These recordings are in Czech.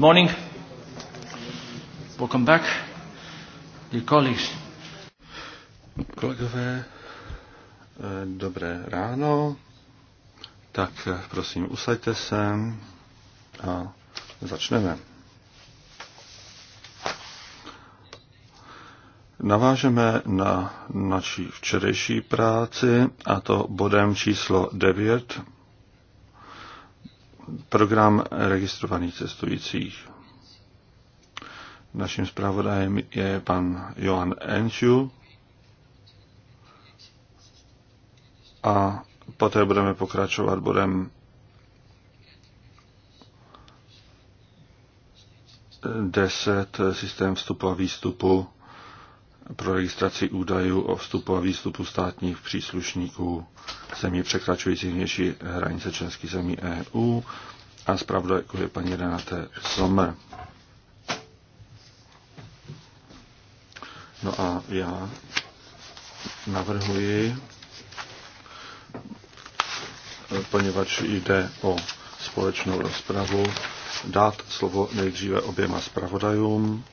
morning. Welcome back, dear colleagues. Kolegové, eh, dobré ráno. Tak eh, prosím, usaďte se a začneme. Navážeme na naší včerejší práci, a to bodem číslo 9, program registrovaných cestujících. Naším zpravodajem je pan Johan Enšu a poté budeme pokračovat bodem 10 eh, eh, systém vstupu a výstupu pro registraci údajů o vstupu a výstupu státních příslušníků zemí překračujících vnější hranice členských zemí EU a zpravodajkou je paní Renate Sommer. No a já navrhuji, poněvadž jde o společnou rozpravu, dát slovo nejdříve oběma zpravodajům,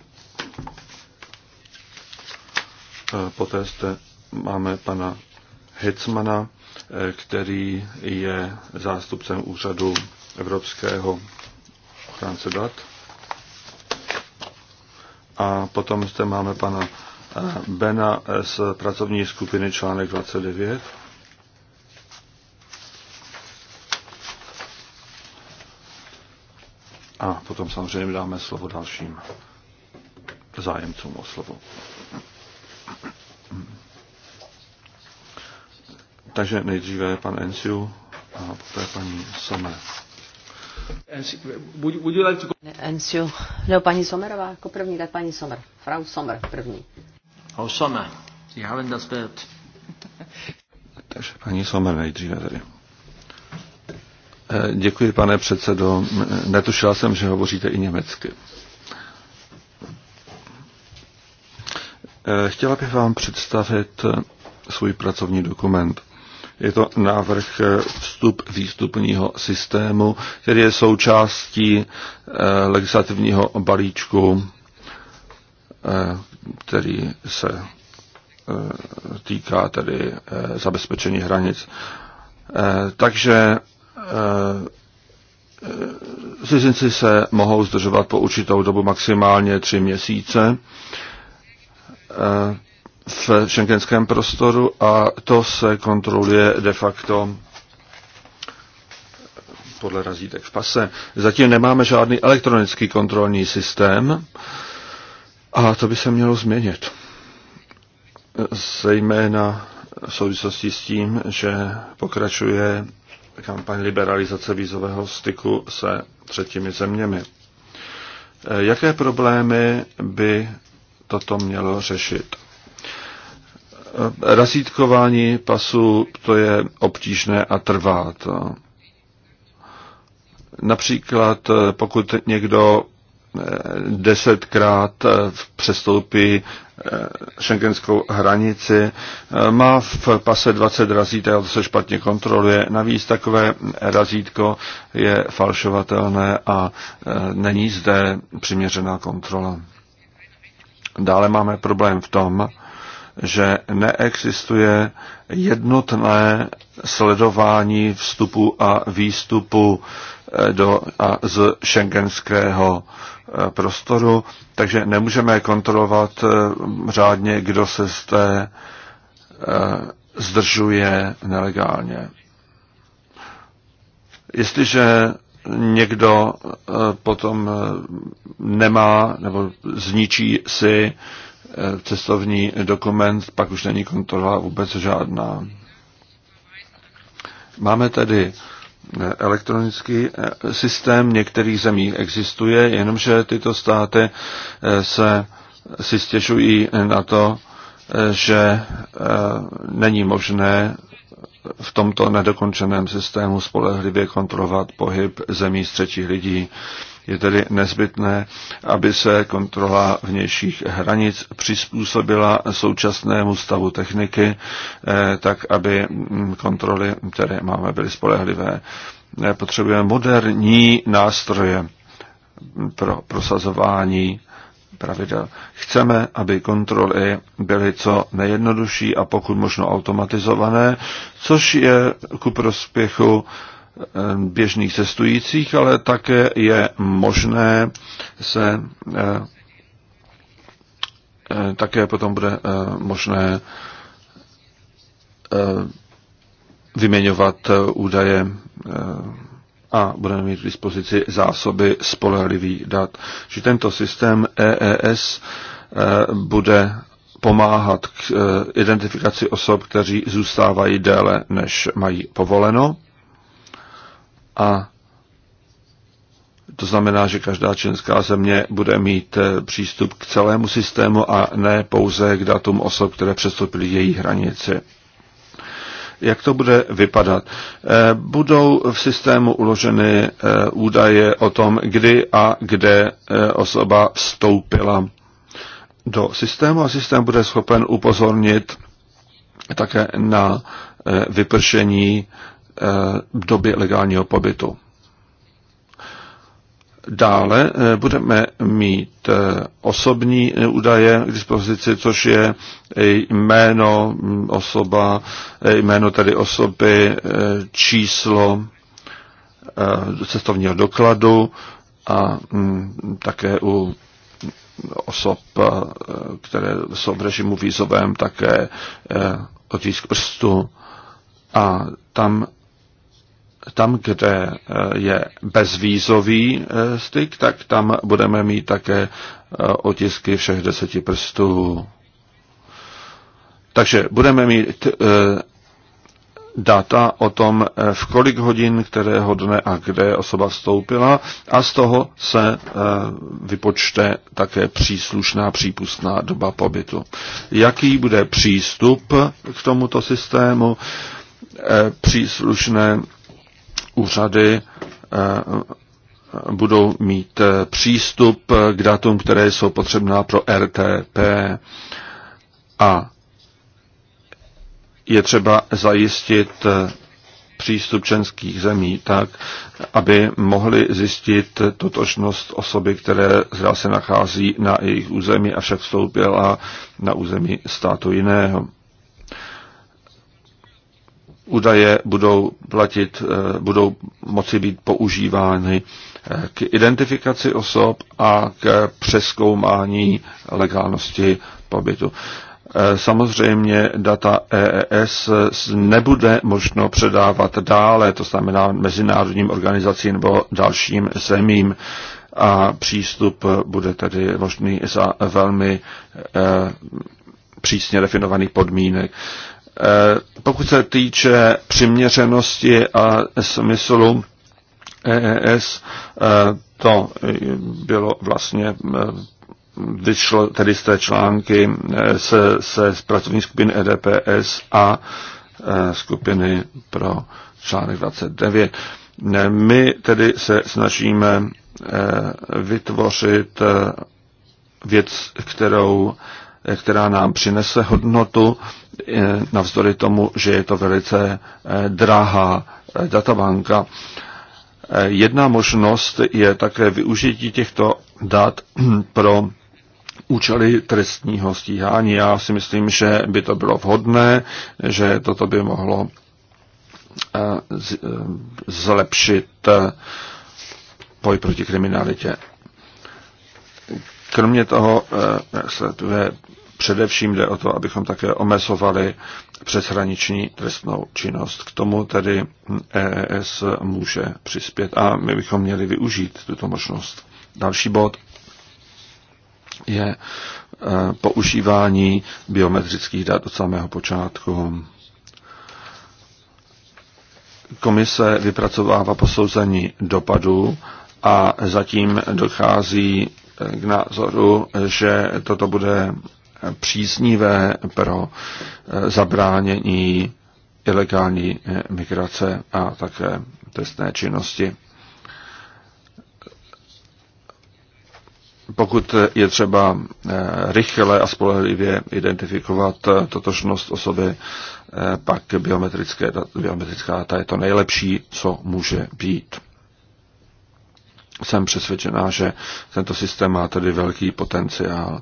Poté zde máme pana Hecmana, eh, který je zástupcem úřadu Evropského ochránce dat. A potom zde máme pana eh, Bena eh, z pracovní skupiny článek 29. A potom samozřejmě dáme slovo dalším zájemcům o slovo. Takže nejdříve pan Enciu a poté paní Somer. Enciu, nebo paní Somerová jako první, tak paní Somer. Frau Somer první. Frau Sommer, Sie haben das Wort. Takže paní Somer nejdříve tady. Eh, děkuji, pane předsedo. Netušila jsem, že hovoříte i německy. Eh, chtěla bych vám představit svůj pracovní dokument. Je to návrh eh, vstup výstupního systému, který je součástí eh, legislativního balíčku, eh, který se týká tedy zabezpečení hranic. Takže cizinci se mohou zdržovat po určitou dobu maximálně tři měsíce v šengenském prostoru a to se kontroluje de facto podle razítek v pase. Zatím nemáme žádný elektronický kontrolní systém a to by se mělo změnit. Zejména v souvislosti s tím, že pokračuje kampaň liberalizace vízového styku se třetími zeměmi. Jaké problémy by toto mělo řešit? Razítkování pasu to je obtížné a trvá to. Například pokud někdo eh, desetkrát eh, přestoupí eh, šengenskou hranici, má v pase 20 razítel, to se špatně kontroluje. Navíc takové razítko je falšovatelné a není zde přiměřená kontrola. Dále máme problém v tom, že neexistuje jednotné sledování vstupu a výstupu eh, do a z šengenského eh, prostoru, takže nemůžeme kontrolovat eh, řádně, kdo se z té zdržuje nelegálně. Jestliže někdo potom nemá nebo zničí si cestovní dokument, pak už není kontrola vůbec žádná. Máme tedy elektronický eh, systém, v některých zemích existuje, jenomže tyto státy eh, se si stěžují na to, eh, že není možné v tomto nedokončeném systému spolehlivě kontrolovat pohyb zemí z třetích lidí. Je tedy nezbytné, aby se kontrola vnějších hranic přizpůsobila současnému stavu techniky, eh, tak aby mm, kontroly, které máme, byly spolehlivé. Eh, potřebujeme moderní nástroje pro prosazování pravidel. Chceme, aby kontroly byly co nejjednodušší a pokud možno automatizované, což je ku prospěchu Eh, běžných cestujících, ale také je možné se eh, eh, také potom bude možné vyměňovat údaje a budeme mít k dispozici zásoby spolehlivých dat. Že tento systém EES bude pomáhat k identifikaci osob, kteří zůstávají déle, než mají povoleno a to znamená, že každá členská země bude mít eh, přístup k celému systému a ne pouze k datům osob, které přestoupily její hranici. Jak to bude vypadat? Eh, budou v systému uloženy eh, údaje o tom, kdy a kde osoba vstoupila do systému a systém bude schopen upozornit také na vypršení době legálního pobytu. Dále eh, budeme mít eh, osobní eh, údaje k dispozici, což je jméno mm, osoba, jméno tedy osoby, číslo cestovního dokladu a mm, také u osob, které jsou v režimu vízovém, také otisk prstu a tam tam, kde eh, je bezvízový eh, styk, tak tam budeme mít také eh, otisky všech deseti prstů. Takže budeme mít data o tom, v kolik hodin, kterého dne a kde osoba vstoupila a z toho se vypočte také příslušná přípustná doba pobytu. Jaký bude přístup k tomuto systému? Příslušné úřady eh, budou mít eh, přístup eh, k datům, které jsou potřebná pro RTP a je třeba zajistit přístup členských zemí tak, aby mohli zjistit totožnost osoby, které zda se nachází na jejich území a však vstoupila na území státu jiného údaje budou platit, eh, budou moci být používány eh, k identifikaci osob a k přeskoumání legálnosti pobytu. Eh, samozřejmě data EES nebude možno předávat dále, to znamená mezinárodním organizacím nebo dalším zemím a přístup bude tedy možný za velmi přísně definovaných podmínek. Eh, pokud se týče přiměřenosti a smyslu EES, eh, to bylo vlastně eh, vyšlo tedy z té články se, se z pracovní skupiny EDPS a skupiny pro článek 29. My tedy se snažíme vytvořit věc, kterou, která nám přinese hodnotu navzdory tomu, že je to velice eh, drahá eh, databanka. Eh, jedna možnost je také využití těchto dat pro účely trestního stíhání. Já si myslím, že by to bylo vhodné, že toto by mohlo zlepšit boj proti kriminalitě. Kromě toho se je Především jde o to, abychom také omezovali přeshraniční trestnou činnost. K tomu tedy EES může přispět a my bychom měli využít tuto možnost. Další bod je e, používání biometrických dat od samého počátku. Komise vypracovává posouzení dopadu a zatím dochází k názoru, že toto bude příznivé pro eh, zabránění ilegální eh, migrace a také trestné činnosti. Pokud je třeba eh, rychle a spolehlivě identifikovat totožnost osoby, pak biometrické, biometrická data je to nejlepší, co může být. Jsem přesvědčená, že tento systém má tedy velký potenciál.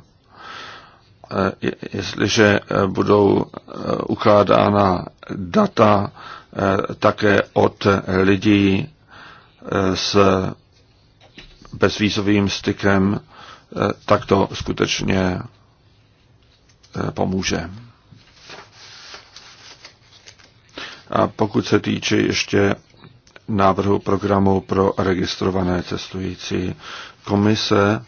Eh, jestliže eh, budou eh, ukládána data také od lidí s bezvízovým stykem, tak to skutečně pomůže. A pokud se týče ještě návrhu programu pro registrované cestující, komise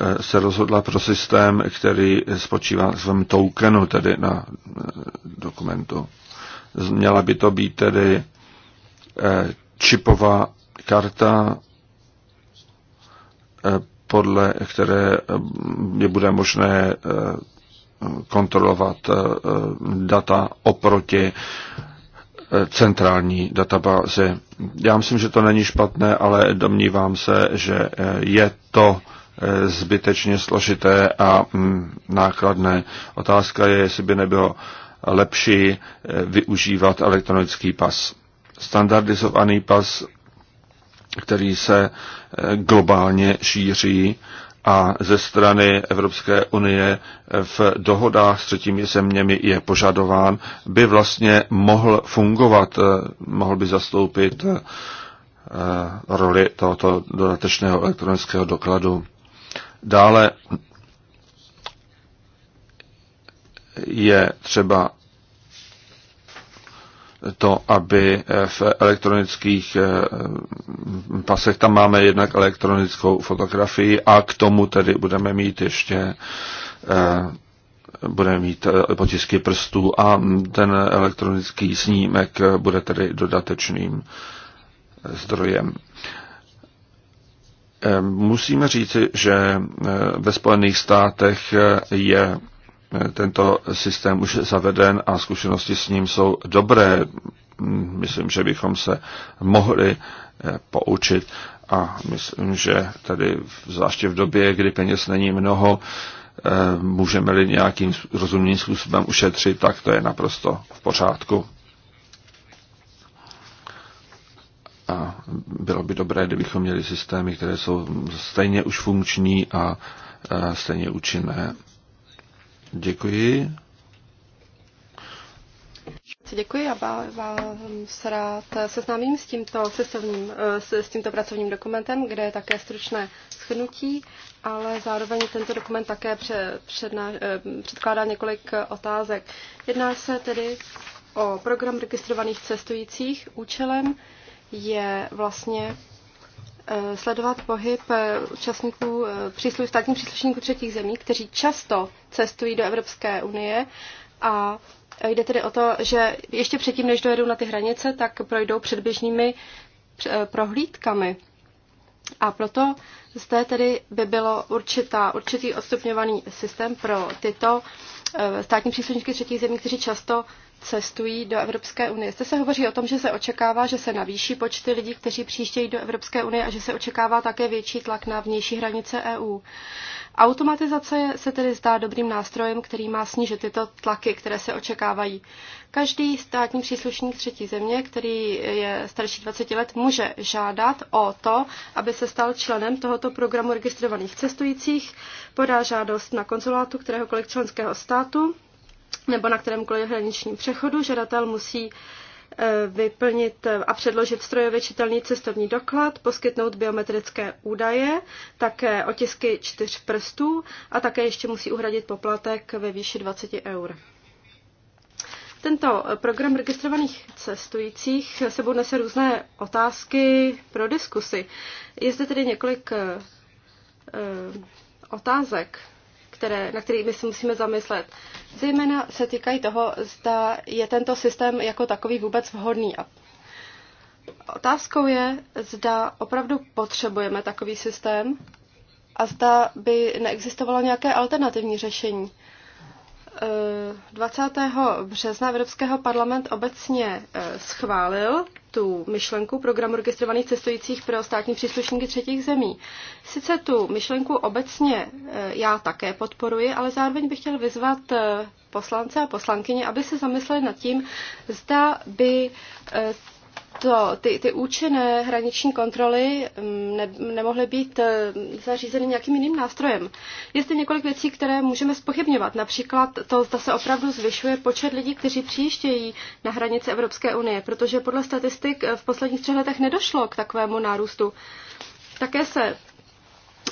Eh, se rozhodla pro systém, který spočívá v svém tokenu, tedy na eh, dokumentu. Měla by to být tedy eh, čipová karta, podle které je bude možné kontrolovat data oproti centrální databázi. Já myslím, že to není špatné, ale domnívám se, že je to zbytečně složité a mm, nákladné. Otázka je, jestli by nebylo lepší eh, využívat elektronický pas. Standardizovaný pas, který se eh, globálně šíří a ze strany Evropské unie eh, v dohodách s třetími zeměmi je požadován, by vlastně mohl fungovat, mohl by zastoupit roli tohoto dodatečného elektronického dokladu. Dále je třeba to, aby v elektronických eh, pasech tam máme jednak elektronickou fotografii a k tomu tedy budeme mít ještě eh, budeme mít eh, potisky prstů a ten elektronický snímek bude tedy dodatečným zdrojem. Ehm, musíme říci, že eh, ve Spojených státech eh, je eh, tento systém už zaveden a zkušenosti s ním jsou dobré. Myslím, že bychom se mohli poučit a myslím, že tady zvláště v době, kdy peněz není mnoho, můžeme-li nějakým rozumným způsobem ušetřit, tak to je naprosto v pořádku. A bylo by dobré, kdybychom měli systémy, které jsou stejně už funkční a e, stejně účinné. Děkuji. Děkuji a se rád seznámím s tímto, cestovním, e, s tímto pracovním dokumentem, kde je také stručné shrnutí, ale zároveň tento dokument také před, e, předkládá několik otázek. Jedná se tedy o program registrovaných cestujících. Účelem je vlastně eh, sledovat pohyb eh, účastníků eh, příslu, státních příslušníků třetích zemí, kteří často cestují do Evropské unie a jde tedy o to, že ještě předtím, než dojedou na ty hranice, tak projdou předběžnými prohlídkami. A proto zde tedy by bylo určitá, určitý odstupňovaný systém pro tyto státní příslušníky třetích zemí, kteří často cestují do Evropské unie. Zde se hovoří o tom, že se očekává, že se navýší počty lidí, kteří přijíždějí do Evropské unie a že se očekává také větší tlak na vnější hranice EU. Automatizace se tedy zdá dobrým nástrojem, který má snížit tyto tlaky, které se očekávají. Každý státní příslušník třetí země, který je starší 20 let, může žádat o to, aby se stal členem tohoto programu registrovaných cestujících, podá žádost na konzulátu kteréhokoliv členského státu nebo na kterémkoliv hraničním přechodu. Žadatel musí e, vyplnit a předložit strojově čitelný cestovní doklad, poskytnout biometrické údaje, také otisky čtyř prstů a také ještě musí uhradit poplatek ve výši 20 eur. Tento program registrovaných cestujících sebou nese různé otázky pro diskusy. Je zde tedy několik e, e, otázek, které, na kterými se musíme zamyslet. Zejména se týkají toho, zda je tento systém jako takový vůbec vhodný. A otázkou je, zda opravdu potřebujeme takový systém a zda by neexistovalo nějaké alternativní řešení. 20. Eh, března Evropského parlament obecně eh, schválil tu myšlenku programu registrovaných cestujících pro státní příslušníky třetích zemí. Sice tu myšlenku obecně eh, já také podporuji, ale zároveň bych chtěl vyzvat poslance a poslankyně, aby se zamysleli nad tím, zda by to, ty, ty účinné hraniční kontroly mm, ne, nemohly být eh, zařízeny nějakým jiným nástrojem. Je zde několik věcí, které můžeme spochybňovat. Například to, zda se opravdu zvyšuje počet lidí, kteří přijíždějí na hranice Evropské unie, protože podle statistik eh, v posledních třech letech nedošlo k takovému nárůstu. Také se,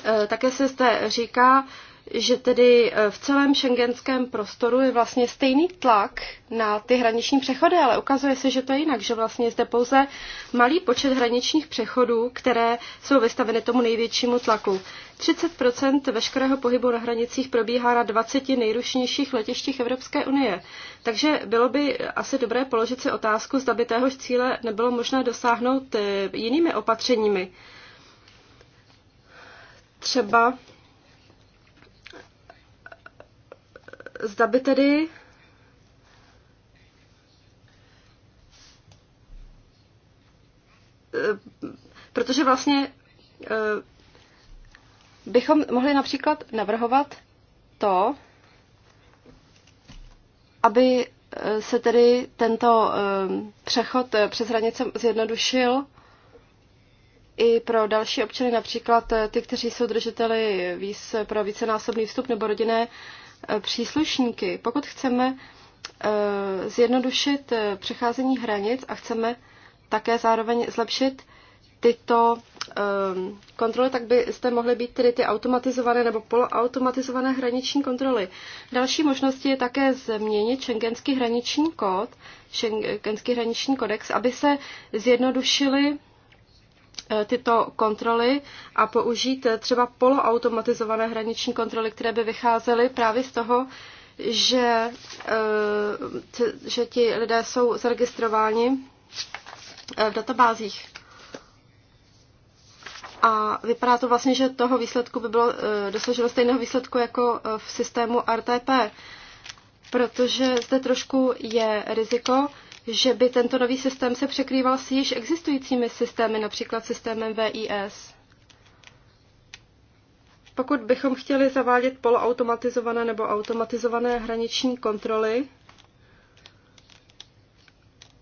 eh, také se zde říká, že tedy e, v celém šengenském prostoru je vlastně stejný tlak na ty hraniční přechody, ale ukazuje se, že to je jinak, že vlastně je zde pouze malý počet hraničních přechodů, které jsou vystaveny tomu největšímu tlaku. 30 veškerého pohybu na hranicích probíhá na 20 nejrušnějších letištích Evropské unie. Takže bylo by asi dobré položit si otázku, zda by téhož cíle nebylo možné dosáhnout e, jinými opatřeními. Třeba zda by tedy eh, protože vlastně eh, bychom mohli například navrhovat to, aby eh, se tedy tento přechod přes hranice zjednodušil i pro další občany, například ty, kteří jsou držiteli víz pro vícenásobný vstup nebo rodinné Eh, příslušníky. Pokud chceme eh, zjednodušit eh, přecházení hranic a chceme také zároveň zlepšit tyto ehm, kontroly, tak zde mohly být tedy ty automatizované nebo poloautomatizované hraniční kontroly. Další možností je také změnit šengenský hraniční kód, šengenský hraniční kodex, aby se zjednodušily Eh, tyto kontroly a použít eh, třeba poloautomatizované hraniční kontroly, které by vycházely právě z toho, že, eh, že ti lidé jsou zaregistrováni v databázích. A vypadá to vlastně, že toho výsledku by bylo dosaženo stejného výsledku jako v systému RTP, protože zde trošku je riziko, že by tento nový systém se překrýval s již existujícími systémy, například systémem VIS. Pokud bychom chtěli zavádět poloautomatizované nebo automatizované hraniční kontroly,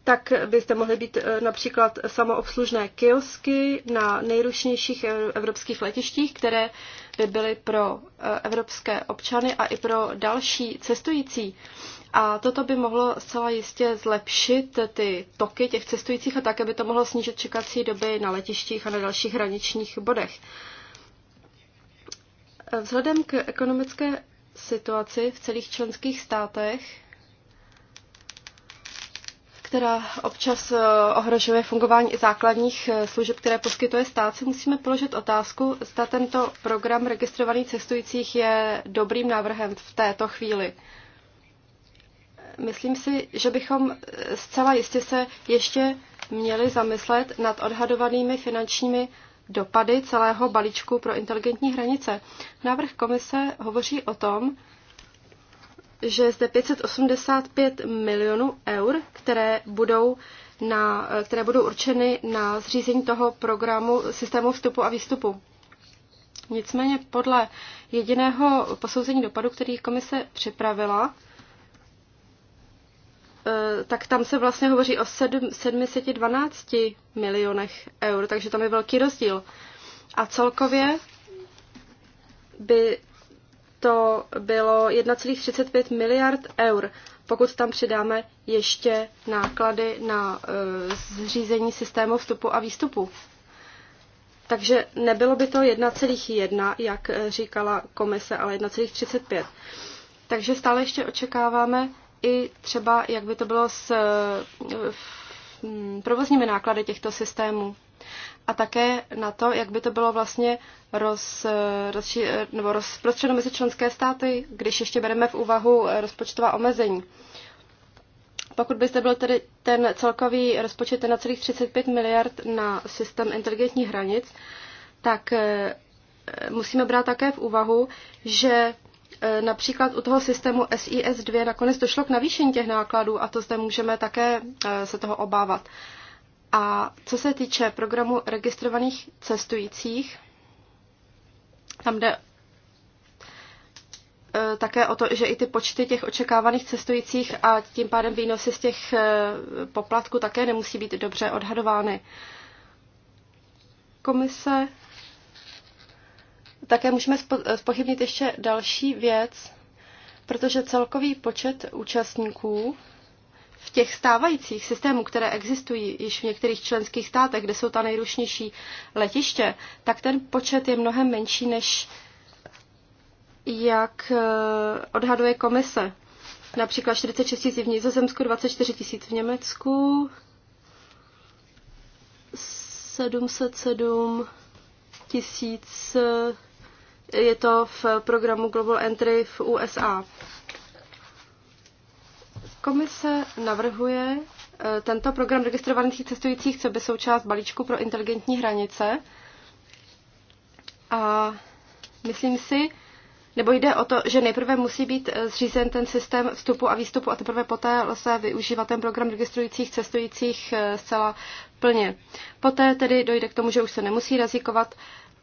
tak byste mohly být eh, například samoobslužné kiosky na nejrušnějších eh, evropských letištích, které by byly pro eh, evropské občany a i pro další cestující. A toto by mohlo zcela jistě zlepšit ty toky těch cestujících a tak, aby to mohlo snížit čekací doby na letištích a na dalších hraničních bodech. Vzhledem k ekonomické situaci v celých členských státech, která občas eh, ohrožuje fungování i základních eh, služeb, které poskytuje stát, si musíme položit otázku, zda tento program registrovaných cestujících je dobrým návrhem v této chvíli. Myslím si, že bychom eh, zcela jistě se ještě měli zamyslet nad odhadovanými finančními dopady celého balíčku pro inteligentní hranice. Návrh komise hovoří o tom, že zde 585 milionů eur, které budou, na, eh, které budou určeny na zřízení toho programu systému vstupu a výstupu. Nicméně podle jediného posouzení dopadu, který komise připravila, Eh, tak tam se vlastně hovoří o 7, 712 milionech eur, takže tam je velký rozdíl. A celkově by to bylo 1,35 miliard eur, pokud tam přidáme ještě náklady na eh, zřízení systému vstupu a výstupu. Takže nebylo by to 1,1, jak eh, říkala komise, ale 1,35. Takže stále ještě očekáváme i třeba, jak by to bylo s eh, hm, provozními náklady těchto systémů. A také na to, jak by to bylo vlastně roz, eh, roz, eh, nebo rozprostřeno mezi členské státy, když ještě bereme v úvahu rozpočtová omezení. Pokud by zde byl tedy ten celkový rozpočet na celých 35 miliard na systém inteligentních hranic, tak musíme brát také v úvahu, že E, například u toho systému SIS2 nakonec došlo k navýšení těch nákladů a to zde můžeme také e, se toho obávat. A co se týče programu registrovaných cestujících, tam jde e, také o to, že i ty počty těch očekávaných cestujících a tím pádem výnosy z těch poplatků také nemusí být dobře odhadovány. Komise také můžeme spochybnit ještě další věc, protože celkový počet účastníků v těch stávajících systémů, které existují již v některých členských státech, kde jsou ta nejrušnější letiště, tak ten počet je mnohem menší, než jak eh, odhaduje komise. Například 46 tisíc v Nizozemsku, 24 tisíc v Německu, 707 tisíc eh, je to v programu Global Entry v USA. Komise navrhuje eh, tento program registrovaných cestujících, co by součást balíčku pro inteligentní hranice. A myslím si, nebo jde o to, že nejprve musí být eh, zřízen ten systém vstupu a výstupu a teprve poté se využívat ten program registrujících cestujících eh, zcela plně. Poté tedy dojde k tomu, že už se nemusí razikovat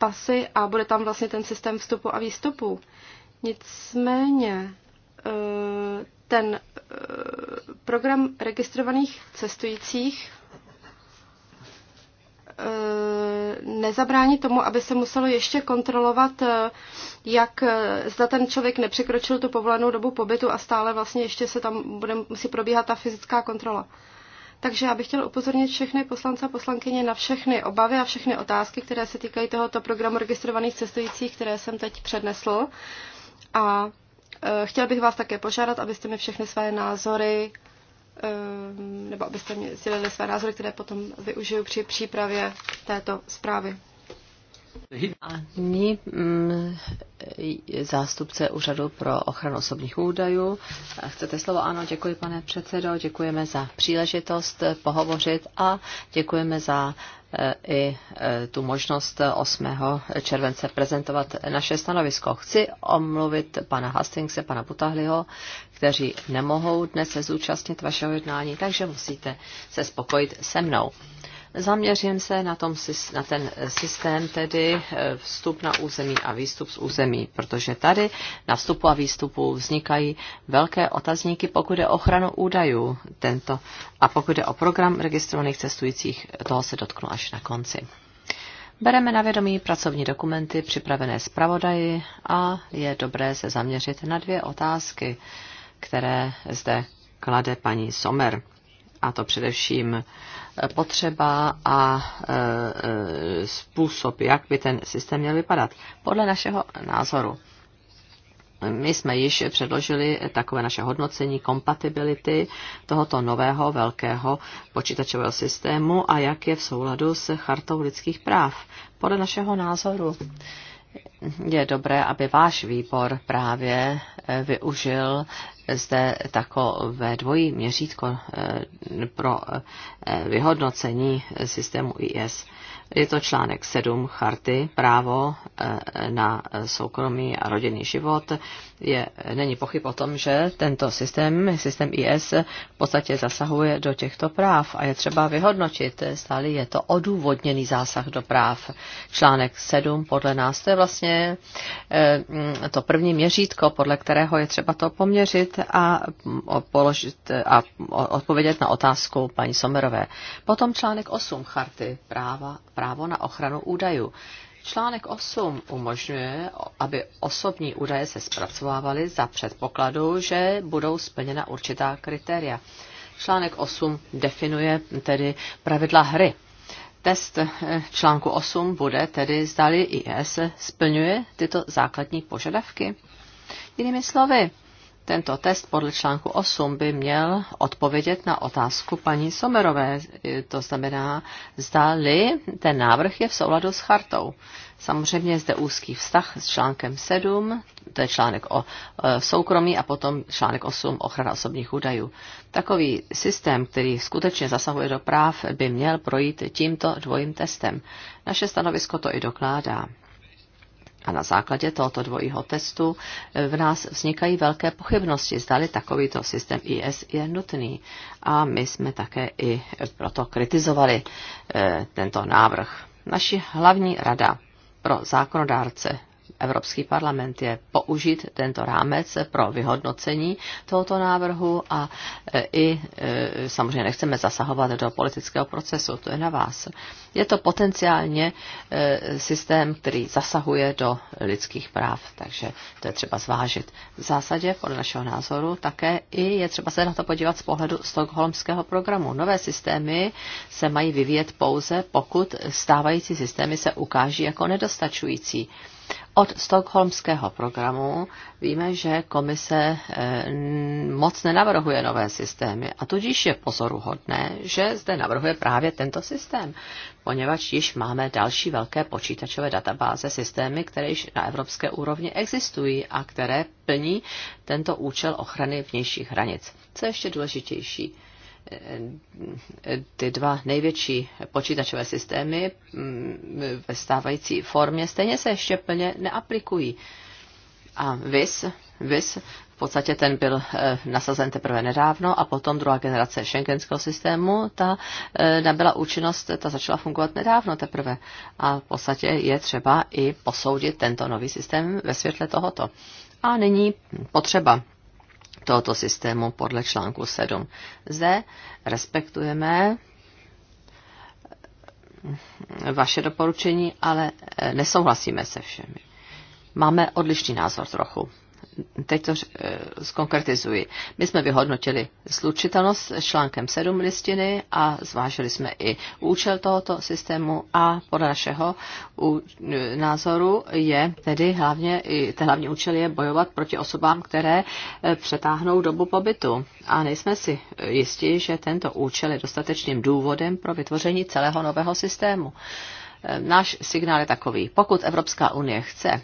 pasy a bude tam vlastně ten systém vstupu a výstupu. Nicméně eh, ten eh, program registrovaných cestujících eh, nezabrání tomu, aby se muselo ještě kontrolovat, jak zda ten člověk nepřekročil tu povolenou dobu pobytu a stále vlastně ještě se tam bude, musí probíhat ta fyzická kontrola. Takže já bych chtěl upozornit všechny poslance a poslankyně na všechny obavy a všechny otázky, které se týkají tohoto programu registrovaných cestujících, které jsem teď přednesl. A e, chtěl bych vás také požádat, abyste mi všechny své názory e, nebo abyste mi sdělili své názory, které potom využiju při přípravě této zprávy. Ani mm, zástupce Úřadu pro ochranu osobních údajů. Chcete slovo? Ano, děkuji, pane předsedo. Děkujeme za příležitost pohovořit a děkujeme za eh, i eh, tu možnost 8. července prezentovat naše stanovisko. Chci omluvit pana Hastingse, pana Butahliho, kteří nemohou dnes se zúčastnit vašeho jednání, takže musíte se spokojit se mnou. Zaměřím se na, tom, na ten eh, systém, tedy eh, vstup na území a výstup z území, protože tady na vstupu a výstupu vznikají velké otazníky, pokud je ochranu údajů tento a pokud je o program registrovaných cestujících, toho se dotknu až na konci. Bereme na vědomí pracovní dokumenty připravené zpravodaji a je dobré se zaměřit na dvě otázky, které zde klade paní Somer a to především eh, potřeba a eh, eh, způsob, jak by ten systém měl vypadat. Podle našeho názoru. My jsme již předložili takové naše hodnocení kompatibility tohoto nového velkého počítačového systému a jak je v souladu s chartou lidských práv. Podle našeho názoru je dobré, aby váš výbor právě využil zde takové dvojí měřítko eh, pro eh, vyhodnocení systému IS. Je to článek 7 charty právo eh, na soukromý a rodinný život, je, není pochyb o tom, že tento systém, systém IS, v podstatě zasahuje do těchto práv a je třeba vyhodnotit, stále je to odůvodněný zásah do práv. Článek 7 podle nás to je vlastně eh, to první měřítko, podle kterého je třeba to poměřit a, mm, položit, a odpovědět na otázku paní Somerové. Potom článek 8 charty práva, právo na ochranu údajů. Článek 8 umožňuje, aby osobní údaje se zpracovávaly za předpokladu, že budou splněna určitá kritéria. Článek 8 definuje tedy pravidla hry. Test eh, článku 8 bude tedy, zdali IS splňuje tyto základní požadavky. Jinými slovy, tento test podle článku 8 by měl odpovědět na otázku paní Somerové, to znamená, zda-li ten návrh je v souladu s chartou. Samozřejmě zde úzký vztah s článkem 7, to je článek o e, soukromí a potom článek 8 ochrana osobních údajů. Takový systém, který skutečně zasahuje do práv, by měl projít tímto dvojím testem. Naše stanovisko to i dokládá. A na základě tohoto dvojího testu eh, v nás vznikají velké pochybnosti, zdali takovýto systém IS je nutný. A my jsme také i proto kritizovali eh, tento návrh. Naši hlavní rada pro zákonodárce Evropský parlament je použít tento rámec pro vyhodnocení tohoto návrhu a e, i e, samozřejmě nechceme zasahovat do politického procesu, to je na vás. Je to potenciálně e, systém, který zasahuje do lidských práv, takže to je třeba zvážit. V zásadě, podle našeho názoru, také i je třeba se na to podívat z pohledu stokholmského programu. Nové systémy se mají vyvíjet pouze, pokud stávající systémy se ukáží jako nedostačující. Od stokholmského programu víme, že komise eh, moc nenavrhuje nové systémy a tudíž je pozoruhodné, že zde navrhuje právě tento systém, poněvadž již máme další velké počítačové databáze systémy, které již na evropské úrovni existují a které plní tento účel ochrany vnějších hranic. Co je ještě důležitější? ty dva největší počítačové systémy mm, ve stávající formě stejně se ještě plně neaplikují. A VIS, VIS v podstatě ten byl eh, nasazen teprve nedávno a potom druhá generace šengenského systému, ta eh, nabyla účinnost, ta začala fungovat nedávno teprve. A v podstatě je třeba i posoudit tento nový systém ve světle tohoto. A nyní potřeba tohoto systému podle článku 7. Zde respektujeme vaše doporučení, ale eh, nesouhlasíme se všemi. Máme odlišný názor trochu teď to eh, zkonkretizuji. My jsme vyhodnotili slučitelnost s článkem 7 listiny a zvážili jsme i účel tohoto systému a podle našeho eh, názoru je tedy hlavně, ten hlavní účel je bojovat proti osobám, které eh, přetáhnou dobu pobytu. A nejsme si jistí, že tento účel je dostatečným důvodem pro vytvoření celého nového systému. Náš signál je takový. Pokud Evropská unie chce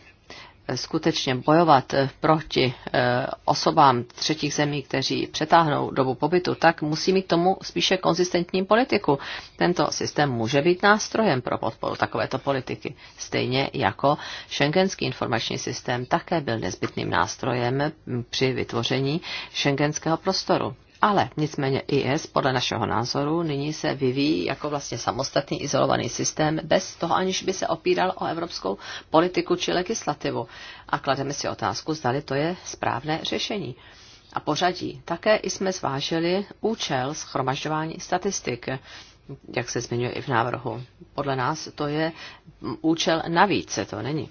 skutečně bojovat eh, proti eh, osobám třetích zemí, kteří přetáhnou dobu pobytu, tak musí mít tomu spíše konzistentní politiku. Tento systém může být nástrojem pro podporu takovéto politiky. Stejně jako šengenský informační systém také byl nezbytným nástrojem hm, při vytvoření šengenského prostoru. Ale nicméně IS podle našeho názoru nyní se vyvíjí jako vlastně samostatný izolovaný systém bez toho, aniž by se opíral o evropskou politiku či legislativu. A klademe si otázku, zdali to je správné řešení. A pořadí. Také jsme zvážili účel schromažďování statistik, jak se zmiňuje i v návrhu. Podle nás to je účel navíc, to není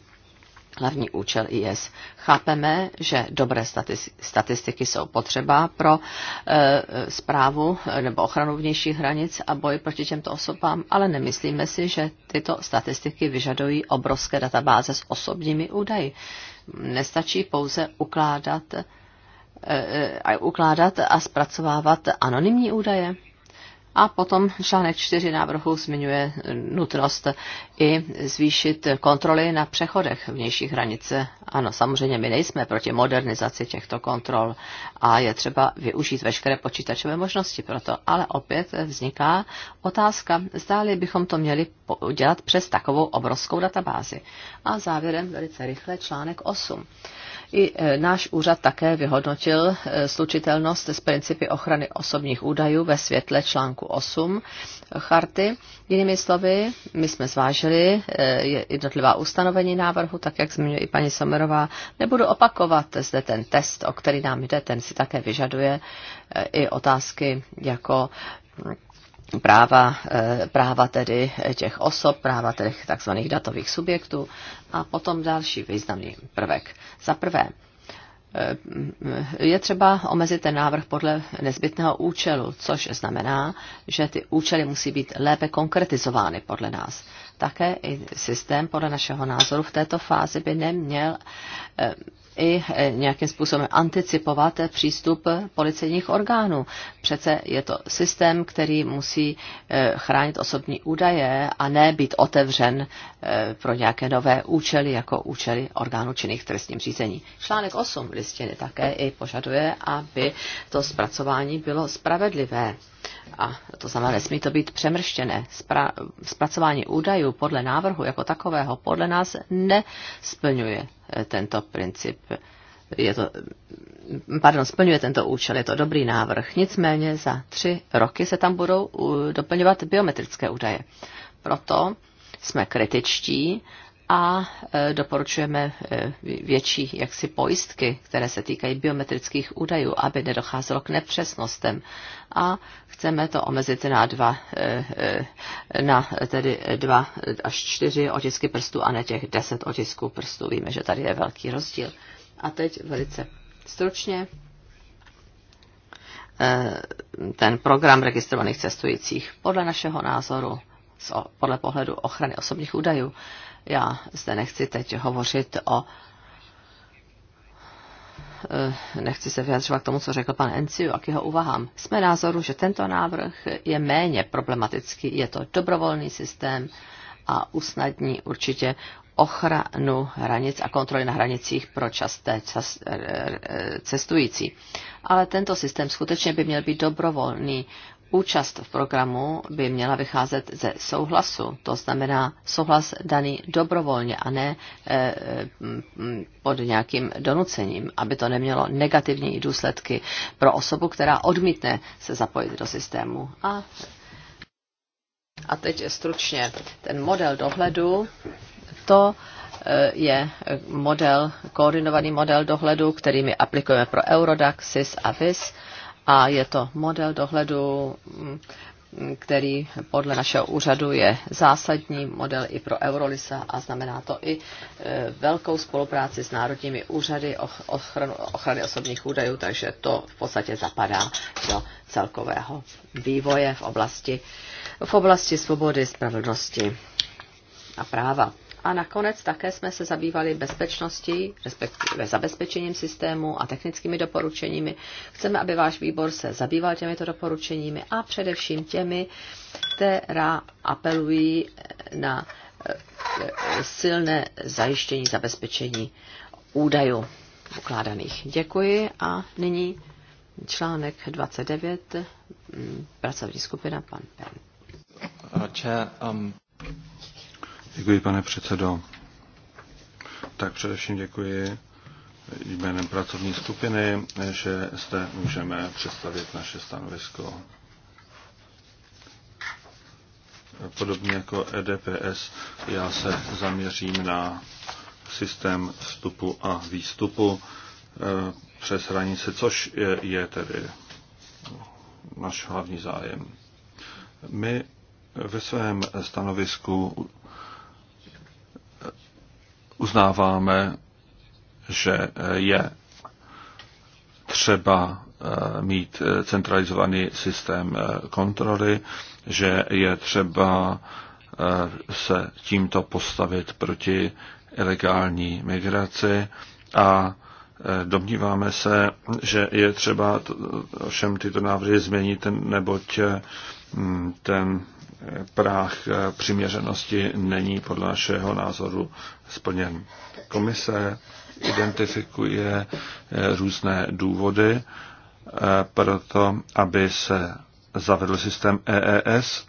hlavní účel IS. Chápeme, že dobré statistiky jsou potřeba pro zprávu e, nebo ochranu vnějších hranic a boj proti těmto osobám, ale nemyslíme si, že tyto statistiky vyžadují obrovské databáze s osobními údaji. Nestačí pouze ukládat, e, e, ukládat a zpracovávat anonymní údaje. A potom článek 4 návrhu zmiňuje nutnost i zvýšit kontroly na přechodech vnějších hranice. Ano, samozřejmě my nejsme proti modernizaci těchto kontrol a je třeba využít veškeré počítačové možnosti proto. Ale opět vzniká otázka, zdáli bychom to měli dělat přes takovou obrovskou databázi. A závěrem velice rychle článek 8. I e, náš úřad také vyhodnotil e, slučitelnost s principy ochrany osobních údajů ve světle článku 8 charty. Jinými slovy, my jsme zvážili e, jednotlivá ustanovení návrhu, tak jak zmiňuje i paní Somerová. Nebudu opakovat zde ten test, o který nám jde, ten si také vyžaduje i otázky jako práva, eh, práva tedy těch osob, práva těch takzvaných datových subjektů a potom další významný prvek. Za prvé, eh, je třeba omezit ten návrh podle nezbytného účelu, což znamená, že ty účely musí být lépe konkretizovány podle nás. Také i systém podle našeho názoru v této fázi by neměl eh, i e, nějakým způsobem anticipovat přístup policejních orgánů. Přece je to systém, který musí e, chránit osobní údaje a ne být otevřen e, pro nějaké nové účely, jako účely orgánů činných v trestním řízení. Článek 8 listiny také i požaduje, aby to zpracování bylo spravedlivé. A to znamená, nesmí to být přemrštěné. Spra- zpracování údajů podle návrhu jako takového podle nás nesplňuje tento princip. Je to, pardon, splňuje tento účel, je to dobrý návrh. Nicméně za tři roky se tam budou doplňovat biometrické údaje. Proto jsme kritičtí a e, doporučujeme e, větší jaksi pojistky, které se týkají biometrických údajů, aby nedocházelo k nepřesnostem. A chceme to omezit na dva, eh, eh, na tedy dva až čtyři otisky prstů a ne těch deset otisků prstů. Víme, že tady je velký rozdíl. A teď velice stručně eh, ten program registrovaných cestujících. Podle našeho názoru, podle pohledu ochrany osobních údajů, já zde nechci teď hovořit o Eh, nechci se vyjadřovat k tomu, co řekl pan Enciu a k jeho úvahám. Jsme názoru, že tento návrh je méně problematický, je to dobrovolný systém a usnadní určitě ochranu hranic a kontroly na hranicích pro časté čas, eh, eh, cestující. Ale tento systém skutečně by měl být dobrovolný Účast v programu by měla vycházet ze souhlasu, to znamená souhlas daný dobrovolně a ne e, pod nějakým donucením, aby to nemělo negativní důsledky pro osobu, která odmítne se zapojit do systému. A, a teď stručně ten model dohledu, to eh, je model, koordinovaný model dohledu, který my aplikujeme pro Eurodac, SIS a VIS a je to model dohledu, který podle našeho úřadu je zásadní model i pro Eurolisa a znamená to i e, velkou spolupráci s národními úřady ochranu, ochrany osobních údajů, takže to v podstatě zapadá do celkového vývoje v oblasti, v oblasti svobody, spravedlnosti a práva. A nakonec také jsme se zabývali bezpečností, respektive zabezpečením systému a technickými doporučeními. Chceme, aby váš výbor se zabýval těmito doporučeními a především těmi, která apelují na eh, silné zajištění zabezpečení údajů ukládaných. Děkuji a nyní článek 29, mm, pracovní skupina pan Pen. Uh, chair, um... Děkuji, pane předsedo. Tak především děkuji jménem pracovní skupiny, že zde můžeme představit naše stanovisko. Podobně jako EDPS, já se zaměřím na systém vstupu a výstupu eh, přes hranice, což je tedy náš hlavní zájem. My ve svém stanovisku uznáváme, že eh, je třeba eh, mít eh, centralizovaný systém kontroly, že je třeba se tímto postavit proti ilegální migraci a domníváme se, že je třeba všem tyto návrhy změnit, neboť ten práh přiměřenosti není podle našeho názoru splněn. Komise identifikuje eh, různé důvody eh, pro to, aby se zavedl systém EES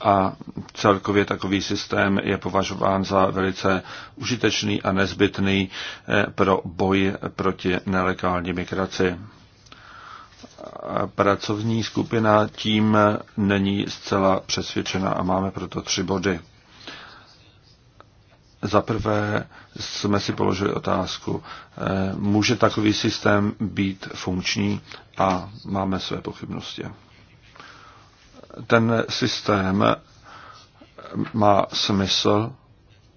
a celkově takový systém je považován za velice užitečný a nezbytný eh, pro boj proti nelegální migraci pracovní skupina tím není zcela přesvědčena a máme proto tři body. Za prvé jsme si položili otázku, eh, může takový systém být funkční a máme své pochybnosti. Ten systém má smysl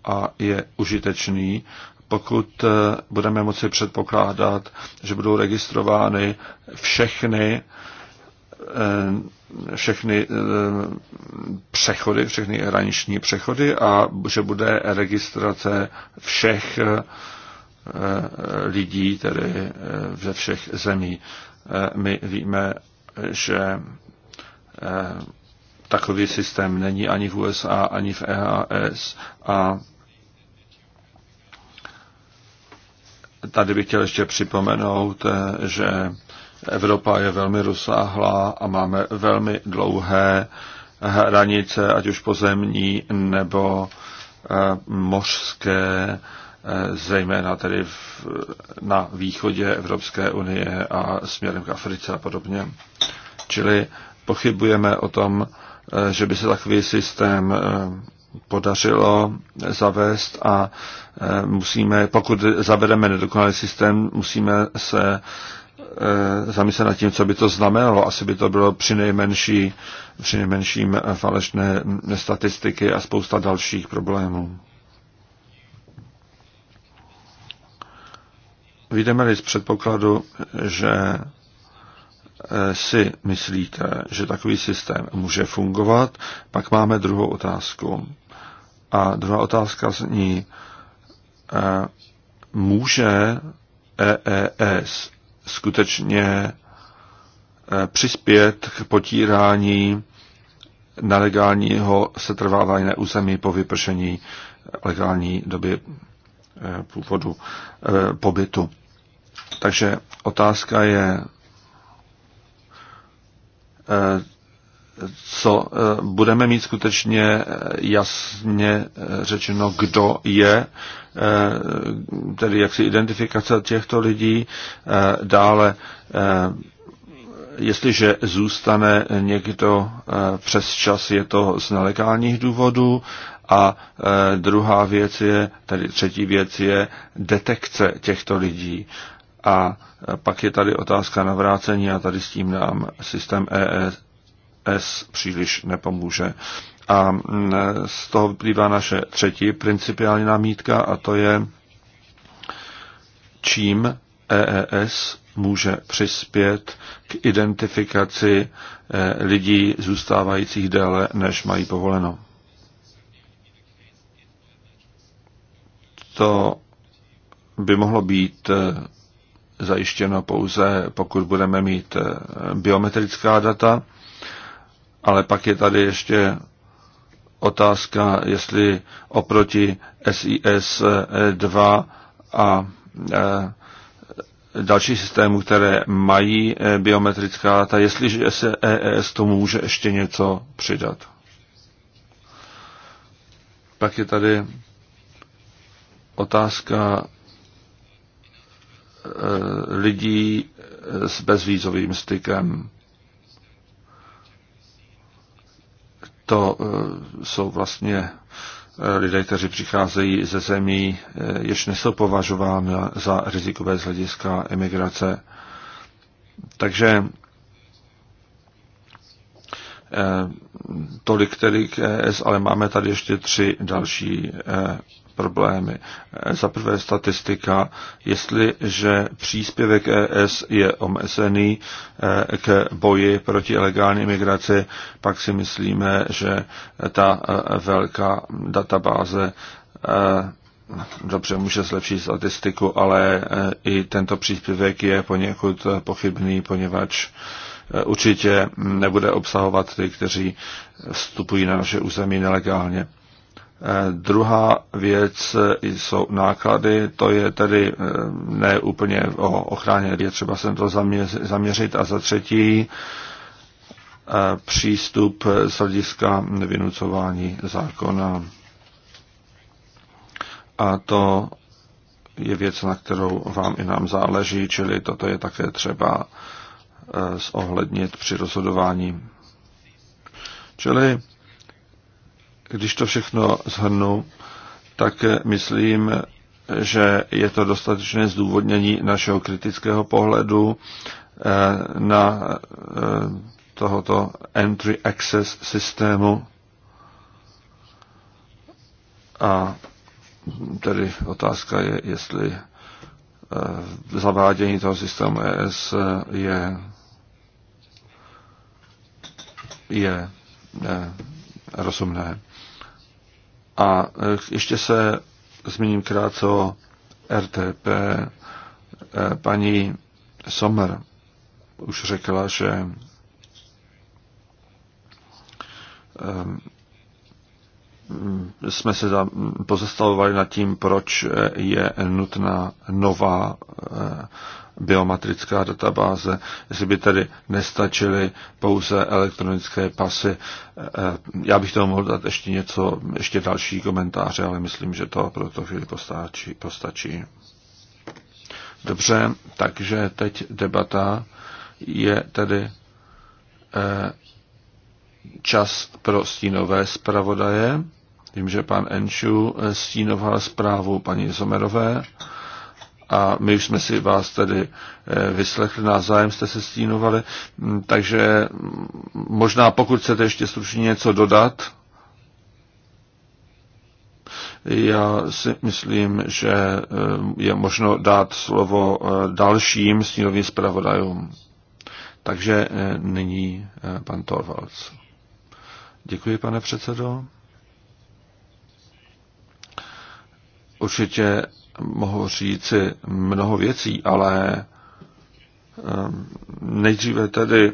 a je užitečný, pokud eh, budeme moci předpokládat, že budou registrovány všechny eh, všechny eh, přechody, všechny hraniční přechody a že bude registrace všech lidí, tedy ze všech zemí. My víme, že takový systém není ani v USA, ani v EAS a Tady bych chtěl ještě připomenout, eh, že Evropa je velmi rozsáhlá a máme velmi dlouhé hranice, ať už pozemní nebo eh, mořské, eh, zejména tedy v, na východě Evropské unie a směrem k Africe a podobně. Čili pochybujeme o tom, že by se takový systém podařilo zavést a e, musíme, pokud zavedeme nedokonalý systém, musíme se e, zamyslet nad tím, co by to znamenalo. Asi by to bylo při, nejmenší, při nejmenším falešné statistiky a spousta dalších problémů. vídeme li z předpokladu, že e, si myslíte, že takový systém může fungovat, pak máme druhou otázku. A druhá otázka zní, eh, může EES skutečně eh, přispět k potírání nelegálního setrvávání na území po vypršení eh, legální doby původu pobytu. Takže otázka je, co eh, budeme mít skutečně eh, jasně eh, řečeno, kdo je, tedy jaksi identifikace těchto lidí, dále jestliže zůstane někdo přes čas, je to z nelegálních důvodů a druhá věc je, tedy třetí věc je detekce těchto lidí. A pak je tady otázka navrácení a tady s tím nám systém ES s příliš nepomůže. A mm, z toho vyplývá naše třetí principiální námítka a to je, čím EES může přispět k identifikaci e, lidí zůstávajících déle, než mají povoleno. To by mohlo být e, zajištěno pouze, pokud budeme mít e, biometrická data, ale pak je tady ještě otázka, jestli oproti SIS 2 e a e, další systémů, které mají e, biometrická data, jestliže se EES to může ještě něco přidat. Pak je tady otázka lidí s bezvízovým stykem. to eh, jsou vlastně eh, lidé, kteří přicházejí ze zemí, eh, jež nejsou považovány za rizikové z hlediska emigrace. Takže tolik tedy KS, e ale máme tady ještě tři další problémy. Za prvé statistika, jestliže příspěvek ES je omezený eh, k boji proti ilegální migraci, pak si myslíme, že ta eh, velká databáze eh, dobře může zlepšit statistiku, ale i tento příspěvek je poněkud pochybný, poněvadž určitě nebude obsahovat ty, kteří vstupují na naše území nelegálně. Eh, druhá věc eh, jsou náklady, to je tedy eh, ne úplně o ochraně, je třeba se to zaměřit. A za třetí přístup z hlediska vynucování zákona. A to je věc, na kterou vám i nám záleží, čili toto je také třeba zohlednit při rozhodování. Čili když to všechno zhrnu, tak eh, myslím, že je to dostatečné zdůvodnění našeho kritického pohledu eh, na eh, tohoto entry access systému a tedy otázka je, jestli zavádění toho systému ES je, je, je rozumné. A eh, ještě se zmíním krátce o RTP. Eh, paní Sommer už řekla, že eh, jsme se pozastavovali nad tím, proč je nutná nová biometrická databáze, jestli by tedy nestačily pouze elektronické pasy. Eh, eh, já bych tomu mohl dát ještě něco, ještě další komentáře, ale myslím, že to pro to chvíli postačí. postačí. Dobře, takže teď debata je tedy eh, čas pro stínové zpravodaje. Vím, že pan Enšu stínoval zprávu paní Zomerové a my už jsme si vás tedy eh, vyslechli, zájem jste se stínovali, mm, takže mm, možná pokud chcete ještě stručně něco dodat, já si myslím, že eh, je možno dát slovo eh, dalším stínovým zpravodajům. Takže nyní pan Torvalds. Děkuji, pane předsedo. Určitě mohu říci mnoho věcí, ale ehm, nejdříve tedy eh,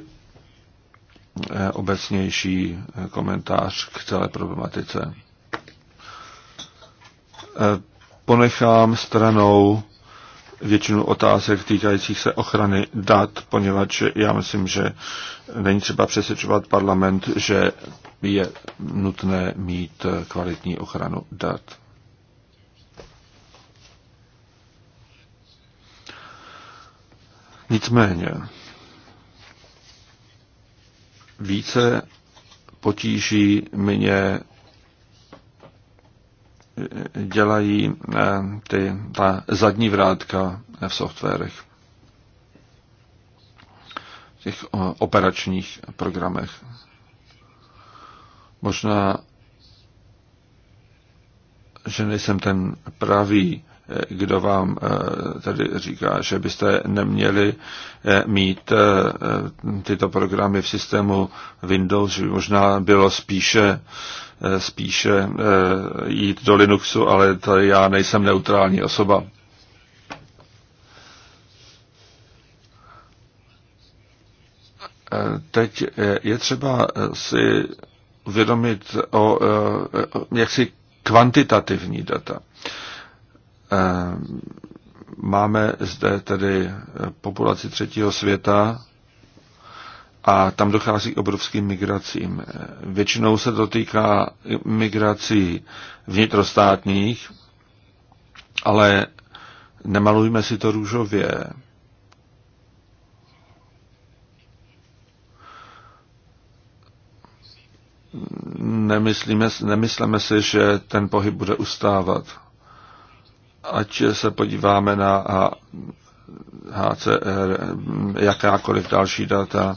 obecnější komentář k celé problematice. Eh, ponechám stranou většinu otázek týkajících se ochrany dat, poněvadž já myslím, že není třeba přesvědčovat parlament, že je nutné mít kvalitní ochranu dat. Nicméně více potíží mě dělají eh, ty, ta zadní vrátka v softwarech, v těch operačních programech. Možná, že nejsem ten pravý kdo vám eh, tady říká, že byste neměli eh, mít eh, tyto programy v systému Windows, že by možná bylo spíše, spíše jít do Linuxu, ale to já nejsem neutrální osoba. Teď je třeba si uvědomit o jaksi kvantitativní data. Eh, máme zde tedy eh, populaci třetího světa a tam dochází k obrovským migracím. Eh, většinou se to týká migrací vnitrostátních, ale nemalujme si to růžově. nemyslíme, nemyslíme si, že ten pohyb bude ustávat ať se podíváme na HCR, jakákoliv další data,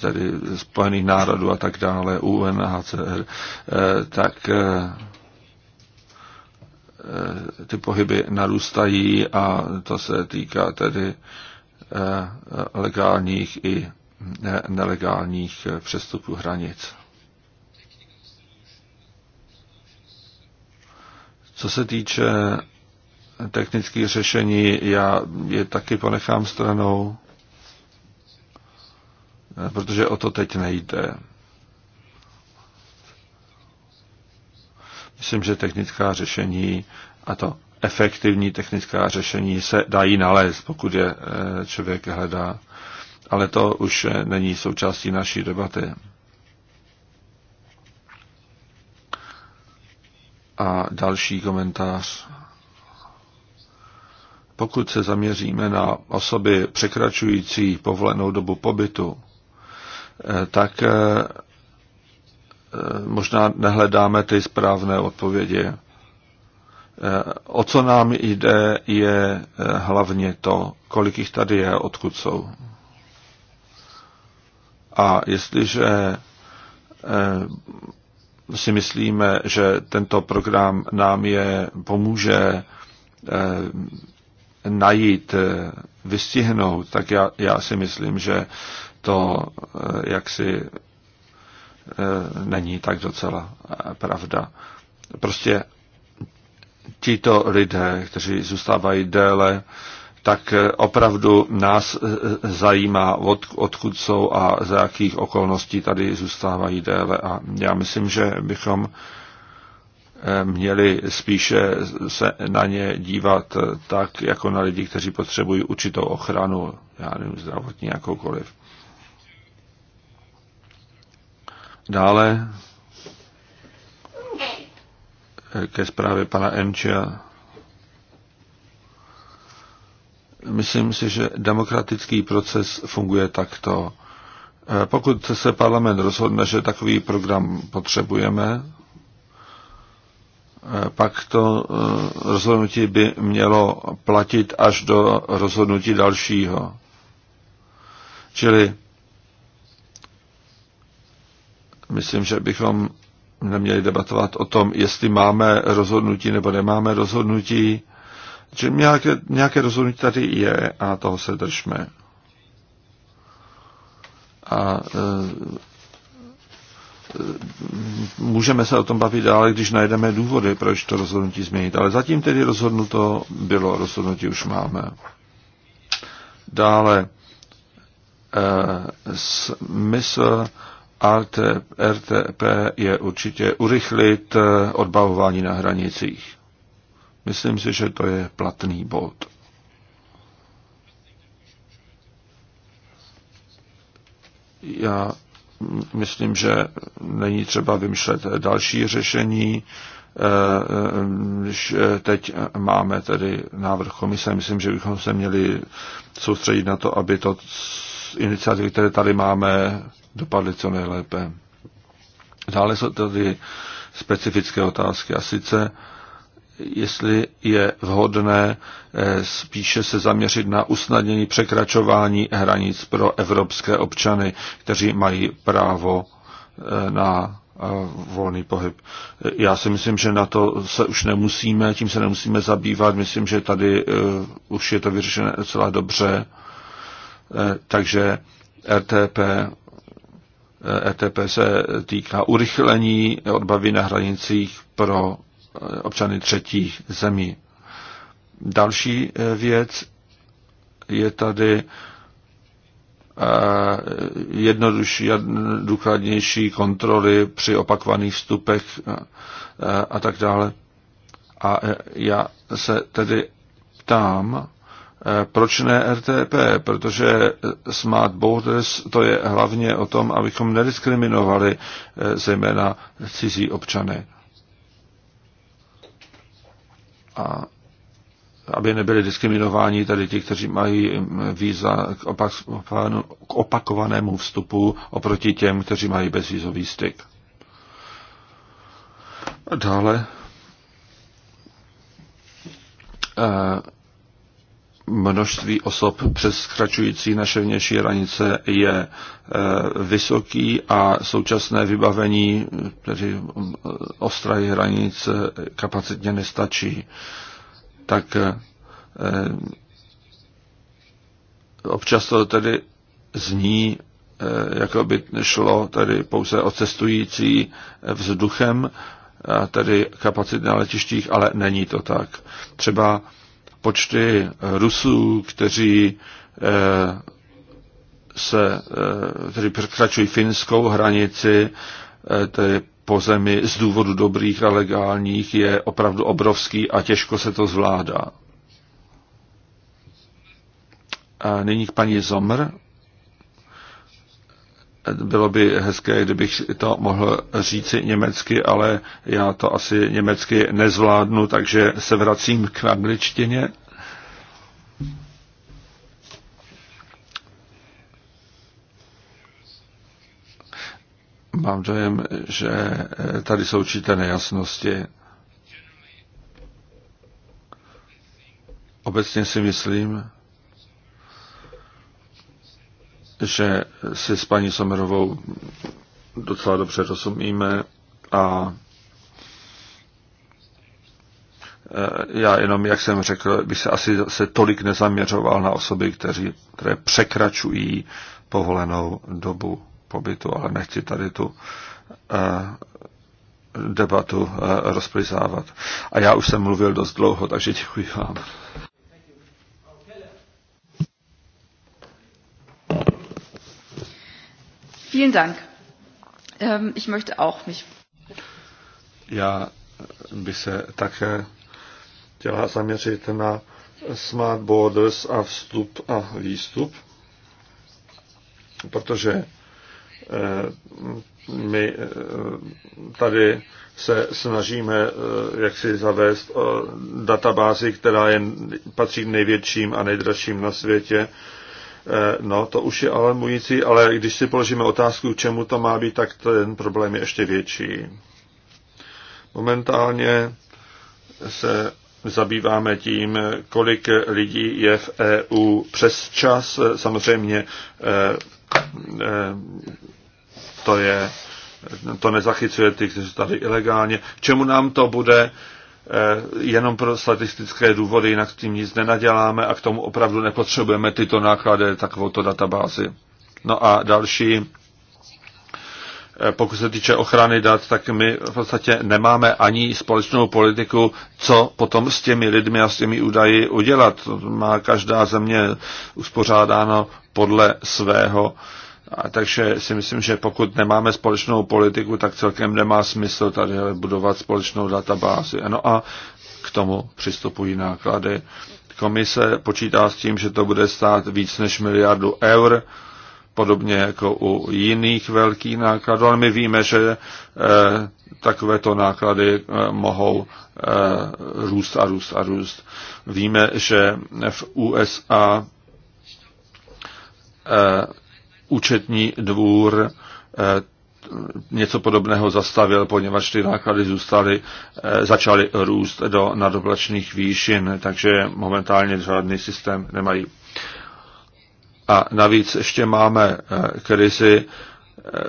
tedy Spojených národů a tak dále, UNHCR, tak eh, eh, ty pohyby narůstají a to se týká tedy eh, legálních i nelegálních přestupů hranic. Co se týče technických řešení, já je taky ponechám stranou, protože o to teď nejde. Myslím, že technická řešení a to efektivní technická řešení se dají nalézt, pokud je eh, člověk hledá. Ale to už eh, není součástí naší debaty. A další komentář. Pokud se zaměříme na osoby překračující povolenou dobu pobytu, eh, tak eh, eh, možná nehledáme ty správné odpovědi. O co nám jde, je hlavně to, kolik jich tady je, odkud jsou. A jestliže si myslíme, že tento program nám je pomůže eh, najít, eh, vystihnout, tak já, já si myslím, že to eh, jaksi není tak docela pravda. Prostě tito lidé, kteří zůstávají déle, tak eh, opravdu nás eh, eh, zajímá, od, odkud jsou a za jakých okolností tady zůstávají déle. A já myslím, že bychom měli spíše se na ně dívat tak, jako na lidi, kteří potřebují určitou ochranu, já nevím, zdravotní, jakoukoliv. Dále ke zprávě pana Enčia. Myslím si, že demokratický proces funguje takto. Eh, pokud se parlament rozhodne, že takový program potřebujeme, eh, pak to eh, rozhodnutí by mělo platit až do rozhodnutí dalšího. Čili myslím, že bychom neměli debatovat o tom, jestli máme rozhodnutí nebo nemáme rozhodnutí. Že nějaké, nějaké rozhodnutí tady je a toho se držme. A e, můžeme se o tom bavit dále, když najdeme důvody, proč to rozhodnutí změnit. Ale zatím tedy rozhodnuto bylo, rozhodnutí už máme. Dále e, smysl RTP je určitě urychlit e, odbavování na hranicích. Myslím si, že to je platný bod. Já myslím, že není třeba vymýšlet další řešení. Když teď máme tedy návrh komise, myslím, že bychom se měli soustředit na to, aby to iniciativy, které tady máme, dopadly co nejlépe. Dále jsou tady specifické otázky a sice jestli je vhodné eh, spíše se zaměřit na usnadnění překračování hranic pro evropské občany, kteří mají právo eh, na eh, volný pohyb. Já si myslím, že na to se už nemusíme, tím se nemusíme zabývat. Myslím, že tady už je to vyřešené docela dobře. Takže RTP ETP se týká urychlení odbavy na hranicích pro Eh, občany třetích zemí. Další eh, věc je tady eh, jednodušší a důkladnější kontroly při opakovaných vstupech a tak dále. A já se tedy ptám, proč ne RTP? Protože Smart Borders to je hlavně o tom, abychom nediskriminovali zejména cizí občany a aby nebyli diskriminováni tady ti, kteří mají mm, víza k, opak, k opakovanému vstupu oproti těm, kteří mají bezvízový styk. Dále eh, množství osob přeskračující naše vnější hranice je eh, vysoký a současné vybavení, tedy mm, ostrahy hranic, eh, kapacitně nestačí. Tak eh, občas to tedy zní, jako by šlo tedy pouze o cestující vzduchem, tedy kapacit na letištích, ale není to tak. Třeba počty Rusů, kteří eh, se, eh, kteří překračují finskou hranici, eh, tedy po zemi z důvodu dobrých a legálních, je opravdu obrovský a těžko se to zvládá. A nyní k paní Zomr bylo by hezké, kdybych to mohl říci německy, ale já to asi německy nezvládnu, takže se vracím k angličtině. Mám dojem, že tady jsou určité nejasnosti. Obecně si myslím, že si s paní Somerovou docela dobře rozumíme a e, já jenom, jak jsem řekl, bych se asi se tolik nezaměřoval na osoby, kteří, které překračují povolenou dobu pobytu, ale nechci tady tu e, debatu e, rozplizávat. A já už jsem mluvil dost dlouho, takže děkuji vám. Vielen Dank. Ähm, ich möchte auch mich. Já bych se také chtěla zaměřit na Smart Borders a vstup a výstup, protože eh, my eh, tady se snažíme eh, jak si zavést databázi, která je, patří největším a nejdražším na světě Eh, no, to už je alarmující, ale když si položíme otázku, k čemu to má být, tak ten problém je ještě větší. Momentálně se zabýváme tím, kolik lidí je v EU přes čas. Samozřejmě eh, eh, to, je, to nezachycuje ty, kteří jsou tady ilegálně. čemu nám to bude? Eh, jenom pro statistické důvody, jinak s tím nic nenaděláme a k tomu opravdu nepotřebujeme tyto náklady takovouto databázi. No a další, eh, pokud se týče ochrany dat, tak my v podstatě nemáme ani společnou politiku, co potom s těmi lidmi a s těmi údaji udělat. Má každá země uspořádáno podle svého a takže si myslím, že pokud nemáme společnou politiku, tak celkem nemá smysl tady budovat společnou databázi. No a k tomu přistupují náklady. Komise počítá s tím, že to bude stát víc než miliardu eur, podobně jako u jiných velkých nákladů, ale my víme, že e, takovéto náklady e, mohou e, růst a růst a růst. Víme, že v USA účetní dvůr eh, něco podobného zastavil, poněvadž ty náklady zůstaly, eh, začaly růst do nadoblačných výšin, takže momentálně žádný systém nemají. A navíc ještě máme eh, krizi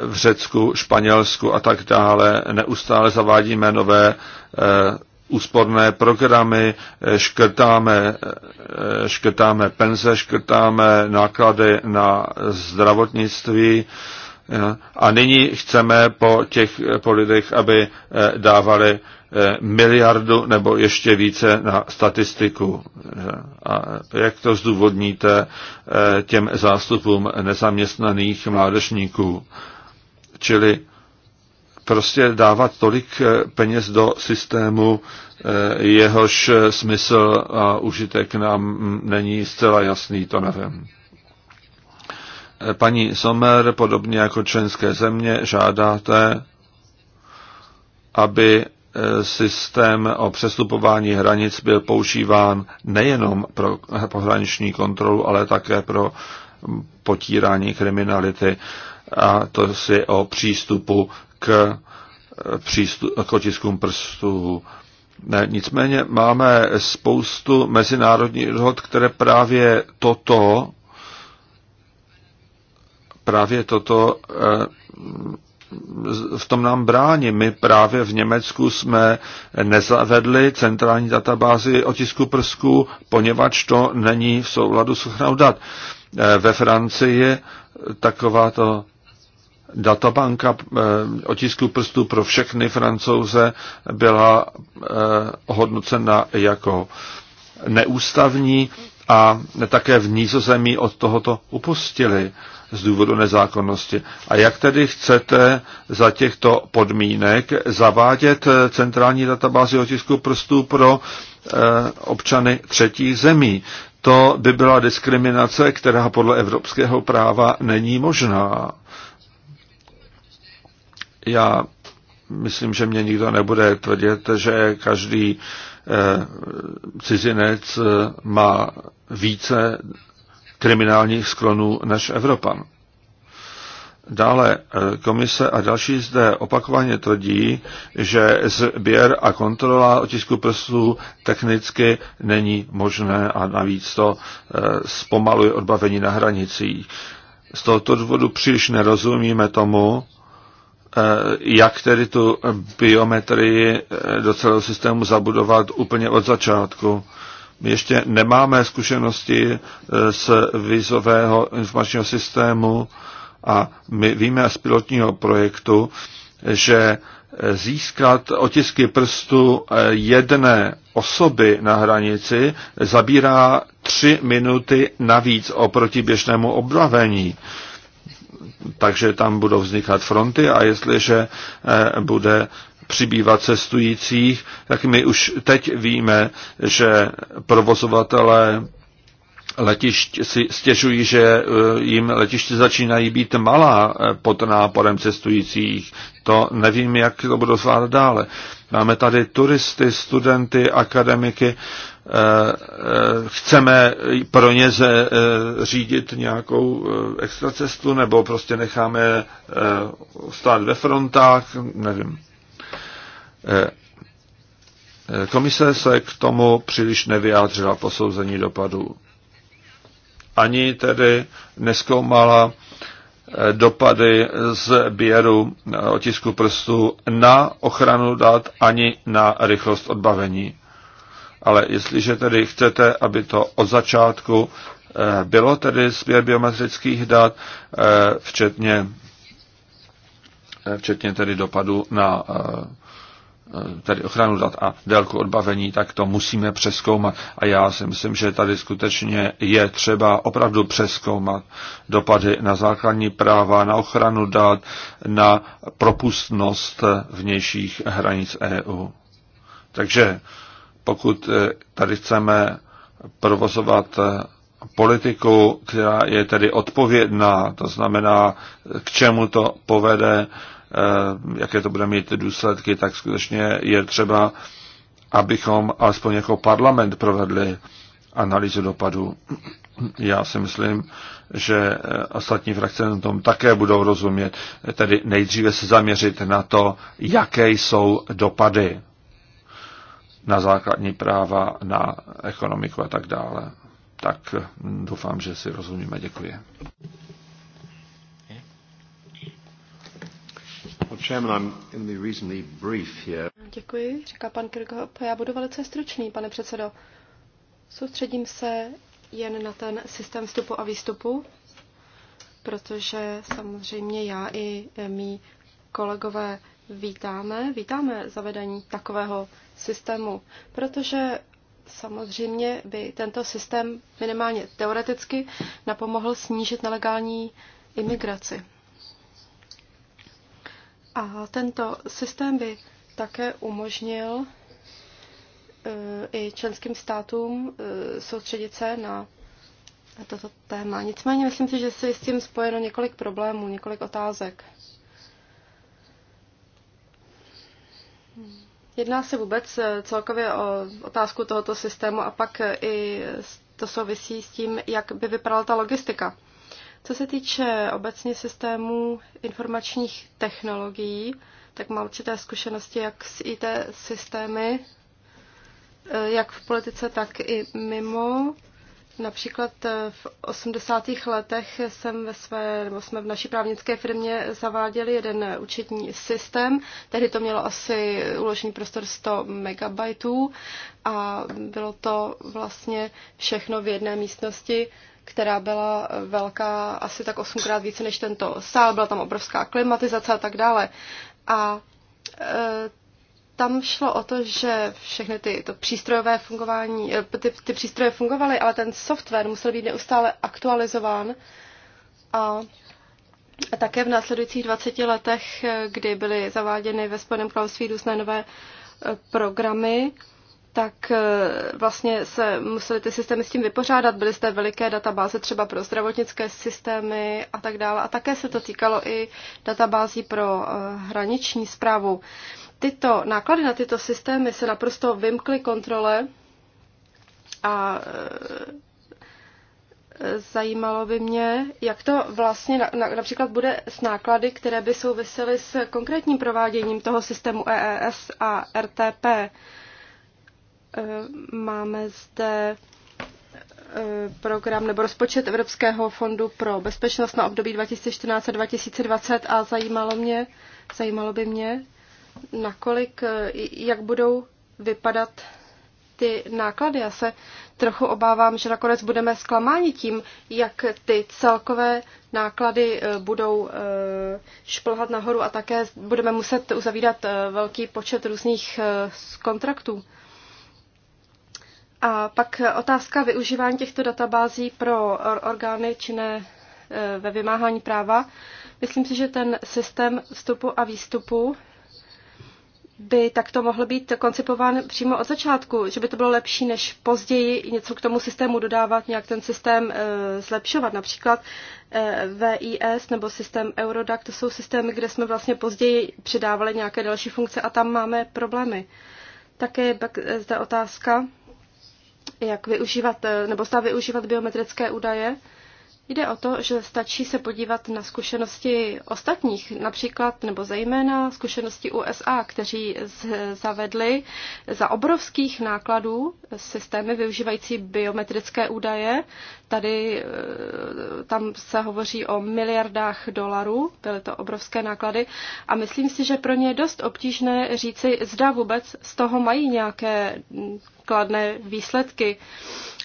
v Řecku, Španělsku a tak dále. Neustále zavádíme nové úsporné programy, eh, škrtáme, eh, škrtáme penze, škrtáme náklady na zdravotnictví eh, a nyní chceme po těch politech, aby dávali miliardu nebo ještě více na statistiku. A jak to zdůvodníte těm zástupům nezaměstnaných mládežníků? Čili prostě dávat tolik eh, peněz do systému, eh, jehož eh, smysl a užitek nám mm, není zcela jasný, to nevím. Paní Sommer, podobně jako členské země, žádáte, aby systém o přestupování hranic byl používán nejenom pro pohraniční kontrolu, ale také pro potírání kriminality a to si o přístupu k, eh, přístu, k otiskům prstů. Ne, nicméně máme spoustu mezinárodních dohod, které právě toto právě toto eh, v tom nám brání. My právě v Německu jsme nezavedli centrální databázi otisku prsku, poněvadž to není v souladu s ochranou dat. Eh, ve Francii takováto databanka eh, otisků prstů pro všechny francouze byla eh, hodnocena jako neústavní a také v nízozemí od tohoto upustili z důvodu nezákonnosti. A jak tedy chcete za těchto podmínek zavádět eh, centrální databázi otisků prstů pro občany třetích zemí? To by byla diskriminace, která podle evropského práva není možná. Já myslím, že mě nikdo nebude tvrdit, že každý eh, cizinec eh, má více kriminálních sklonů než Evropan. Dále eh, komise a další zde opakovaně tvrdí, že sběr a kontrola otisku prstů technicky není možné a navíc to zpomaluje odbavení na hranicích. Z tohoto důvodu příliš nerozumíme tomu, Eh, jak tedy tu biometrii eh, do celého systému zabudovat úplně od začátku. My ještě nemáme zkušenosti eh, z vizového informačního systému a my víme z pilotního projektu, že získat otisky prstu jedné osoby na hranici zabírá tři minuty navíc oproti běžnému obdavení takže tam budou vznikat fronty a jestliže eh, bude přibývat cestujících, tak my už teď víme, že provozovatelé letišť si stěžují, že eh, jim letiště začínají být malá eh, pod náporem cestujících. To nevím, jak to budou zvládat dále. Máme tady turisty, studenty, akademiky, Eh, eh, chceme pro ně eh, řídit nějakou extra cestu, nebo prostě necháme stát ve frontách, nevím. Komise se k tomu příliš nevyjádřila posouzení dopadů. Ani tedy neskoumala dopady z běru otisku prstů na ochranu dat ani na rychlost odbavení ale jestliže tedy chcete, aby to od začátku eh, bylo tedy sběr biometrických dat, eh, včetně, eh, včetně tedy dopadu na tedy ochranu dat a délku odbavení, tak to musíme přeskoumat. A já si myslím, že tady skutečně je třeba opravdu přeskoumat dopady na základní práva, na ochranu dat, na propustnost vnějších hranic EU. Takže pokud eh, tady chceme provozovat eh, politiku, která je tedy odpovědná, to znamená, k čemu to povede, eh, jaké to bude mít důsledky, tak skutečně je třeba, abychom alespoň jako parlament provedli analýzu dopadu. Já si myslím, že ostatní frakce na tom také budou rozumět. Tedy nejdříve se zaměřit na to, jaké jsou dopady na základní práva, na ekonomiku a tak dále. Tak mm, doufám, že si rozumíme. Děkuji. Děkuji, říká pan Kirchhoff. Já budu velice stručný, pane předsedo. Soustředím se jen na ten systém vstupu a výstupu, protože samozřejmě já i mý kolegové vítáme, vítáme zavedení takového systému, protože samozřejmě by tento systém minimálně teoreticky napomohl snížit nelegální imigraci. A tento systém by také umožnil eh, i členským státům eh, soustředit se na toto téma. Nicméně myslím si, že se s tím spojeno několik problémů, několik otázek. Hmm. Jedná se vůbec eh, celkově o otázku tohoto systému a pak eh, i to souvisí s tím, jak by vypadala ta logistika. Co se týče obecně systémů informačních technologií, tak mám určité zkušenosti jak s IT systémy, eh, jak v politice, tak i mimo. Například eh, v 80. letech jsem ve své, nebo jsme v naší právnické firmě zaváděli jeden účetní systém. Tehdy to mělo asi uložený prostor 100 megabajtů a bylo to vlastně všechno v jedné místnosti, která byla velká asi tak osmkrát více než tento sál. Byla tam obrovská klimatizace a tak dále. A eh, tam šlo o to, že všechny ty to přístrojové fungování, eh, ty, ty přístroje fungovaly, ale ten software musel být neustále aktualizován a také v následujících 20 letech, eh, kdy byly zaváděny ve Spojeném království různé nové eh, programy, tak vlastně se museli ty systémy s tím vypořádat. Byly zde veliké databáze třeba pro zdravotnické systémy a tak dále. A také se to týkalo i databází pro hraniční zprávu tyto náklady na tyto systémy se naprosto vymkly kontrole a e, zajímalo by mě, jak to vlastně například bude s náklady, které by souvisely s konkrétním prováděním toho systému EES a RTP. E, máme zde e, program nebo rozpočet Evropského fondu pro bezpečnost na období 2014 a 2020 a zajímalo mě, zajímalo by mě, nakolik, eh, jak budou vypadat ty náklady. Já se trochu obávám, že nakonec budeme zklamáni tím, jak ty celkové náklady eh, budou eh, šplhat nahoru a také budeme muset uzavírat velký počet různých kontraktů. A pak otázka využívání těchto databází pro orgány činné ve vymáhání práva. Myslím si, že ten systém vstupu a výstupu by takto mohl být koncipován přímo od začátku, že by to bylo lepší, než později něco k tomu systému dodávat, nějak ten systém e, zlepšovat. Například e, VIS nebo systém Eurodac, to jsou systémy, kde jsme vlastně později přidávali nějaké další funkce a tam máme problémy. Také je e, zde otázka, jak využívat, e, nebo zda využívat biometrické údaje. E, Jde o to, že stačí se podívat na zkušenosti ostatních, například nebo zejména zkušenosti USA, kteří zavedli za obrovských nákladů systémy využívající biometrické údaje. Tady eh, tam se hovoří o miliardách dolarů, byly to obrovské náklady a myslím si, že pro ně je dost obtížné říci, zda vůbec z toho mají nějaké kladné výsledky,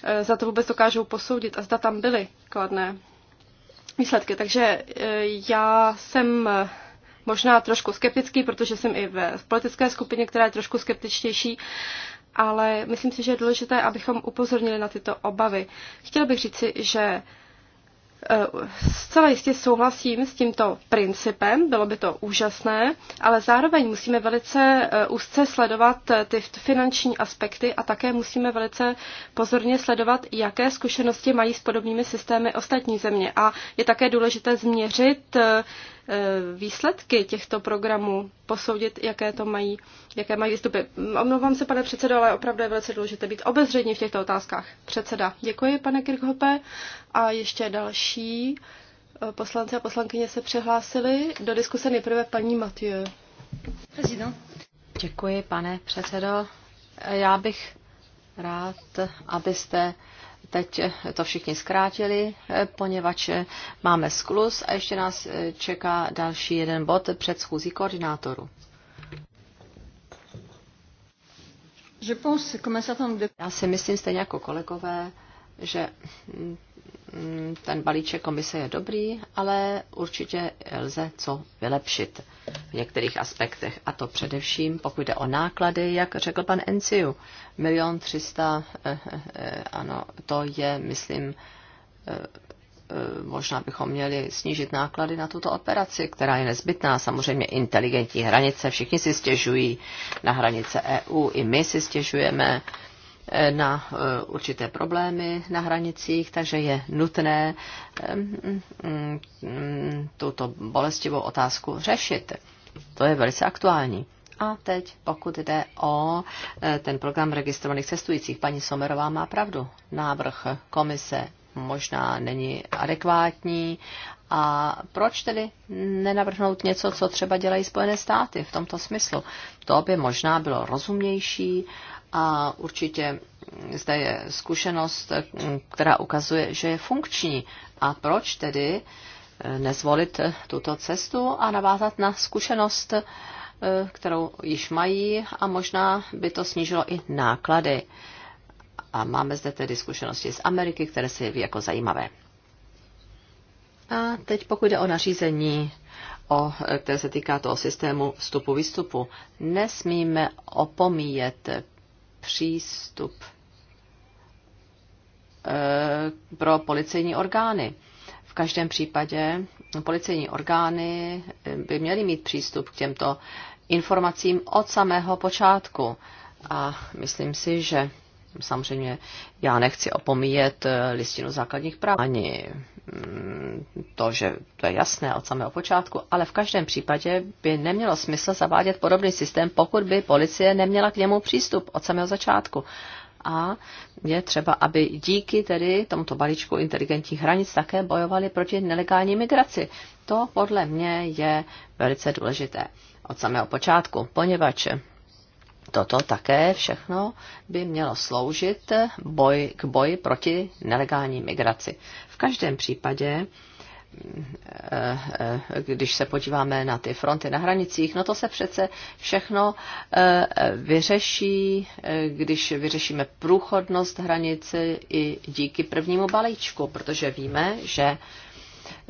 e, za to vůbec dokážou posoudit a zda tam byly kladné výsledky. Takže e, já jsem možná trošku skeptický, protože jsem i ve politické skupině, která je trošku skeptičtější, ale myslím si, že je důležité, abychom upozornili na tyto obavy. Chtěl bych říci, že Eh, zcela jistě souhlasím s tímto principem, bylo by to úžasné, ale zároveň musíme velice eh, úzce sledovat eh, ty finanční aspekty a také musíme velice pozorně sledovat, jaké zkušenosti mají s podobnými systémy ostatní země. A je také důležité změřit Eh, výsledky těchto programů, posoudit, jaké to mají, jaké mají výstupy. Mm, omlouvám se, pane předsedo, ale opravdu je velice důležité být obezřední v těchto otázkách. Předseda, děkuji, pane Kirchhope. A ještě další eh, poslanci a poslankyně se přihlásili. Do diskuse nejprve paní Mathieu. Prezident. Děkuji, pane předsedo. Já bych rád, abyste Teď to všichni zkrátili, poněvadž máme sklus a ještě nás čeká další jeden bod před schůzí koordinátoru. Já si myslím stejně jako kolegové, že Mm, ten balíček komise je dobrý, ale určitě lze co vylepšit v některých aspektech. A to především, pokud jde o náklady, jak řekl pan Enciu, milion třista, eh, eh, ano, to je, myslím, eh, možná bychom měli snížit náklady na tuto operaci, která je nezbytná. Samozřejmě inteligentní hranice, všichni si stěžují na hranice EU, i my si stěžujeme na eh, určité problémy na hranicích, takže je nutné eh, mm, mm, tuto bolestivou otázku řešit. To je velice aktuální. A teď, pokud jde o eh, ten program registrovaných cestujících, paní Somerová má pravdu. Návrh komise možná není adekvátní. A proč tedy nenavrhnout něco, co třeba dělají Spojené státy v tomto smyslu? To by možná bylo rozumnější a určitě zde je zkušenost, která ukazuje, že je funkční. A proč tedy eh, nezvolit tuto cestu a navázat na zkušenost, eh, kterou již mají a možná by to snížilo i náklady. A máme zde tedy zkušenosti z Ameriky, které se jeví jako zajímavé. A teď pokud jde o nařízení, o, eh, které se týká toho systému vstupu-výstupu, nesmíme opomíjet přístup eh, pro policejní orgány. V každém případě policejní orgány eh, by měly mít přístup k těmto informacím od samého počátku. A myslím si, že samozřejmě já nechci opomíjet eh, listinu základních práv ani mm, to, že to je jasné od samého počátku, ale v každém případě by nemělo smysl zavádět podobný systém, pokud by policie neměla k němu přístup od samého začátku. A je třeba, aby díky tedy tomuto balíčku inteligentních hranic také bojovali proti nelegální migraci. To podle mě je velice důležité od samého počátku, poněvadž toto také všechno by mělo sloužit boj, k boji proti nelegální migraci. V každém případě když se podíváme na ty fronty na hranicích, no to se přece všechno eh, vyřeší, eh, když vyřešíme průchodnost hranice i díky prvnímu balíčku, protože víme, že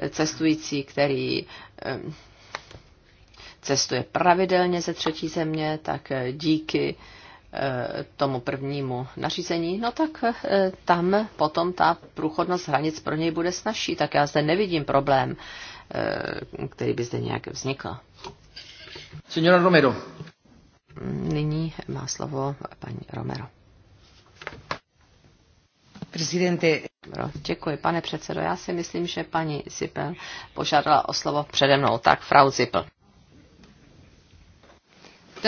cestující, který eh, cestuje pravidelně ze třetí země, tak díky Eh, tomu prvnímu nařízení, no tak eh, tam potom ta průchodnost hranic pro něj bude snažší. Tak já zde nevidím problém, eh, který by zde nějak vznikl. Signora Romero. Nyní má slovo paní Romero. Presidente. Děkuji, pane předsedo. Já si myslím, že paní Zipel požádala o slovo přede mnou. Tak, Frau Zipel.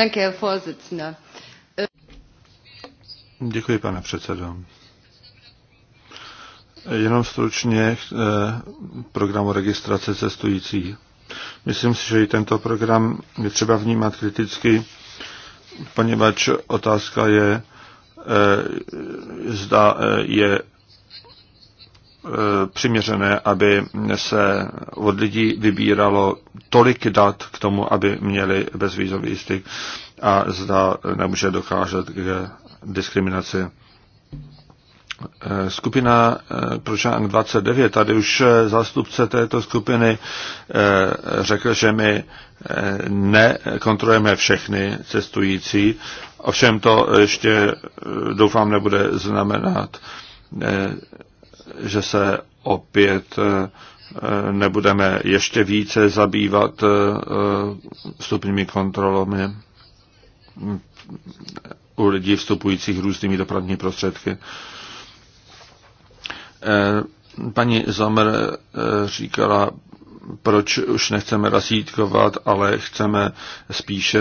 Děkuji, Herr Vorsitzender. Děkuji, pane předsedo. Jenom stručně eh, programu registrace cestujících. Myslím si, že i tento program je třeba vnímat kriticky, poněvadž otázka je, eh, zda eh, je přiměřené, aby se od lidí vybíralo tolik dat k tomu, aby měli bezvízový styk a zda nemůže docházet k diskriminace eh, Skupina eh, Pročánk 29, tady už eh, zástupce této skupiny řekl, že my nekontrolujeme všechny cestující, ovšem to ještě doufám nebude znamenat, že se opět nebudeme ještě více zabývat stupněmi kontrolami u lidí vstupujících různými dopravní prostředky. Eh, paní Zamer eh, říkala, proč už nechceme razítkovat, ale chceme spíše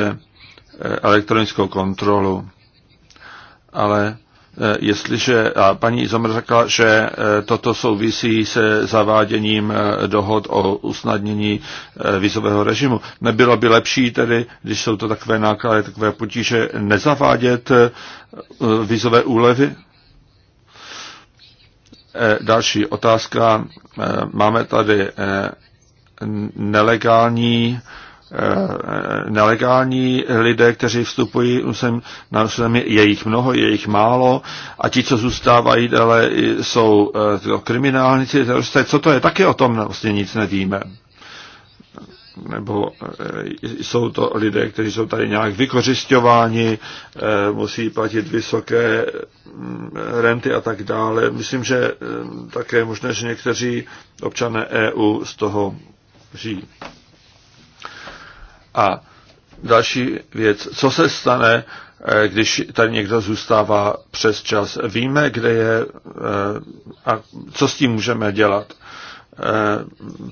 eh, elektronickou kontrolu. Ale Eh, jestliže, a paní Izomr řekla, že eh, toto souvisí se zaváděním eh, dohod o usnadnění vizového režimu. Nebylo by lepší tedy, když jsou to takové náklady, takové potíže, nezavádět vizové úlevy? Další otázka. Máme tady nelegální Eh, nelegální lidé, kteří vstupují no, sem na území, je jich mnoho, je jich málo a ti, co zůstávají dále, jsou eh, kriminálníci, teroristé. Co to je? Taky o tom vlastně nic nevíme. Nebo eh, jsou to lidé, kteří jsou tady nějak vykořišťováni, musí platit vysoké mm, renty a tak dále. Myslím, že také možné, že někteří občané EU z toho žijí. A další věc, co se stane, eh, když tady někdo zůstává přes čas. Víme, kde je eh, a co s tím můžeme dělat. Eh,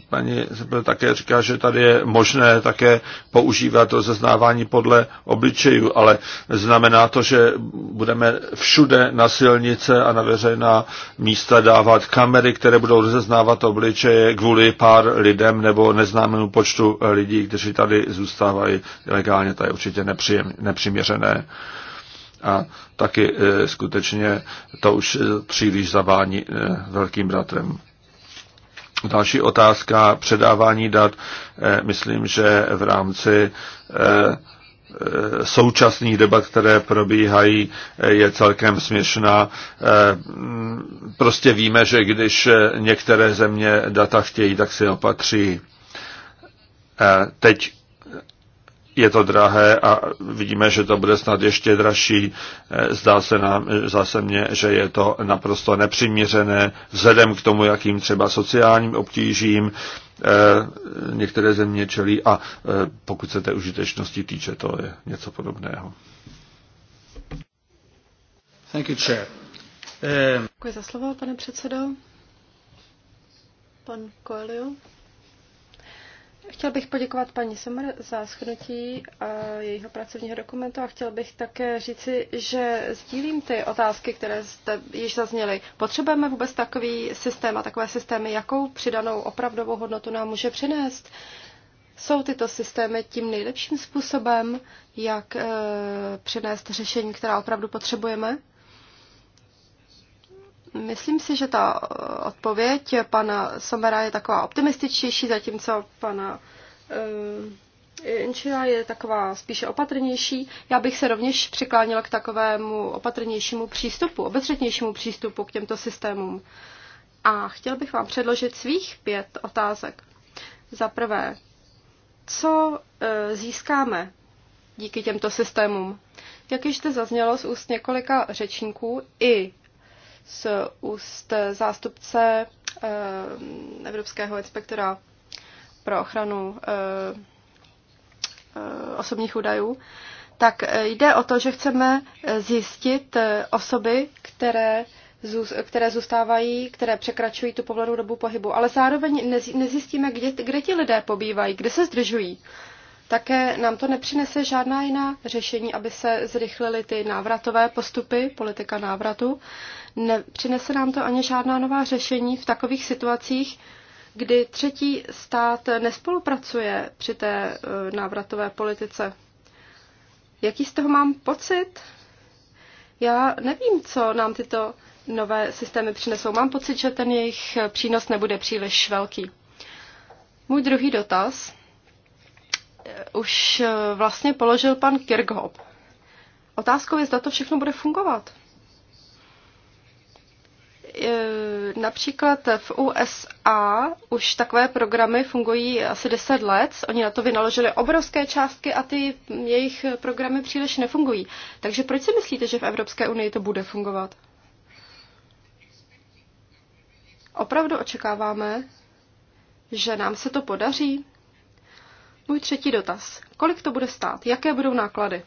paní Zepel také říká, že tady je možné také používat rozeznávání podle obličejů, ale znamená to, že budeme všude na silnice a na veřejná místa dávat kamery, které budou rozeznávat obličeje kvůli pár lidem nebo neznámému počtu lidí, kteří tady zůstávají ilegálně. To je určitě nepřiměřené a taky e, skutečně to už e, příliš zavání e, velkým bratrem. Další otázka předávání dat. Eh, myslím, že v rámci eh, eh, současných debat, které probíhají, je celkem směšná. Prostě víme, že když některé země data chtějí, tak si opatří. Teď je to drahé a vidíme, že to bude snad ještě dražší. Eh, zdá se nám, eh, zase mně, že je to naprosto nepřiměřené vzhledem k tomu, jakým třeba sociálním obtížím eh, některé země čelí a pokud se té užitečnosti týče, to je něco podobného. Thank you, chair. Děkuji za slovo, pane předsedo. Pan Coelho. Chtěl bych poděkovat paní Sommer za schnutí eh, jejího pracovního dokumentu a chtěl bych také říci, že sdílím ty otázky, které jste již zazněly. Potřebujeme vůbec takový systém a takové systémy, jakou přidanou opravdovou hodnotu nám může přinést? Jsou tyto systémy tím nejlepším způsobem, jak e, přinést řešení, která opravdu potřebujeme? Myslím si, že ta eh, odpověď pana Somera je taková optimističtější, zatímco pana eh, Inčina je taková spíše opatrnější. Já bych se rovněž přiklánila k takovému opatrnějšímu přístupu, obezřetnějšímu přístupu k těmto systémům. A chtěl bych vám předložit svých pět otázek. Za prvé, co eh, získáme díky těmto systémům? Jak již zde zaznělo z úst několika řečníků, i z úst zástupce eh, Evropského inspektora pro ochranu eh, eh, osobních údajů, tak jde o to, že chceme zjistit osoby, které, které zůstávají, které překračují tu povolenou dobu pohybu, ale zároveň nezjistíme, kde, kde ti lidé pobývají, kde se zdržují. Také nám to nepřinese žádná jiná řešení, aby se zrychlily ty návratové postupy, politika návratu. Nepřinese nám to ani žádná nová řešení v takových situacích, kdy třetí stát nespolupracuje při té e, návratové politice. Jaký z toho mám pocit? Já nevím, co nám tyto nové systémy přinesou. Mám pocit, že ten jejich přínos nebude příliš velký. Můj druhý dotaz už eh, vlastně položil pan Kirchhoff. Otázkou je, zda to všechno bude fungovat. Eh, například v USA už takové programy fungují asi 10 let. Oni na to vynaložili obrovské částky a ty jejich programy příliš nefungují. Takže proč si myslíte, že v Evropské unii to bude fungovat? Opravdu očekáváme, že nám se to podaří? Můj třetí dotaz. Kolik to bude stát? Jaké budou náklady?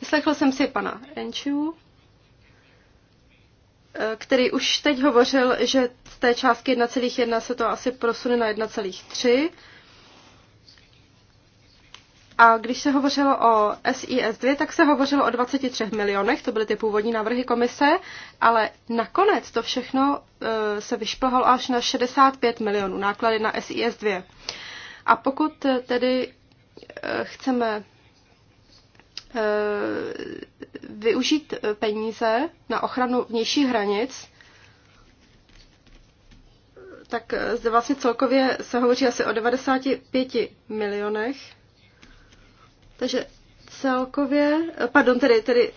Vyslechl jsem si pana Enčiu, eh, který už teď hovořil, že z té částky 1,1 se to asi prosune na 1,3. A když se hovořilo o SIS-2, tak se hovořilo o 23 milionech, to byly ty původní návrhy komise, ale nakonec to všechno eh, se vyšplhalo až na 65 milionů náklady na SIS-2. A pokud tedy eh, chceme eh, využít peníze na ochranu vnějších hranic, tak eh, zde vlastně celkově se hovoří asi o 95 milionech. Takže celkově, pardon, tedy, tedy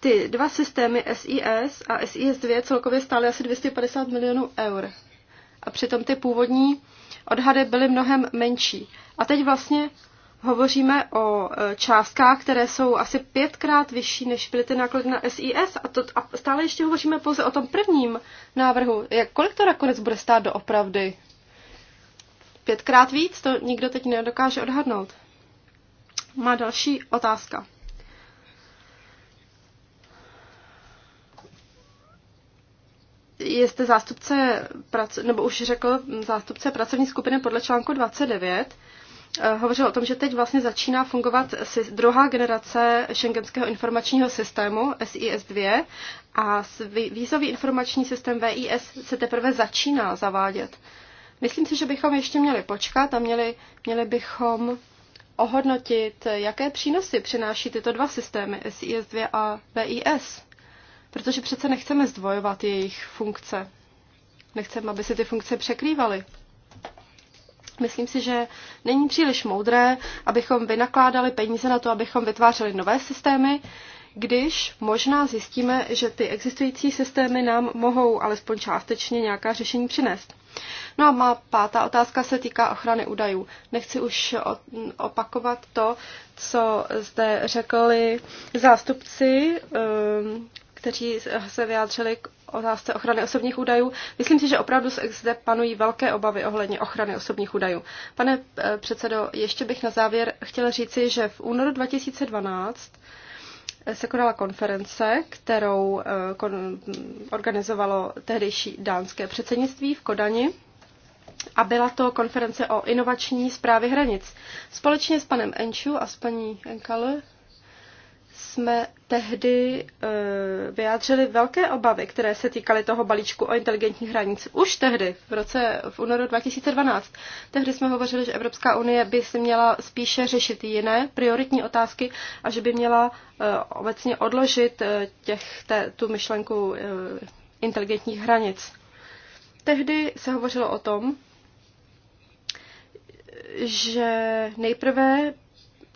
ty dva systémy SIS a SIS 2 celkově stály asi 250 milionů eur. A přitom ty původní odhady byly mnohem menší. A teď vlastně hovoříme o e, částkách, které jsou asi pětkrát vyšší, než byly ty náklady na SIS a, to, a stále ještě hovoříme pouze o tom prvním návrhu. Jak, kolik to nakonec bude stát doopravdy? Pětkrát víc? To nikdo teď nedokáže odhadnout. Má další otázka. Jste zástupce, nebo už řekl zástupce pracovní skupiny podle článku 29, eh, hovořil o tom, že teď vlastně začíná fungovat druhá generace šengenského informačního systému SIS-2 a vízový informační systém VIS se teprve začíná zavádět. Myslím si, že bychom ještě měli počkat a měli, měli bychom ohodnotit, jaké přínosy přináší tyto dva systémy SIS-2 a VIS protože přece nechceme zdvojovat jejich funkce. Nechceme, aby se ty funkce překrývaly. Myslím si, že není příliš moudré, abychom vynakládali peníze na to, abychom vytvářeli nové systémy, když možná zjistíme, že ty existující systémy nám mohou alespoň částečně nějaká řešení přinést. No a má pátá otázka se týká ochrany údajů. Nechci už opakovat to, co zde řekli zástupci ehm, kteří se vyjádřili k otázce ochrany osobních údajů. Myslím si, že opravdu zde panují velké obavy ohledně ochrany osobních údajů. Pane eh, předsedo, ještě bych na závěr chtěla říci, že v únoru 2012 se konala konference, kterou eh, organizovalo tehdejší dánské předsednictví v Kodani a byla to konference o inovační zprávě hranic. Společně s panem Enču a s paní Enkale jsme tehdy e, vyjádřili velké obavy, které se týkaly toho balíčku o inteligentních hranic. Už tehdy, v roce v únoru 2012, tehdy jsme hovořili, že Evropská unie by si měla spíše řešit jiné prioritní otázky a že by měla e, obecně odložit e, těch, te, tu myšlenku e, inteligentních hranic. Tehdy se hovořilo o tom, že nejprve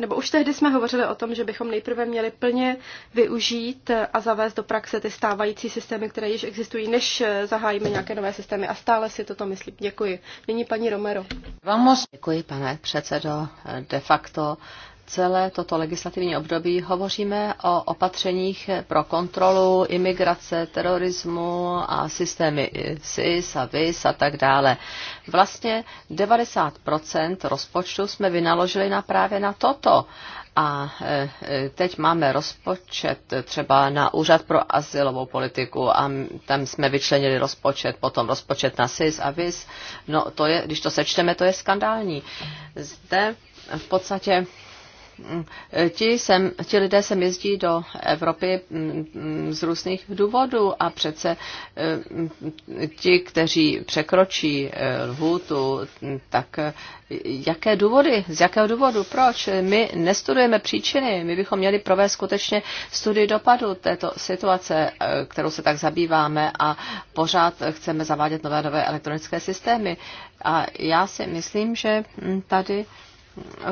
nebo už tehdy jsme hovořili o tom, že bychom nejprve měli plně využít a zavést do praxe ty stávající systémy, které již existují, než zahájíme nějaké nové systémy. A stále si toto myslím. Děkuji. Nyní paní Romero. Vamos. Děkuji, pane předsedo. De facto celé toto legislativní období hovoříme o opatřeních pro kontrolu imigrace, terorismu a systémy SIS a VIS a tak dále. Vlastně 90% rozpočtu jsme vynaložili na právě na toto. A e, e, teď máme rozpočet třeba na Úřad pro asilovou politiku a tam jsme vyčlenili rozpočet, potom rozpočet na SIS a VIS. No to je, když to sečteme, to je skandální. Zde v podstatě ti, sem, ti lidé sem jezdí do Evropy mm, z různých důvodů a přece mm, ti, kteří překročí eh, lhůtu, mm, tak eh, jaké důvody, z jakého důvodu, proč? My nestudujeme příčiny, my bychom měli provést skutečně studii dopadu této situace, eh, kterou se tak zabýváme a pořád chceme zavádět nové nové elektronické systémy. A já si myslím, že tady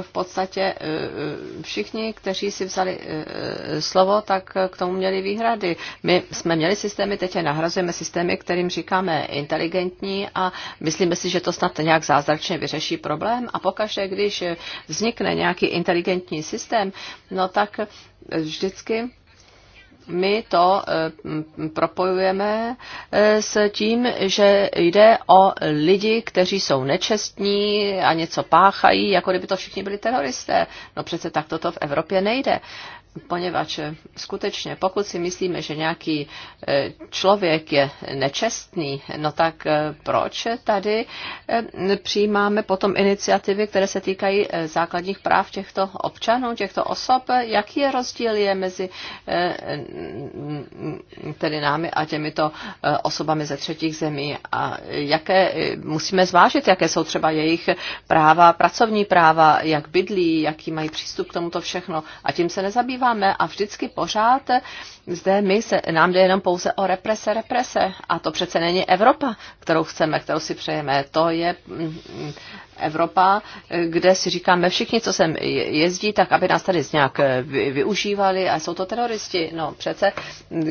v podstatě eh, eh, všichni, kteří si vzali eh, slovo, tak k tomu měli výhrady. My jsme měli systémy, teď je nahrazujeme systémy, kterým říkáme inteligentní a myslíme si, že to snad nějak zázračně vyřeší problém a pokaždé, když vznikne nějaký inteligentní systém, no tak vždycky my to eh, propojujeme eh, s tím, že jde o lidi, kteří jsou nečestní a něco páchají, jako kdyby to všichni byli teroristé. No přece tak toto v Evropě nejde poněvadž skutečně, pokud si myslíme, že nějaký e, člověk je nečestný, no tak e, proč tady e, přijímáme potom iniciativy, které se týkají základních práv těchto občanů, těchto osob? Jaký je rozdíl je mezi tedy námi a těmito osobami ze třetích zemí a jaké musíme zvážit, jaké jsou třeba jejich práva, pracovní práva, jak bydlí, jaký mají přístup k tomuto všechno a tím se nezabývá vyjednáváme a vždycky pořád zde my se, nám jde jenom pouze o represe, represe. A to přece není Evropa, kterou chceme, kterou si přejeme. To je mm, mm, Evropa, kde si říkáme všichni, co sem jezdí, tak aby nás tady nějak eh, využívali a jsou to teroristi. No přece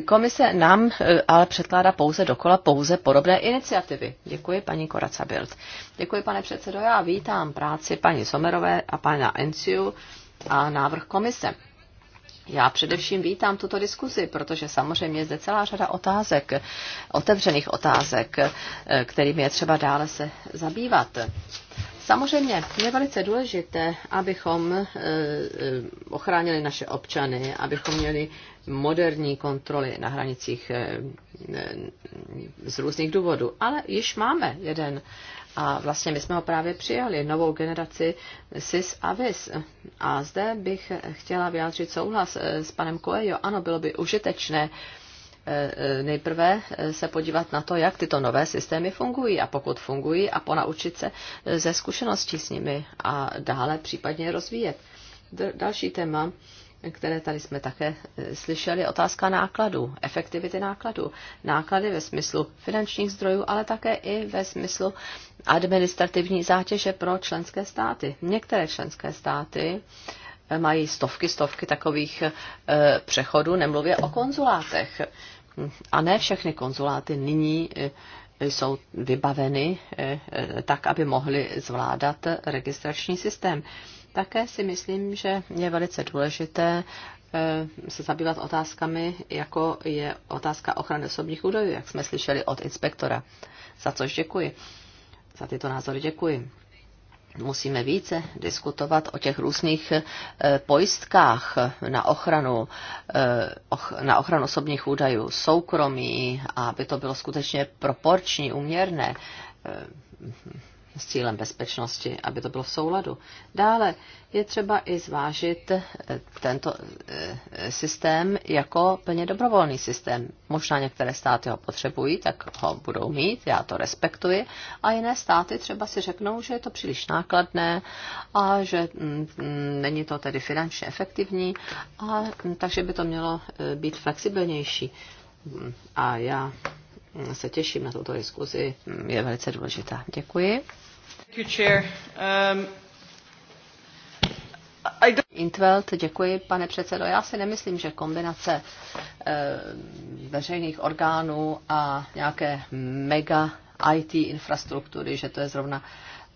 komise nám eh, ale předkládá pouze dokola pouze podobné iniciativy. Děkuji paní Koraca Bild. Děkuji pane předsedo, já vítám práci paní Somerové a pana Enciu a návrh komise. Já především vítám tuto diskuzi, protože samozřejmě je zde celá řada otázek, otevřených otázek, eh, kterými je třeba dále se zabývat. Samozřejmě je velice důležité, abychom e, e, ochránili naše občany, abychom měli moderní kontroly na hranicích e, z různých důvodů. Ale již máme jeden a vlastně my jsme ho právě přijali, novou generaci SIS a VIS. A zde bych chtěla vyjádřit souhlas s panem Coelho. Ano, bylo by užitečné Eh, nejprve eh, se podívat na to, jak tyto nové systémy fungují a pokud fungují a ponaučit se eh, ze zkušeností s nimi a dále případně rozvíjet. Další téma, které tady jsme také slyšeli, je otázka nákladů, efektivity nákladů. Náklady ve smyslu finančních zdrojů, ale také i ve smyslu administrativní zátěže pro členské státy. Některé členské státy mají stovky, stovky takových přechodů, nemluvě o konzulátech. A ne všechny konzuláty nyní e, jsou vybaveny e, e, tak, aby mohly zvládat registrační systém. Také si myslím, že je velice důležité se zabývat otázkami, jako je otázka ochrany osobních údajů, jak jsme slyšeli od inspektora. Za což děkuji. Za tyto názory děkuji musíme více diskutovat o těch různých eh, pojistkách na ochranu, eh, na ochranu osobních údajů, soukromí, aby to bylo skutečně proporční, uměrné eh, s cílem bezpečnosti, aby to bylo v souladu. Dále je třeba i zvážit eh, tento eh, systém jako plně dobrovolný systém. Možná některé státy ho potřebují, tak ho budou mít, já to respektuji, a jiné státy třeba si řeknou, že je to příliš nákladné a že mm, mm, není to tedy finančně efektivní, a, mm, takže by to mělo eh, být flexibilnější. A já se těším na tuto diskuzi, je velice důležitá. Děkuji. Um, Intveld, děkuji, pane předsedo. Já si nemyslím, že kombinace e, veřejných orgánů a nějaké mega IT infrastruktury, že to je zrovna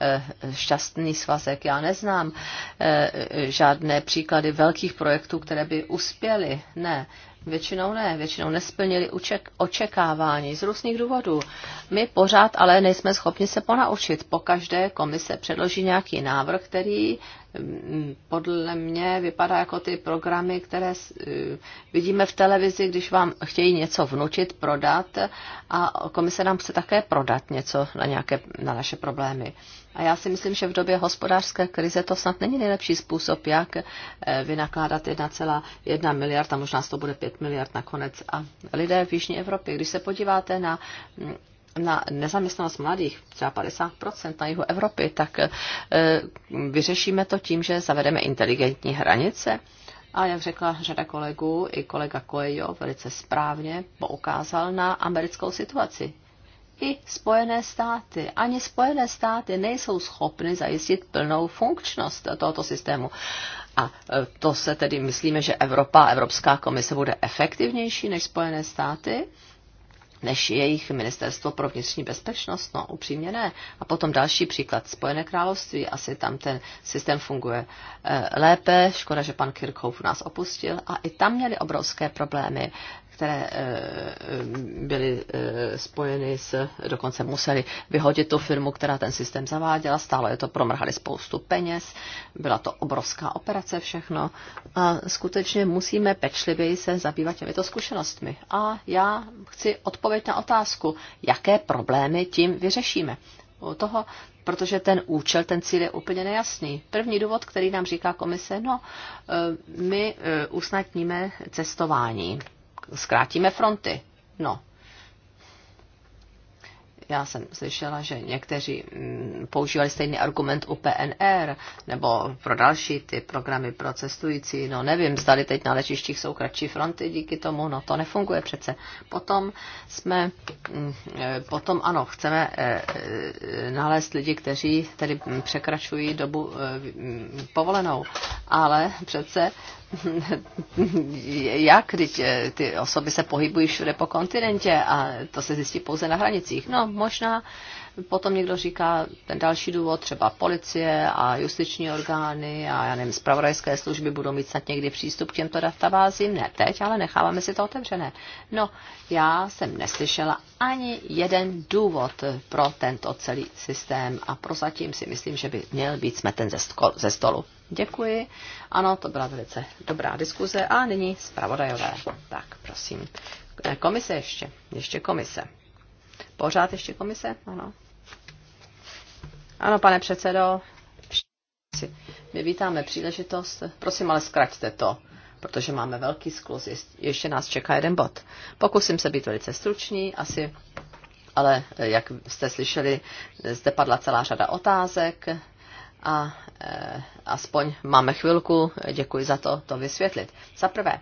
eh, šťastný svazek. Já neznám eh, žádné příklady velkých projektů, které by uspěly. Ne, Většinou ne, většinou nesplnili uček, očekávání z různých důvodů. My pořád ale nejsme schopni se ponaučit. Po každé komise předloží nějaký návrh, který mm, podle mě vypadá jako ty programy, které mm, vidíme v televizi, když vám chtějí něco vnučit, prodat a komise nám chce také prodat něco na, nějaké, na naše problémy. A já si myslím, že v době hospodářské krize to snad není nejlepší způsob, jak eh, vynakládat 1,1 miliard, a možná to bude 5 miliard nakonec. A lidé v Jižní Evropě, když se podíváte na hm, na nezaměstnanost mladých, třeba 50% na jihu Evropy, tak eh, vyřešíme to tím, že zavedeme inteligentní hranice. A jak řekla řada kolegů, i kolega Coelho velice správně poukázal na americkou situaci i Spojené státy. Ani Spojené státy nejsou schopny zajistit plnou funkčnost tohoto systému. A e, to se tedy myslíme, že Evropa, Evropská komise bude efektivnější než Spojené státy? než jejich ministerstvo pro vnitřní bezpečnost, no upřímně ne. A potom další příklad, Spojené království, asi tam ten systém funguje e, lépe, škoda, že pan Kirchhoff nás opustil a i tam měli obrovské problémy které eh, byly eh, spojeny s, dokonce museli vyhodit tu firmu, která ten systém zaváděla, stále je to promrhali spoustu peněz, byla to obrovská operace všechno a skutečně musíme pečlivěji se zabývat těmito zkušenostmi. A já chci odpověď na otázku, jaké problémy tím vyřešíme. U toho protože ten účel, ten cíl je úplně nejasný. První důvod, který nám říká komise, no, eh, my usnadníme cestování zkrátíme fronty. No, já jsem slyšela, že někteří mm, používali stejný argument u PNR nebo pro další ty programy pro cestující. No nevím, zdali teď na lečištích jsou kratší fronty díky tomu, no to nefunguje přece. Potom jsme, mm, e, potom ano, chceme e, e, nalézt lidi, kteří tedy překračují dobu mm, povolenou, ale přece jak, když ty osoby se pohybují všude po kontinentě a to se zjistí pouze na hranicích. No, možná potom někdo říká ten další důvod, třeba policie a justiční orgány a já nevím, zpravodajské služby budou mít snad někdy přístup k těmto databázím. Ne teď, ale necháváme si to otevřené. No, já jsem neslyšela ani jeden důvod pro tento celý systém a prozatím si myslím, že by měl být smeten ze, skol, ze stolu. Děkuji. Ano, to byla velice dobrá diskuze a nyní zpravodajové. Tak, prosím. Komise ještě. Ještě komise. Pořád ještě komise? Ano. Ano, pane předsedo, my vítáme příležitost. Prosím, ale zkraťte to, protože máme velký skluz. Ještě nás čeká jeden bod. Pokusím se být velice stručný, asi, ale eh, jak jste slyšeli, zde padla celá řada otázek a eh, aspoň máme chvilku, děkuji za to, to vysvětlit. Za prvé,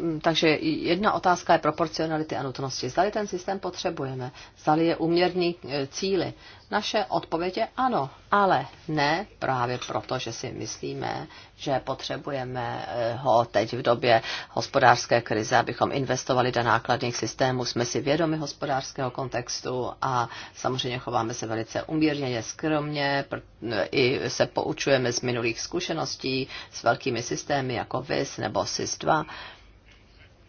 Mm, takže jedna otázka je proporcionality a nutnosti. Zdali ten systém potřebujeme, zdali je uměrný e, cíly. Naše odpověď je ano, ale ne právě proto, že si myslíme, že potřebujeme e, ho teď v době hospodářské krize, abychom investovali do nákladních systémů. Jsme si vědomi hospodářského kontextu a samozřejmě chováme se velice uměrně, skromně, e, i se poučujeme z minulých zkušeností s velkými systémy jako VIS nebo SIS-2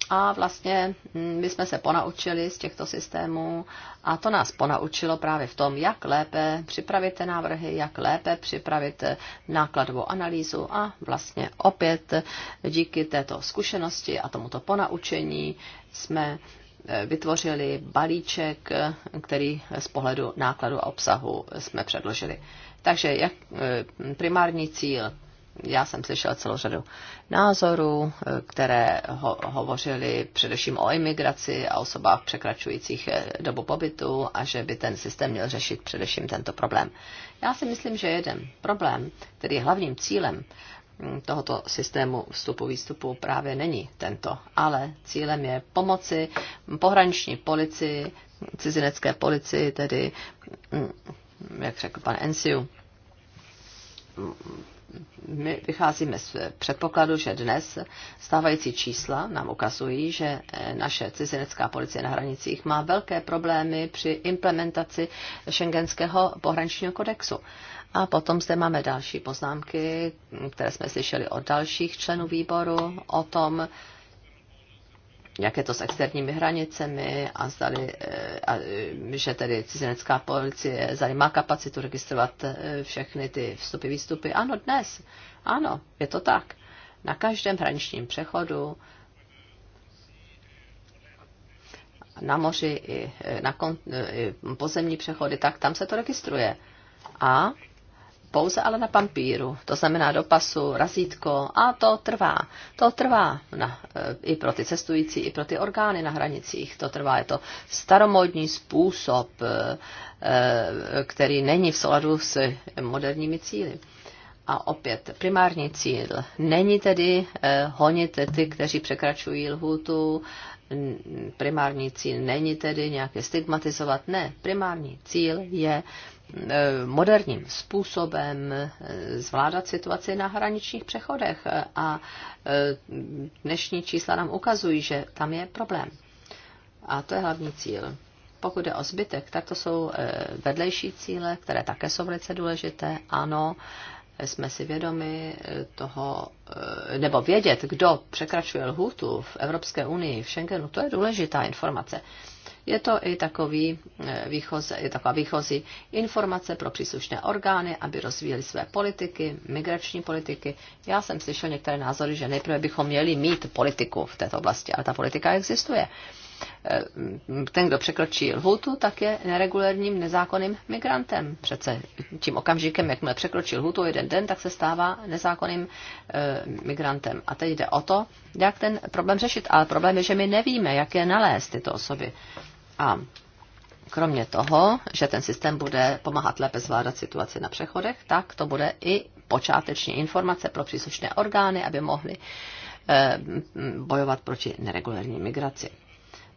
a vlastně mm, my jsme se ponaučili z těchto systémů a to nás ponaučilo právě v tom, jak lépe připravit ty návrhy, jak lépe připravit nákladovou analýzu a vlastně opět díky této zkušenosti a tomuto ponaučení jsme e, vytvořili balíček, e, který z pohledu nákladu a obsahu jsme předložili. Takže jak e, primární cíl já jsem slyšela celou řadu názorů, eh, které ho, hovořili především o imigraci a osobách překračujících eh, dobu pobytu a že by ten systém měl řešit především tento problém. Já si myslím, že jeden problém, který je hlavním cílem mm, tohoto systému vstupu výstupu právě není tento, ale cílem je pomoci pohraniční policii, cizinecké policii, tedy, mm, jak řekl pan Ensiu, my vycházíme z předpokladu, že dnes stávající čísla nám ukazují, že eh, naše cizinecká policie na hranicích má velké problémy při implementaci šengenského pohraničního kodexu. A potom zde máme další poznámky, které jsme slyšeli od dalších členů výboru o tom, jak je to s externími hranicemi a, zdali, eh, a eh, že tedy cizinecká policie zdali má kapacitu registrovat eh, všechny ty vstupy, výstupy. Ano, dnes. Ano, je to tak. Na každém hraničním přechodu na moři i na kon, i pozemní přechody, tak tam se to registruje. A pouze ale na papíru, to znamená do pasu, razítko a to trvá. To trvá na, e, i pro ty cestující, i pro ty orgány na hranicích. To trvá, je to staromodní způsob, e, e, který není v souladu s moderními cíly. A opět, primární cíl není tedy honit ty, kteří překračují lhůtu, primární cíl není tedy nějaké stigmatizovat, ne, primární cíl je Eh, moderním způsobem eh, zvládat situaci na hraničních přechodech a eh, dnešní čísla nám ukazují, že tam je problém. A to je hlavní cíl. Pokud jde o zbytek, tak to jsou vedlejší cíle, které také jsou velice důležité. Ano, jsme si vědomi toho, nebo vědět, kdo překračuje lhůtu v Evropské unii, v Schengenu, to je důležitá informace. Je to i takový eh, výchoz, je taková výchozí informace pro příslušné orgány, aby rozvíjeli své politiky, migrační politiky. Já jsem slyšel některé názory, že nejprve bychom měli mít politiku v této oblasti, ale ta politika existuje. Eh, ten, kdo překročí lhutu, tak je neregulérním nezákonným migrantem. Přece tím okamžikem, jakmile překročí lhutu jeden den, tak se stává nezákonným e, migrantem. A teď jde o to, jak ten problém řešit. Ale problém je, že my nevíme, jak je nalézt tyto osoby. A kromě toho, že ten systém bude pomáhat lépe zvládat situaci na přechodech, tak to bude i počáteční informace pro příslušné orgány, aby mohly eh, bojovat proti neregulární migraci.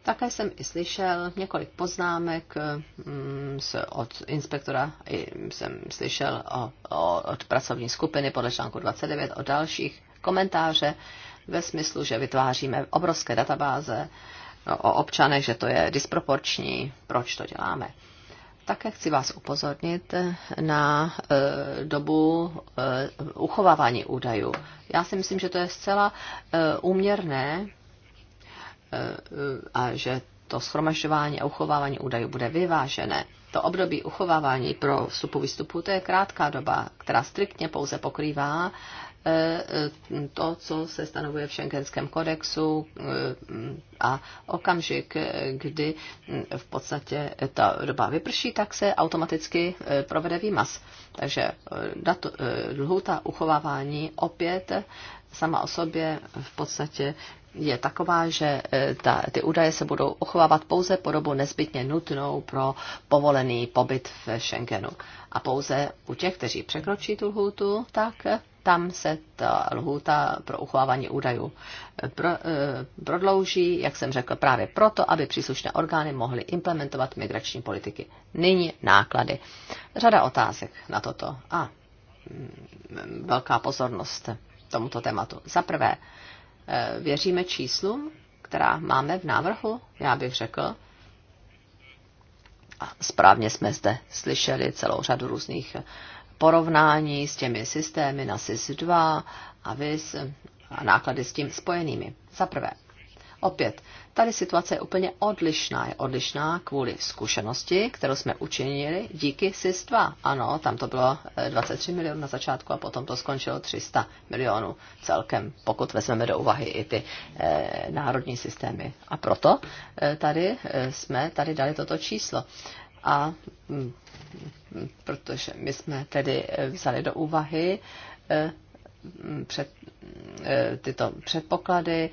Také jsem i slyšel několik poznámek eh, mm, od inspektora, i jsem slyšel o, o, od pracovní skupiny podle článku 29 o dalších komentáře ve smyslu, že vytváříme obrovské databáze o občanech, že to je disproporční, proč to děláme. Také chci vás upozornit na e, dobu e, uchovávání údajů. Já si myslím, že to je zcela e, úměrné e, e a že to schromažďování a uchovávání údajů bude vyvážené. To období uchovávání pro vstupu výstupu to je krátká doba, která striktně pouze pokrývá Eh, to, co se stanovuje v šengenském kodexu eh, a okamžik, kdy v podstatě ta doba vyprší, tak se automaticky eh, provede výmaz. Takže lhůta uchovávání opět sama o sobě v podstatě je taková, že ta, ty údaje se budou uchovávat pouze po dobu nezbytně nutnou pro povolený pobyt v Schengenu. A pouze u těch, kteří překročí tu lhůtu, tak tam se ta lhůta pro uchovávání údajů eh, pro, e, prodlouží, jak jsem řekl, právě proto, aby příslušné orgány mohly implementovat migrační politiky. Nyní náklady. Řada otázek na toto a mm, velká pozornost tomuto tématu. Za prvé, e, věříme číslům, která máme v návrhu? Já bych řekl, a správně jsme zde slyšeli celou řadu různých porovnání s těmi systémy na SIS-2 a VIS a náklady s tím spojenými. Za prvé, opět, tady situace je úplně odlišná. Je odlišná kvůli zkušenosti, kterou jsme učinili díky SIS-2. Ano, tam to bylo 23 eh, milionů na začátku a potom to skončilo 300 milionů celkem, pokud vezmeme do úvahy i ty eh, národní systémy. A proto eh, tady eh, jsme tady dali toto číslo a mm, mm, protože my jsme tedy eh, vzali do úvahy eh, mm, před, eh, tyto předpoklady.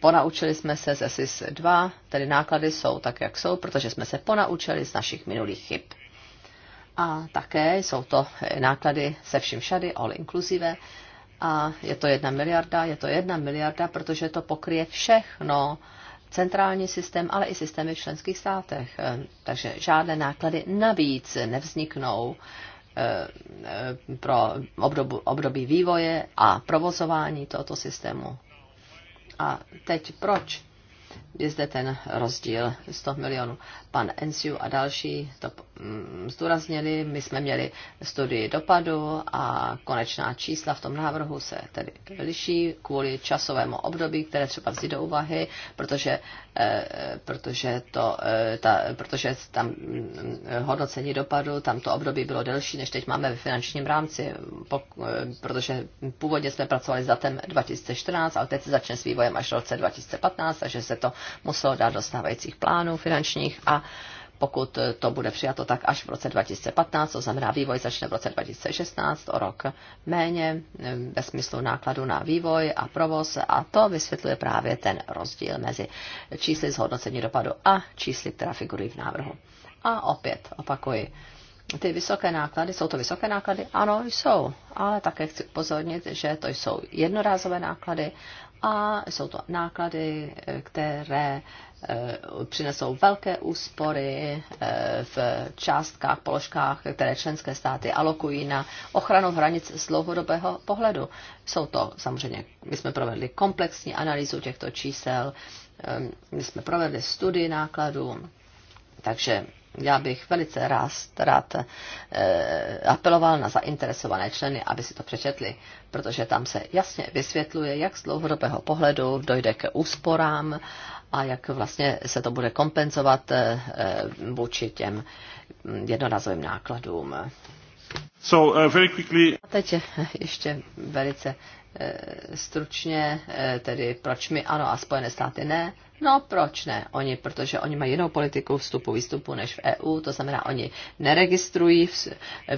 Ponaučili jsme se ze SIS 2, tedy náklady jsou tak, jak jsou, protože jsme se ponaučili z našich minulých chyb. A také jsou to náklady se vším všady, all inclusive. A je to jedna miliarda, je to jedna miliarda, protože to pokryje všechno, centrální systém, ale i systémy v členských státech. Eh, takže žádné náklady navíc nevzniknou eh, eh, pro obdobu, období vývoje a provozování tohoto systému. A teď proč je zde ten rozdíl 100 milionů. Pan Enciu a další to mm, zdůraznili. My jsme měli studii dopadu a konečná čísla v tom návrhu se tedy liší kvůli časovému období, které třeba vzít do úvahy, protože, eh, protože, to, eh, ta, protože tam mm, hodnocení dopadu, tam to období bylo delší, než teď máme ve finančním rámci, eh, protože původně jsme pracovali za ten 2014, ale teď se začne s vývojem až v roce 2015, takže se to muselo dát do stávajících plánů finančních a pokud to bude přijato tak až v roce 2015, to znamená vývoj začne v roce 2016, o rok méně, ve smyslu nákladu na vývoj a provoz a to vysvětluje právě ten rozdíl mezi čísly zhodnocení dopadu a čísly, která figurují v návrhu. A opět opakuji, ty vysoké náklady, jsou to vysoké náklady? Ano, jsou, ale také chci upozornit, že to jsou jednorázové náklady a jsou to náklady, které eh, přinesou velké úspory eh, v částkách, položkách, které členské státy alokují na ochranu hranic z dlouhodobého pohledu. Jsou to samozřejmě, my jsme provedli komplexní analýzu těchto čísel, eh, my jsme provedli studii nákladů, takže já bych velice rád, rád eh, apeloval na zainteresované členy, aby si to přečetli, protože tam se jasně vysvětluje, jak z dlouhodobého pohledu dojde k úsporám a jak vlastně se to bude kompenzovat eh, eh, vůči těm mm, jednorázovým nákladům. So, uh, very quickly... A teď ještě velice stručně, tedy proč my ano a Spojené státy ne No proč ne? Oni, protože oni mají jinou politiku vstupu, výstupu než v EU, to znamená, oni neregistrují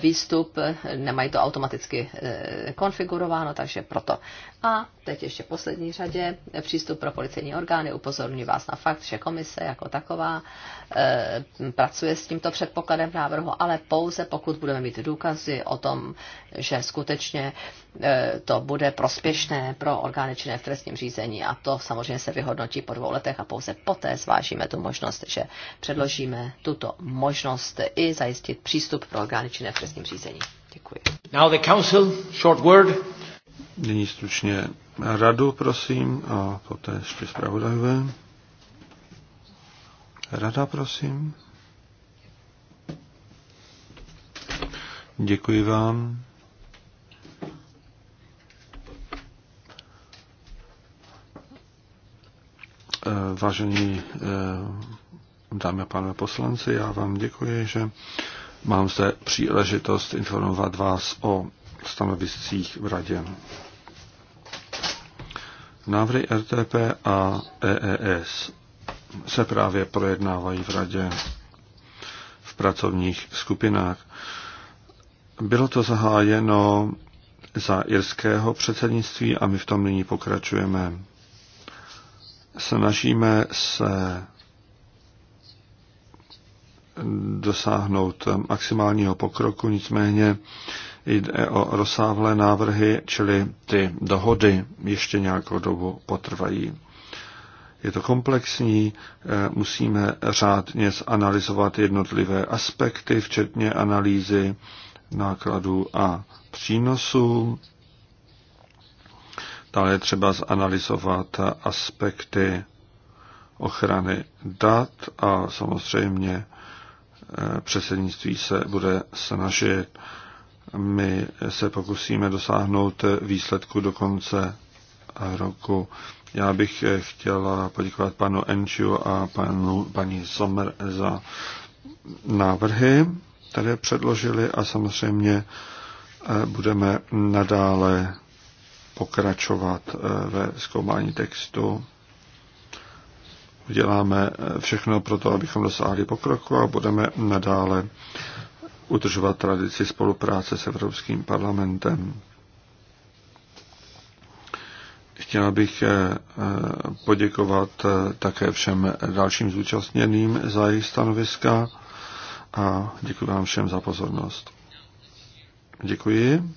výstup, nemají to automaticky eh, konfigurováno, takže proto a teď ještě poslední řadě přístup pro policejní orgány. Upozorňuji vás na fakt, že komise jako taková e, pracuje s tímto předpokladem v návrhu, ale pouze pokud budeme mít důkazy o tom, že skutečně e, to bude prospěšné pro orgány činné v trestním řízení a to samozřejmě se vyhodnotí po dvou letech a pouze poté zvážíme tu možnost, že předložíme tuto možnost i zajistit přístup pro orgány činné v trestním řízení. Děkuji. Now the council, short word. Nyní stručně radu, prosím, a poté ještě zpravodajové. Rada, prosím. Děkuji vám. Vážení eh, dámy a pánové poslanci, já vám děkuji, že mám zde příležitost informovat vás o stanoviscích v radě. Návrhy RTP a EES se právě projednávají v radě v pracovních skupinách. Bylo to zahájeno za irského předsednictví a my v tom nyní pokračujeme. Snažíme se dosáhnout maximálního pokroku, nicméně jde o rozsáhlé návrhy, čili ty dohody ještě nějakou dobu potrvají. Je to komplexní, eh, musíme řádně zanalizovat jednotlivé aspekty, včetně analýzy nákladů a přínosů. Dále je třeba zanalizovat aspekty ochrany dat a samozřejmě předsednictví se bude snažit. My se pokusíme dosáhnout výsledku do konce roku. Já bych chtěla poděkovat panu Enčiu a panu, paní Sommer za návrhy, které předložili a samozřejmě eh, budeme nadále pokračovat eh, ve zkoumání textu. Uděláme eh, všechno pro to, abychom dosáhli pokroku a budeme nadále udržovat tradici spolupráce s Evropským parlamentem. Chtěl bych eh, eh, poděkovat také všem dalším zúčastněným za jejich stanoviska a děkuji vám všem za pozornost. Děkuji.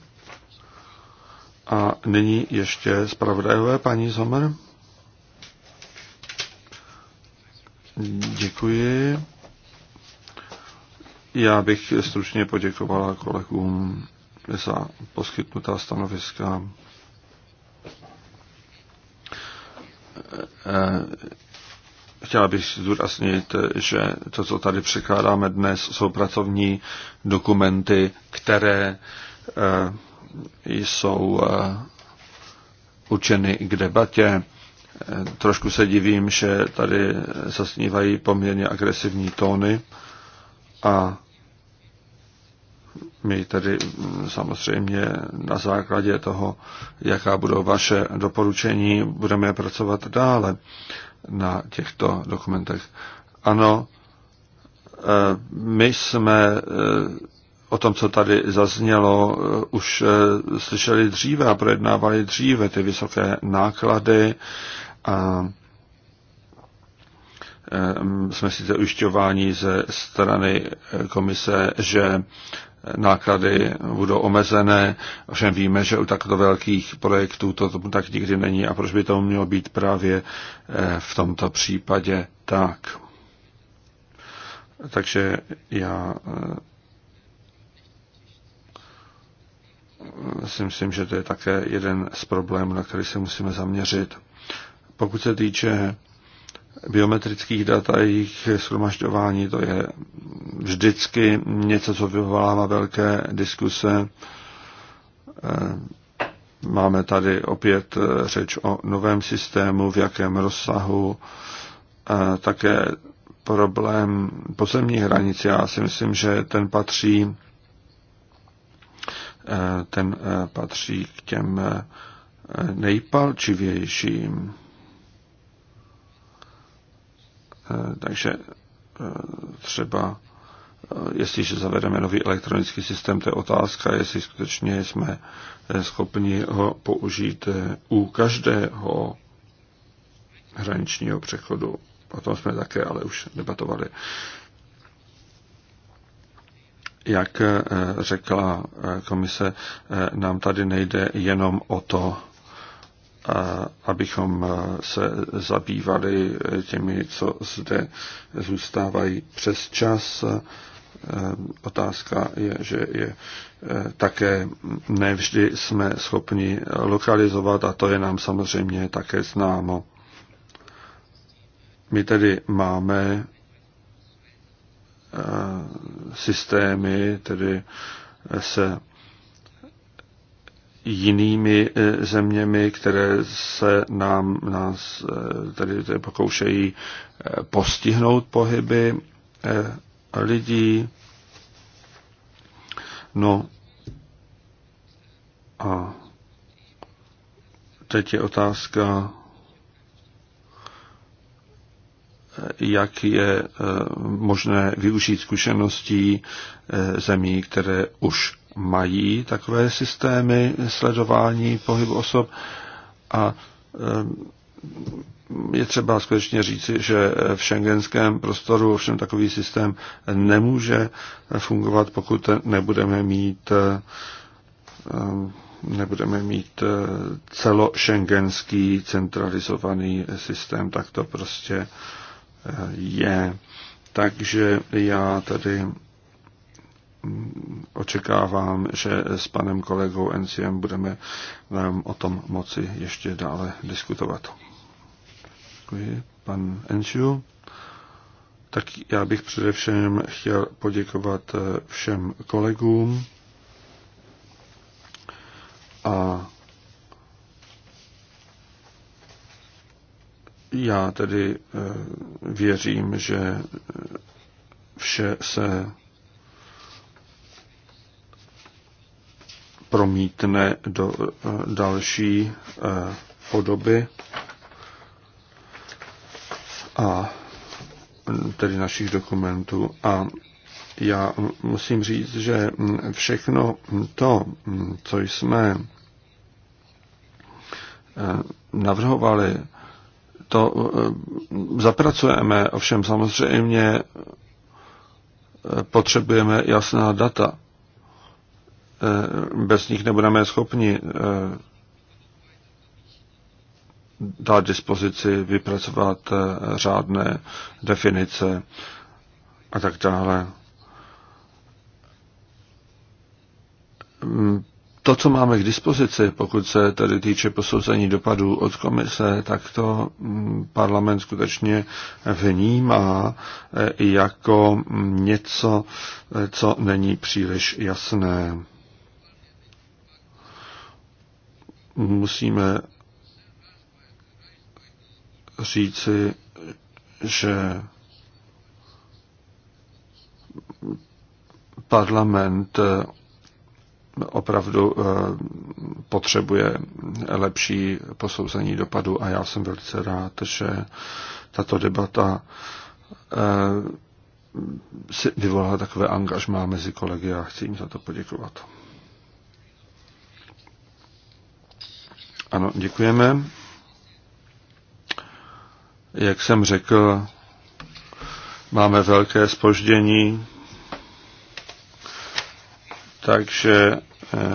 A nyní ještě zpravodajové paní Zomer. Děkuji. Já bych stručně poděkovala kolegům za poskytnutá stanoviska. Eh, chtěla bych zdůraznit, že to, co tady překládáme dnes, jsou pracovní dokumenty, které eh, jsou eh, určeny k debatě. Trošku se divím, že tady zasnívají poměrně agresivní tóny a my tady samozřejmě na základě toho, jaká budou vaše doporučení, budeme pracovat dále na těchto dokumentech. Ano, eh, my jsme eh, o tom, co tady zaznělo, eh, už eh, slyšeli dříve a projednávali dříve ty vysoké náklady a ehm, jsme sice ujišťováni ze strany eh, komise, že náklady budou omezené, ovšem víme, že u takto velkých projektů to tak nikdy není a proč by to mělo být právě v tomto případě tak. Takže já si myslím, že to je také jeden z problémů, na který se musíme zaměřit. Pokud se týče biometrických dat a jejich shromažďování, to je vždycky něco, co vyvolává velké diskuse. Eh, máme tady opět eh, řeč o novém systému, v jakém rozsahu, eh, také problém pozemní hranice. Já si myslím, že ten patří Eh, ten eh, patří k těm eh, nejpalčivějším. Takže třeba jestliže zavedeme nový elektronický systém, to je otázka, jestli skutečně jsme schopni ho použít u každého hraničního přechodu. O tom jsme také ale už debatovali jak eh, řekla eh, komise, eh, nám tady nejde jenom o to, abychom se zabývali těmi, co zde zůstávají přes čas. Otázka je, že je také nevždy jsme schopni lokalizovat a to je nám samozřejmě také známo. My tedy máme Eh, systémy, tedy se jinými eh, zeměmi, které se nám nás eh, tady, pokoušejí postihnout pohyby lidí. No a teď je otázka, jak je eh, možné využít zkušeností eh, zemí, které už mají takové systémy sledování pohybu osob a eh, je třeba skutečně říci, že v šengenském prostoru ovšem takový systém nemůže fungovat, pokud nebudeme mít nebudeme mít šengenský centralizovaný systém, tak to prostě je. Takže já tady očekávám, že s panem kolegou NCM budeme o tom moci ještě dále diskutovat. Děkuji. Pan Enciu. Tak já bych především chtěl poděkovat eh, všem kolegům a Já tedy eh, věřím, že eh, vše se promítne do eh, další podoby a mm, tedy našich dokumentů. A já musím říct, že mm, všechno to, mm, co jsme navrhovali, to eh, zapracujeme, ovšem samozřejmě eh, potřebujeme jasná data. Eh, bez nich nebudeme schopni dát dispozici, vypracovat řádné definice a tak dále. Mm, to, co máme k dispozici, pokud se tady týče posouzení dopadů od komise, tak to mm, parlament skutečně vnímá eh, jako něco, eh, co není příliš jasné. Musíme říci, že parlament eh, opravdu eh, potřebuje lepší posouzení dopadu a já jsem velice rád, že tato debata eh, si vyvolala takové angažmá mezi kolegy a chci jim za to poděkovat. Ano, děkujeme. Jak jsem řekl, máme velké spoždění takže eh,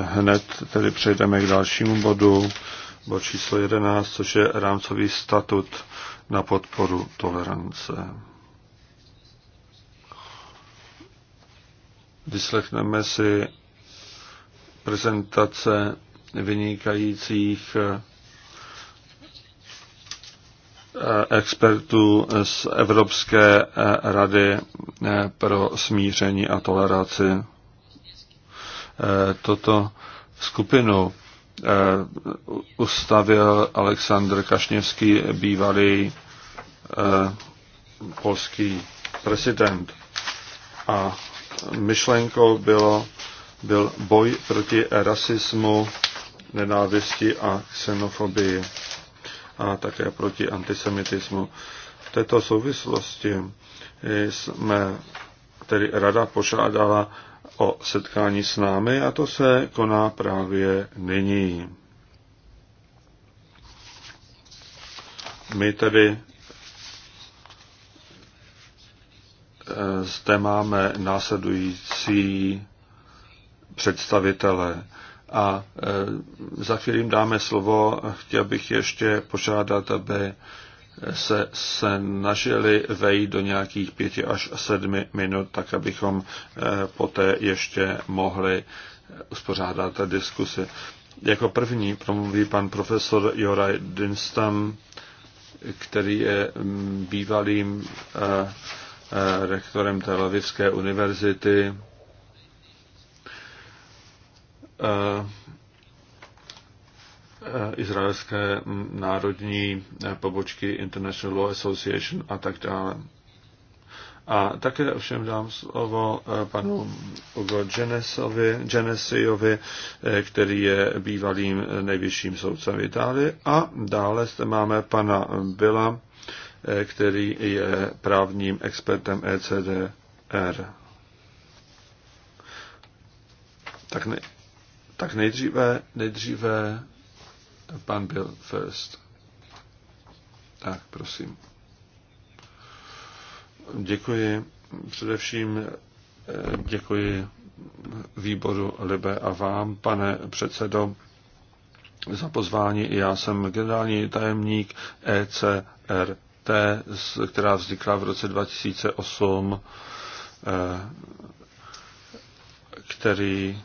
hned tedy přejdeme k dalšímu bodu, bod číslo 11, což je rámcový statut na podporu tolerance. Vyslechneme si prezentace vynikajících eh, expertů z Evropské eh, rady pro smíření a toleraci. Eh, toto skupinu eh, ustavil Aleksandr Kašněvský, bývalý eh, polský prezident. A myšlenkou bylo, byl boj proti rasismu, nenávisti a xenofobii a také proti antisemitismu. V této souvislosti jsme, tedy rada požádala o setkání s námi a to se koná právě nyní. My tedy eh, zde máme následující představitele. A eh, za chvíli dáme slovo. Chtěl bych ještě požádat, aby se snažili vejít do nějakých pěti až sedmi minut, tak abychom eh, poté ještě mohli uspořádat diskusy. Jako první promluví pan profesor Joraj Dinstam, který je mm, bývalým eh, eh, rektorem Tel Avivské univerzity. Eh, izraelské národní eh, pobočky International Law Association a tak dále. A také ovšem dám slovo eh, panu Ugo Genesiovi, který je bývalým nejvyšším soudcem v Itálii. A dále zde máme pana Bila, který je právním expertem ECDR. Tak, ne, tak nejdříve, nejdříve Pan byl first. Tak, prosím. Děkuji. Především eh, děkuji výboru Libe a vám, pane předsedo, za pozvání. Já jsem generální tajemník ECRT, která vznikla v roce 2008, eh, který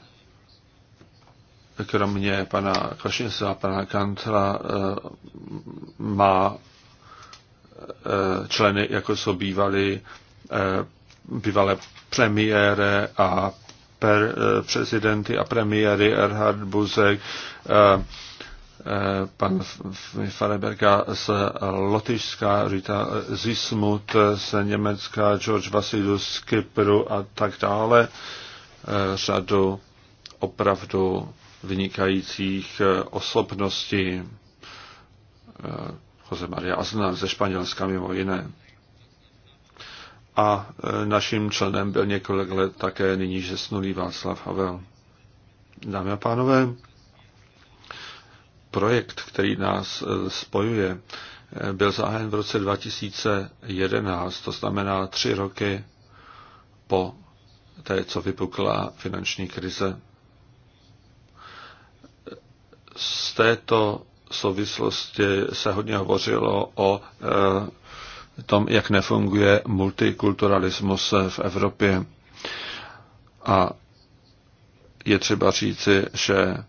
kromě pana Košinsa a pana Kantla eh, má eh, členy, jako jsou bývalí, eh, bývalé premiére a per, prezidenty a premiéry Erhard Buzek, pan Faleberga z Lotyšska, Rita Zismut z Německa, George Vasilus z Kypru a tak dále, řadu opravdu vynikajících eh, osobností. Eh, Jose Maria Aznar ze Španělska mimo jiné. A eh, naším členem byl několik let také nyní zesnulý Václav Havel. Dámy a pánové, projekt, který nás spojuje, byl zahájen v roce 2011, to znamená tři roky po té, co vypukla finanční krize z této souvislosti se hodně hovořilo o eh, tom, jak nefunguje multikulturalismus v Evropě. A je třeba říci, že eh,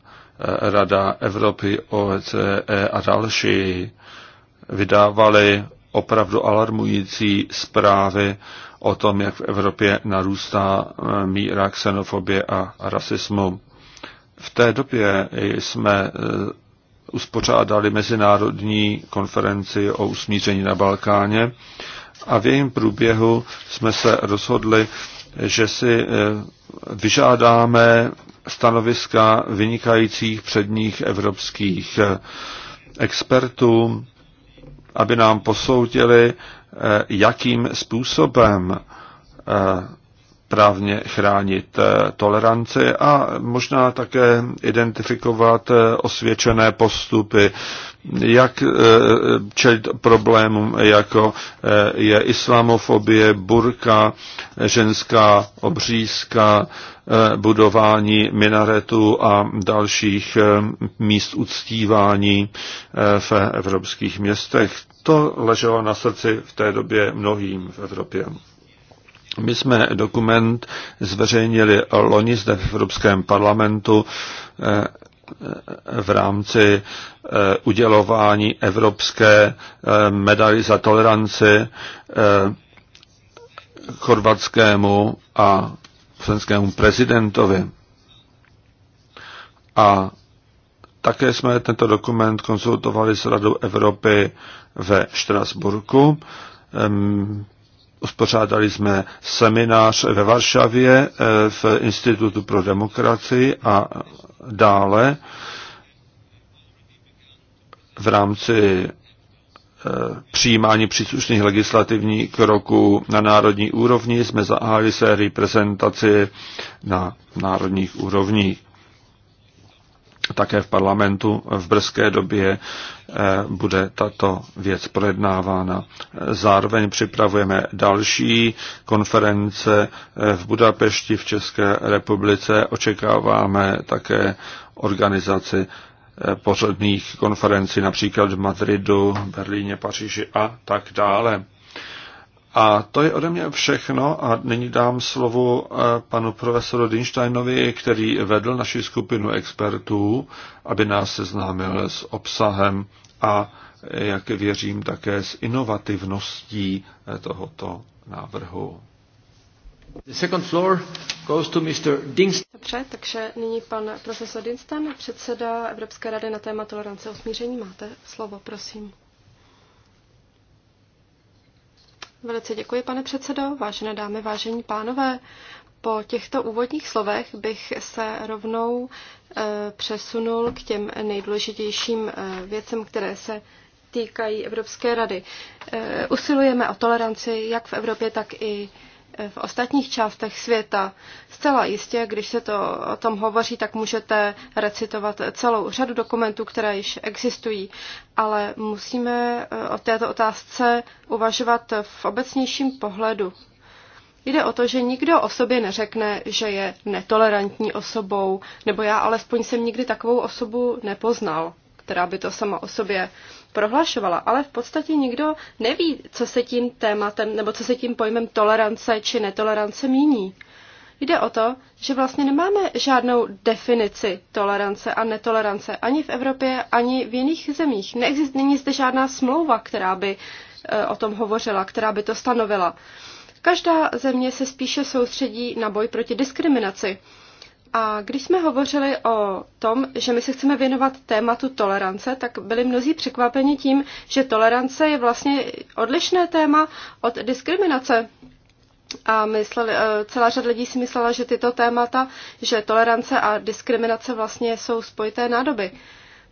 Rada Evropy, OECE e a další vydávali opravdu alarmující zprávy o tom, jak v Evropě narůstá eh, míra xenofobie a rasismu. V té době jsme e, uspořádali mezinárodní konferenci o usmíření na Balkáně a v jejím průběhu jsme se rozhodli, že si e, vyžádáme stanoviska vynikajících předních evropských e, expertů, aby nám posoudili, jakým způsobem právně chránit eh, toleranci a možná také identifikovat eh, osvědčené postupy, jak eh, čelit problémům, jako je islamofobie, burka, ženská obřízka, budování minaretů a dalších míst uctívání v evropských městech. To leželo na srdci v té době mnohým v Evropě. My jsme dokument zveřejnili loni zde v Evropském parlamentu eh, v rámci eh, udělování Evropské eh, medaily za toleranci chorvatskému a slovenskému prezidentovi. A také jsme tento dokument konzultovali s Radou Evropy ve Štrasburku. Uspořádali jsme seminář ve Varšavě eh, v Institutu pro demokracii a dále v rámci eh, přijímání příslušných legislativních kroků na národní úrovni jsme zahájili sérii prezentaci na národních úrovních. Také v parlamentu v brzké době Eh, bude tato věc projednávána. Zároveň připravujeme další konference eh, v Budapešti v České republice. Očekáváme také organizaci eh, pořadných konferencí například v Madridu, Berlíně, Paříži a tak dále. A to je ode mě všechno a nyní dám slovo panu profesoru Dinsteinovi, který vedl naši skupinu expertů, aby nás seznámil s obsahem a jak věřím také s inovativností tohoto návrhu. The second floor goes to Mr. Dingston. Dobře, takže nyní pan profesor Dinstan, předseda Evropské rady na téma tolerance a smíření. Máte slovo, prosím. Velice děkuji, pane předsedo, vážené dámy, vážení pánové. Po těchto úvodních slovech bych se rovnou Eh, přesunul k těm nejdůležitějším eh, věcem, které se týkají Evropské rady. Eh, usilujeme o toleranci jak v Evropě, tak i v ostatních částech světa. Zcela jistě, když se to o tom hovoří, tak můžete recitovat celou řadu dokumentů, které již existují, ale musíme o této otázce uvažovat v obecnějším pohledu. Jde o to, že nikdo o sobě neřekne, že je netolerantní osobou, nebo já alespoň jsem nikdy takovou osobu nepoznal, která by to sama o sobě prohlašovala, ale v podstatě nikdo neví, co se tím tématem nebo co se tím pojmem tolerance či netolerance míní. Jde o to, že vlastně nemáme žádnou definici tolerance a netolerance ani v Evropě, ani v jiných zemích. Neexistuje zde žádná smlouva, která by eh, o tom hovořila, která by to stanovila. Každá země se spíše soustředí na boj proti diskriminaci. A když jsme hovořili o tom, že my se chceme věnovat tématu tolerance, tak byli mnozí překvapeni tím, že tolerance je vlastně odlišné téma od diskriminace. A mysleli, eh, celá řada lidí si myslela, že tyto témata, že tolerance a diskriminace vlastně jsou spojité nádoby.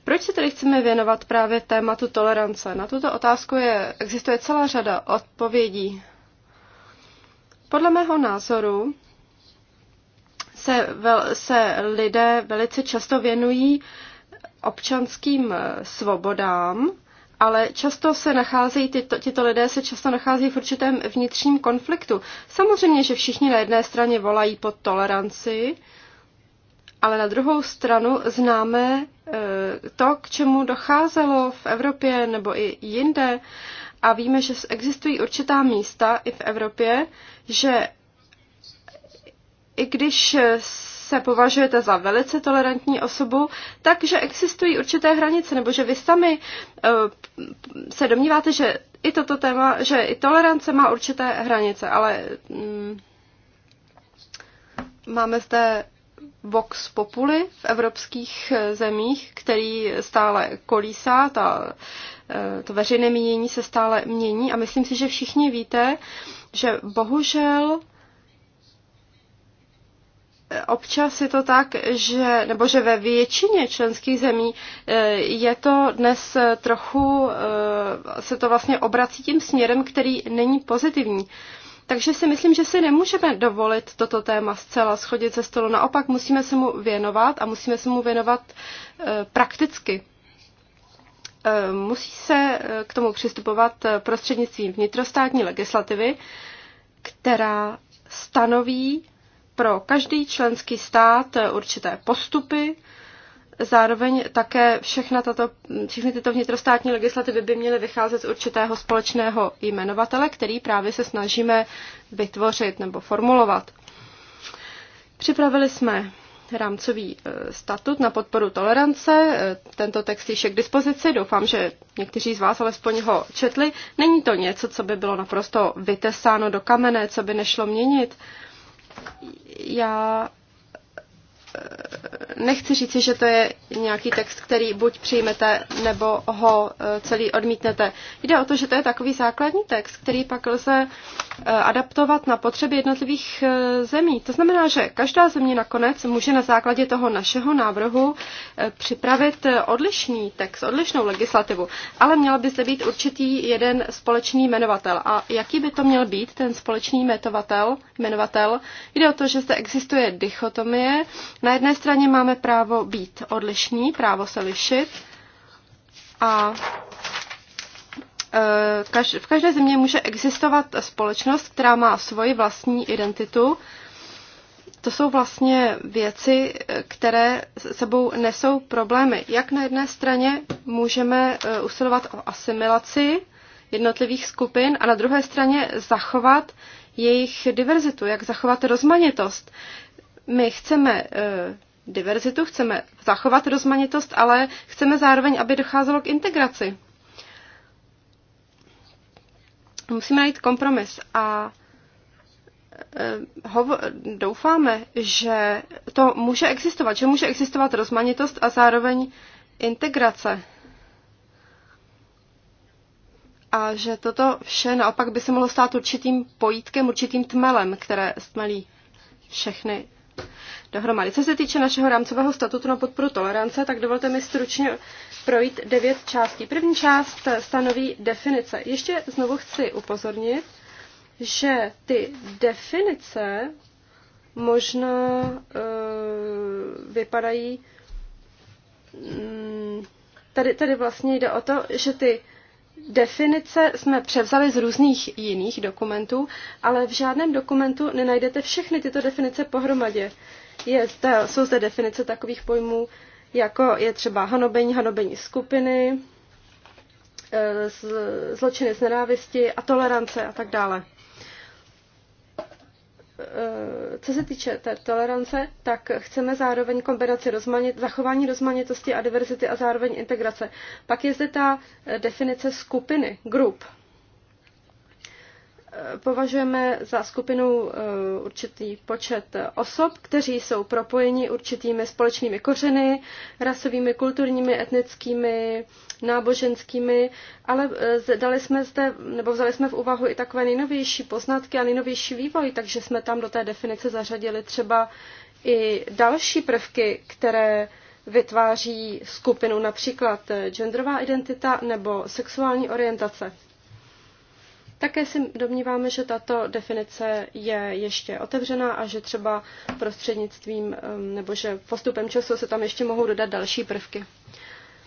Proč se tedy chceme věnovat právě tématu tolerance? Na tuto otázku je, existuje celá řada odpovědí. Podle mého názoru se, vel, se lidé velice často věnují občanským eh, svobodám, ale často se nacházejí, tyto, tyto lidé se často nacházejí v určitém vnitřním konfliktu. Samozřejmě, že všichni na jedné straně volají pod toleranci, ale na druhou stranu známe eh, to, k čemu docházelo v Evropě nebo i jinde a víme, že existují určitá místa i v Evropě, že i když se považujete za velice tolerantní osobu, takže existují určité hranice, nebo že vy sami eh, se domníváte, že i toto téma, že i tolerance má určité hranice, ale mm, máme zde vox populi v evropských zemích, který stále kolísá, ta Eh, to veřejné mínění se stále mění a myslím si, že všichni víte, že bohužel eh, občas je to tak, že, nebo že ve většině členských zemí eh, je to dnes trochu, se to vlastně obrací tím směrem, který není pozitivní. Takže si myslím, že si nemůžeme dovolit toto téma zcela schodit ze stolu. Naopak musíme se mu věnovat a musíme se mu věnovat prakticky. Eh, musí se eh, k tomu přistupovat eh, prostřednictvím vnitrostátní legislativy, která stanoví pro každý členský stát určité postupy, Zároveň také všechna tato, hm, všechny tyto vnitrostátní legislativy by měly vycházet z určitého společného jmenovatele, který právě se snažíme vytvořit nebo formulovat. Připravili jsme rámcový e, statut na podporu tolerance. E, tento text je k dispozici, doufám, že někteří z vás alespoň ho četli. Není to něco, co by bylo naprosto vytesáno do kamene, co by nešlo měnit. Já nechci říci, že to je nějaký text, který buď přijmete, nebo ho e, celý odmítnete. Jde o to, že to je takový základní text, který pak lze e, adaptovat na potřeby jednotlivých e, zemí. To znamená, že každá země nakonec může na základě toho našeho návrhu připravit odlišný text, odlišnou legislativu, ale měl by se být určitý jeden společný jmenovatel. A jaký by to měl být ten společný jmenovatel? Jde o to, že zde existuje dichotomie na jedné straně máme právo být odlišní, právo se lišit a e, v každé země může existovat společnost, která má svoji vlastní identitu. To jsou vlastně věci, které sebou nesou problémy. Jak na jedné straně můžeme e, usilovat o asimilaci jednotlivých skupin a na druhé straně zachovat jejich diverzitu, jak zachovat rozmanitost. My chceme eh, diverzitu, chceme zachovat rozmanitost, ale chceme zároveň, aby docházelo k integraci. Musíme najít kompromis a eh, doufáme, že to může existovat, že může existovat rozmanitost a zároveň integrace. A že toto vše naopak by se mohlo stát určitým pojítkem, určitým tmelem, které stmelí všechny dohromady. Co se týče našeho rámcového statutu na podporu tolerance, tak dovolte mi stručně projít devět částí. První část stanoví definice. Ještě znovu chci upozornit, že ty definice možná uh, vypadají. Mm, tady, tady vlastně jde o to, že ty definice jsme převzali z různých jiných dokumentů, ale v žádném dokumentu nenajdete všechny tyto definice pohromadě je ta, jsou zde definice takových pojmů, jako je třeba hanobení, hanobení skupiny, e, zločiny z nenávisti a tolerance a tak dále. E, co se týče té tolerance, tak chceme zároveň kombinaci rozmanit, zachování rozmanitosti a diverzity a zároveň integrace. Pak je zde ta definice skupiny, group, považujeme za skupinu eh, určitý počet osob, kteří jsou propojeni určitými společnými kořeny, rasovými, kulturními, etnickými, náboženskými, ale eh, dali jsme zde, nebo vzali jsme v úvahu i takové nejnovější poznatky a nejnovější vývoj, takže jsme tam do té definice zařadili třeba i další prvky, které vytváří skupinu, například eh, genderová identita nebo sexuální orientace. Také si domníváme, že tato definice je ještě otevřená a že třeba prostřednictvím um, nebo že postupem času se tam ještě mohou dodat další prvky.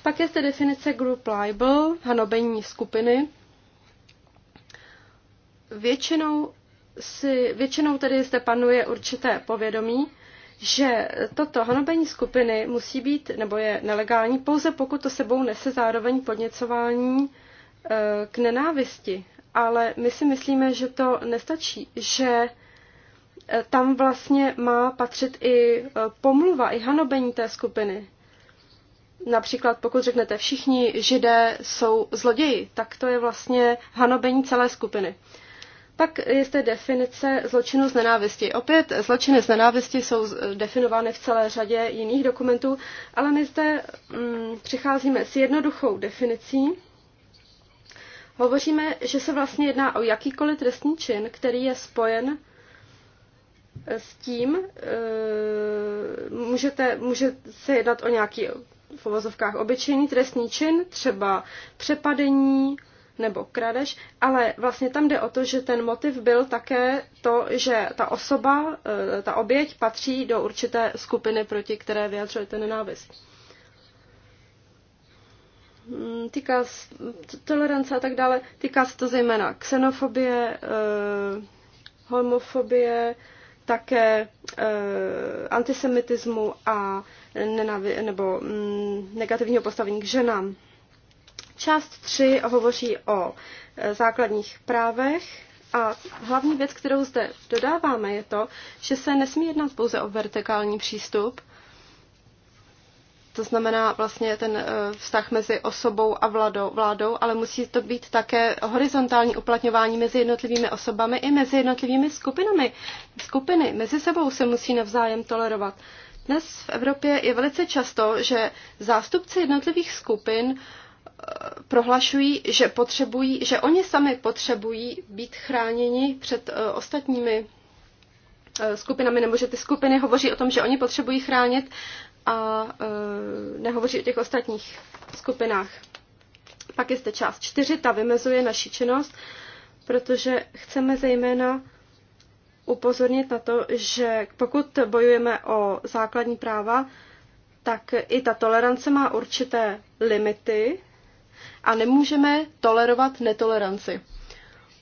Pak je zde definice group libel, hanobení skupiny. Většinou, si, většinou tedy zde panuje určité povědomí, že toto hanobení skupiny musí být nebo je nelegální pouze pokud to sebou nese zároveň podněcování eh, k nenávisti ale my si myslíme, že to nestačí, že eh, tam vlastně má patřit i eh, pomluva, i hanobení té skupiny. Například pokud řeknete všichni židé jsou zloději, tak to je vlastně hanobení celé skupiny. Pak je zde definice zločinu z nenávisti. Opět zločiny z nenávisti jsou eh, definovány v celé řadě jiných dokumentů, ale my zde mm, přicházíme s jednoduchou definicí, Hovoříme, že se vlastně jedná o jakýkoliv trestní čin, který je spojen eh, s tím, eh, můžete, může se jednat o nějaký v uvozovkách obyčejný trestní čin, třeba přepadení nebo kradeš, ale vlastně tam jde o to, že ten motiv byl také to, že ta osoba, eh, ta oběť patří do určité skupiny, proti které vyjadřujete ten nenávist. Mm, týká tolerance a tak dále, týká se to zejména xenofobie, eh, homofobie, také eh, antisemitismu a nenavi- nebo mm, negativního postavení k ženám. Část 3 hovoří o eh, základních právech a hlavní věc, kterou zde dodáváme, je to, že se nesmí jednat pouze o vertikální přístup, to znamená vlastně ten eh, vztah mezi osobou a vládou, vládou, ale musí to být také horizontální uplatňování mezi jednotlivými osobami i mezi jednotlivými skupinami. Skupiny mezi sebou se musí navzájem tolerovat. Dnes v Evropě je velice často, že zástupci jednotlivých skupin eh, prohlašují, že potřebují, že oni sami potřebují být chráněni před eh, ostatními skupinami, nebo že ty skupiny hovoří o tom, že oni potřebují chránit a e, nehovoří o těch ostatních skupinách. Pak je zde část čtyři ta vymezuje naši činnost, protože chceme zejména upozornit na to, že pokud bojujeme o základní práva, tak i ta tolerance má určité limity a nemůžeme tolerovat netoleranci.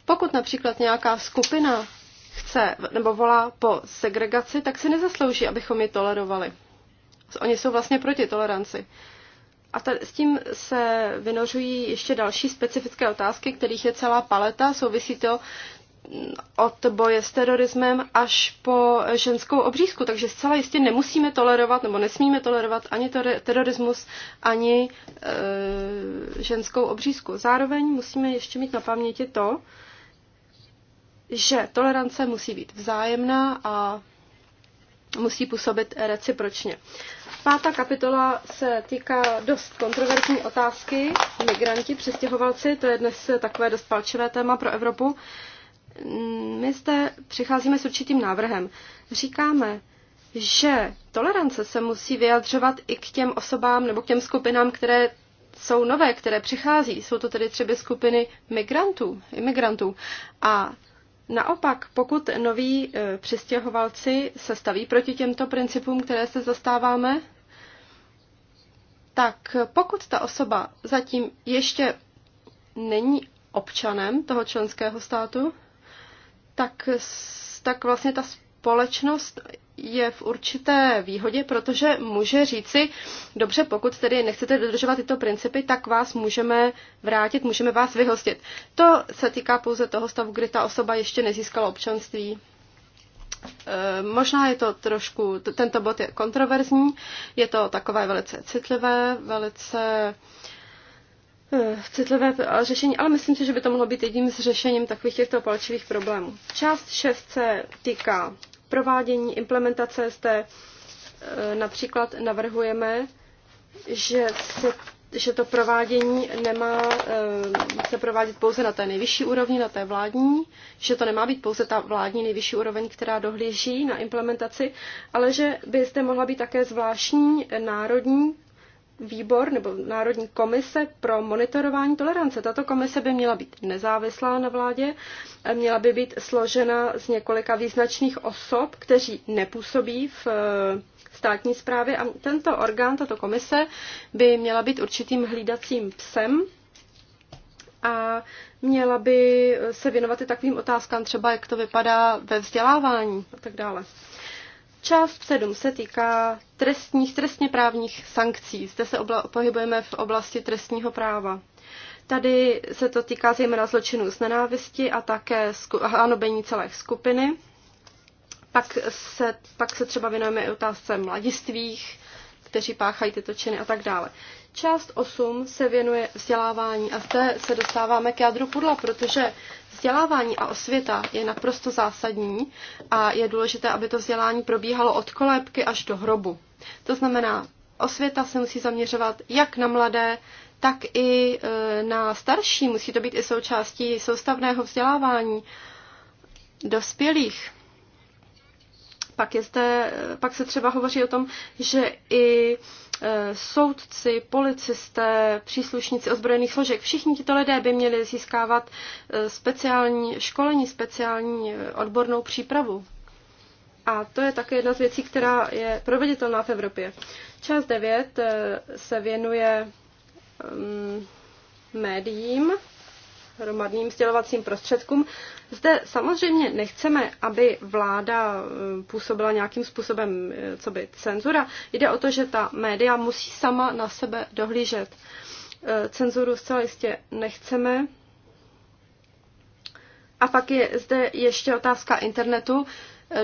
Pokud například nějaká skupina chce nebo volá po segregaci, tak si nezaslouží, abychom ji tolerovali. Oni jsou vlastně proti toleranci. A t- s tím se vynořují ještě další specifické otázky, kterých je celá paleta. Souvisí to mm, od boje s terorismem až po ženskou obřízku. Takže zcela jistě nemusíme tolerovat nebo nesmíme tolerovat ani terorismus, ani e, ženskou obřízku. Zároveň musíme ještě mít na paměti to, že tolerance musí být vzájemná a musí působit recipročně. E, Pátá kapitola se týká dost kontroverzní otázky. Migranti, přistěhovalci, to je dnes takové dost palčivé téma pro Evropu. My zde přicházíme s určitým návrhem. Říkáme, že tolerance se musí vyjadřovat i k těm osobám nebo k těm skupinám, které jsou nové, které přichází. Jsou to tedy třeba skupiny migrantů, imigrantů. A Naopak, pokud noví e, přistěhovalci se staví proti těmto principům, které se zastáváme, tak pokud ta osoba zatím ještě není občanem toho členského státu, tak, tak vlastně ta společnost je v určité výhodě, protože může říci, dobře, pokud tedy nechcete dodržovat tyto principy, tak vás můžeme vrátit, můžeme vás vyhostit. To se týká pouze toho stavu, kdy ta osoba ještě nezískala občanství. Eh, možná je to trošku, tento bod je kontroverzní, je to takové velice citlivé, velice eh, citlivé řešení, ale myslím si, že by to mohlo být jedním z řešením takových těchto palčivých problémů. Část 6 se týká provádění, implementace ST. E, například navrhujeme, že, se, že to provádění nemá e, se provádět pouze na té nejvyšší úrovni, na té vládní, že to nemá být pouze ta vládní nejvyšší úroveň, která dohlíží na implementaci, ale že by zde mohla být také zvláštní národní výbor nebo Národní komise pro monitorování tolerance. Tato komise by měla být nezávislá na vládě, měla by být složena z několika význačných osob, kteří nepůsobí v eh, státní správě a tento orgán, tato komise by měla být určitým hlídacím psem a měla by se věnovat i takovým otázkám, třeba jak to vypadá ve vzdělávání a tak dále. Část 7 se týká trestních, trestně právních sankcí. Zde se obla, pohybujeme v oblasti trestního práva. Tady se to týká zejména zločinů z nenávisti a také hanobení celé skupiny. Pak se, pak se třeba věnujeme i otázce mladistvých, kteří páchají tyto činy a tak dále. Část 8 se věnuje vzdělávání a zde se dostáváme k jádru pudla, protože vzdělávání a osvěta je naprosto zásadní a je důležité, aby to vzdělání probíhalo od kolébky až do hrobu. To znamená, osvěta se musí zaměřovat jak na mladé, tak i e, na starší. Musí to být i součástí soustavného vzdělávání dospělých. Pak, je zde, e, pak se třeba hovoří o tom, že i Eh, soudci, policisté, příslušníci ozbrojených složek, všichni tito lidé by měli získávat eh, speciální školení, speciální eh, odbornou přípravu. A to je také jedna z věcí, která je proveditelná v Evropě. Část 9 se věnuje um, médiím, hromadným sdělovacím prostředkům. Zde samozřejmě nechceme, aby vláda eh, působila nějakým způsobem, eh, co by cenzura. Jde o to, že ta média musí sama na sebe dohlížet. Eh, cenzuru zcela jistě nechceme. A pak je zde ještě otázka internetu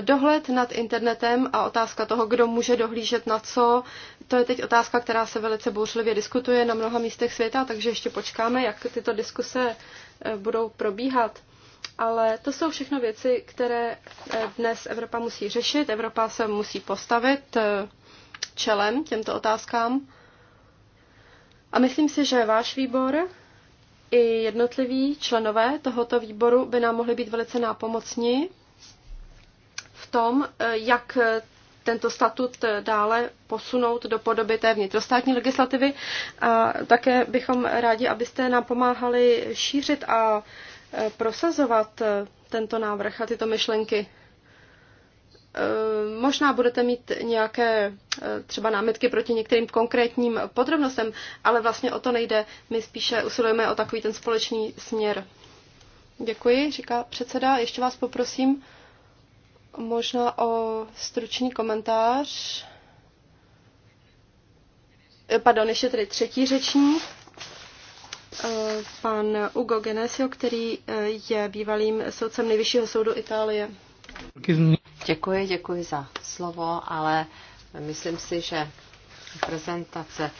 dohled nad internetem a otázka toho, kdo může dohlížet na co, to je teď otázka, která se velice bouřlivě diskutuje na mnoha místech světa, takže ještě počkáme, jak tyto diskuse e, budou probíhat. Ale to jsou všechno věci, které e, dnes Evropa musí řešit. Evropa se musí postavit e, čelem těmto otázkám. A myslím si, že váš výbor i jednotliví členové tohoto výboru by nám mohli být velice nápomocní v tom, jak tento statut dále posunout do podoby té vnitrostátní legislativy. A také bychom rádi, abyste nám pomáhali šířit a e, prosazovat e, tento návrh a tyto myšlenky. E, možná budete mít nějaké třeba námitky proti některým konkrétním podrobnostem, ale vlastně o to nejde. My spíše usilujeme o takový ten společný směr. Děkuji, říká předseda. Ještě vás poprosím možná o stručný komentář. Pardon, ještě tady třetí řeční eh, pan Ugo Genesio, který eh, je bývalým soudcem Nejvyššího soudu Itálie. Děkuji, děkuji za slovo, ale myslím si, že prezentace,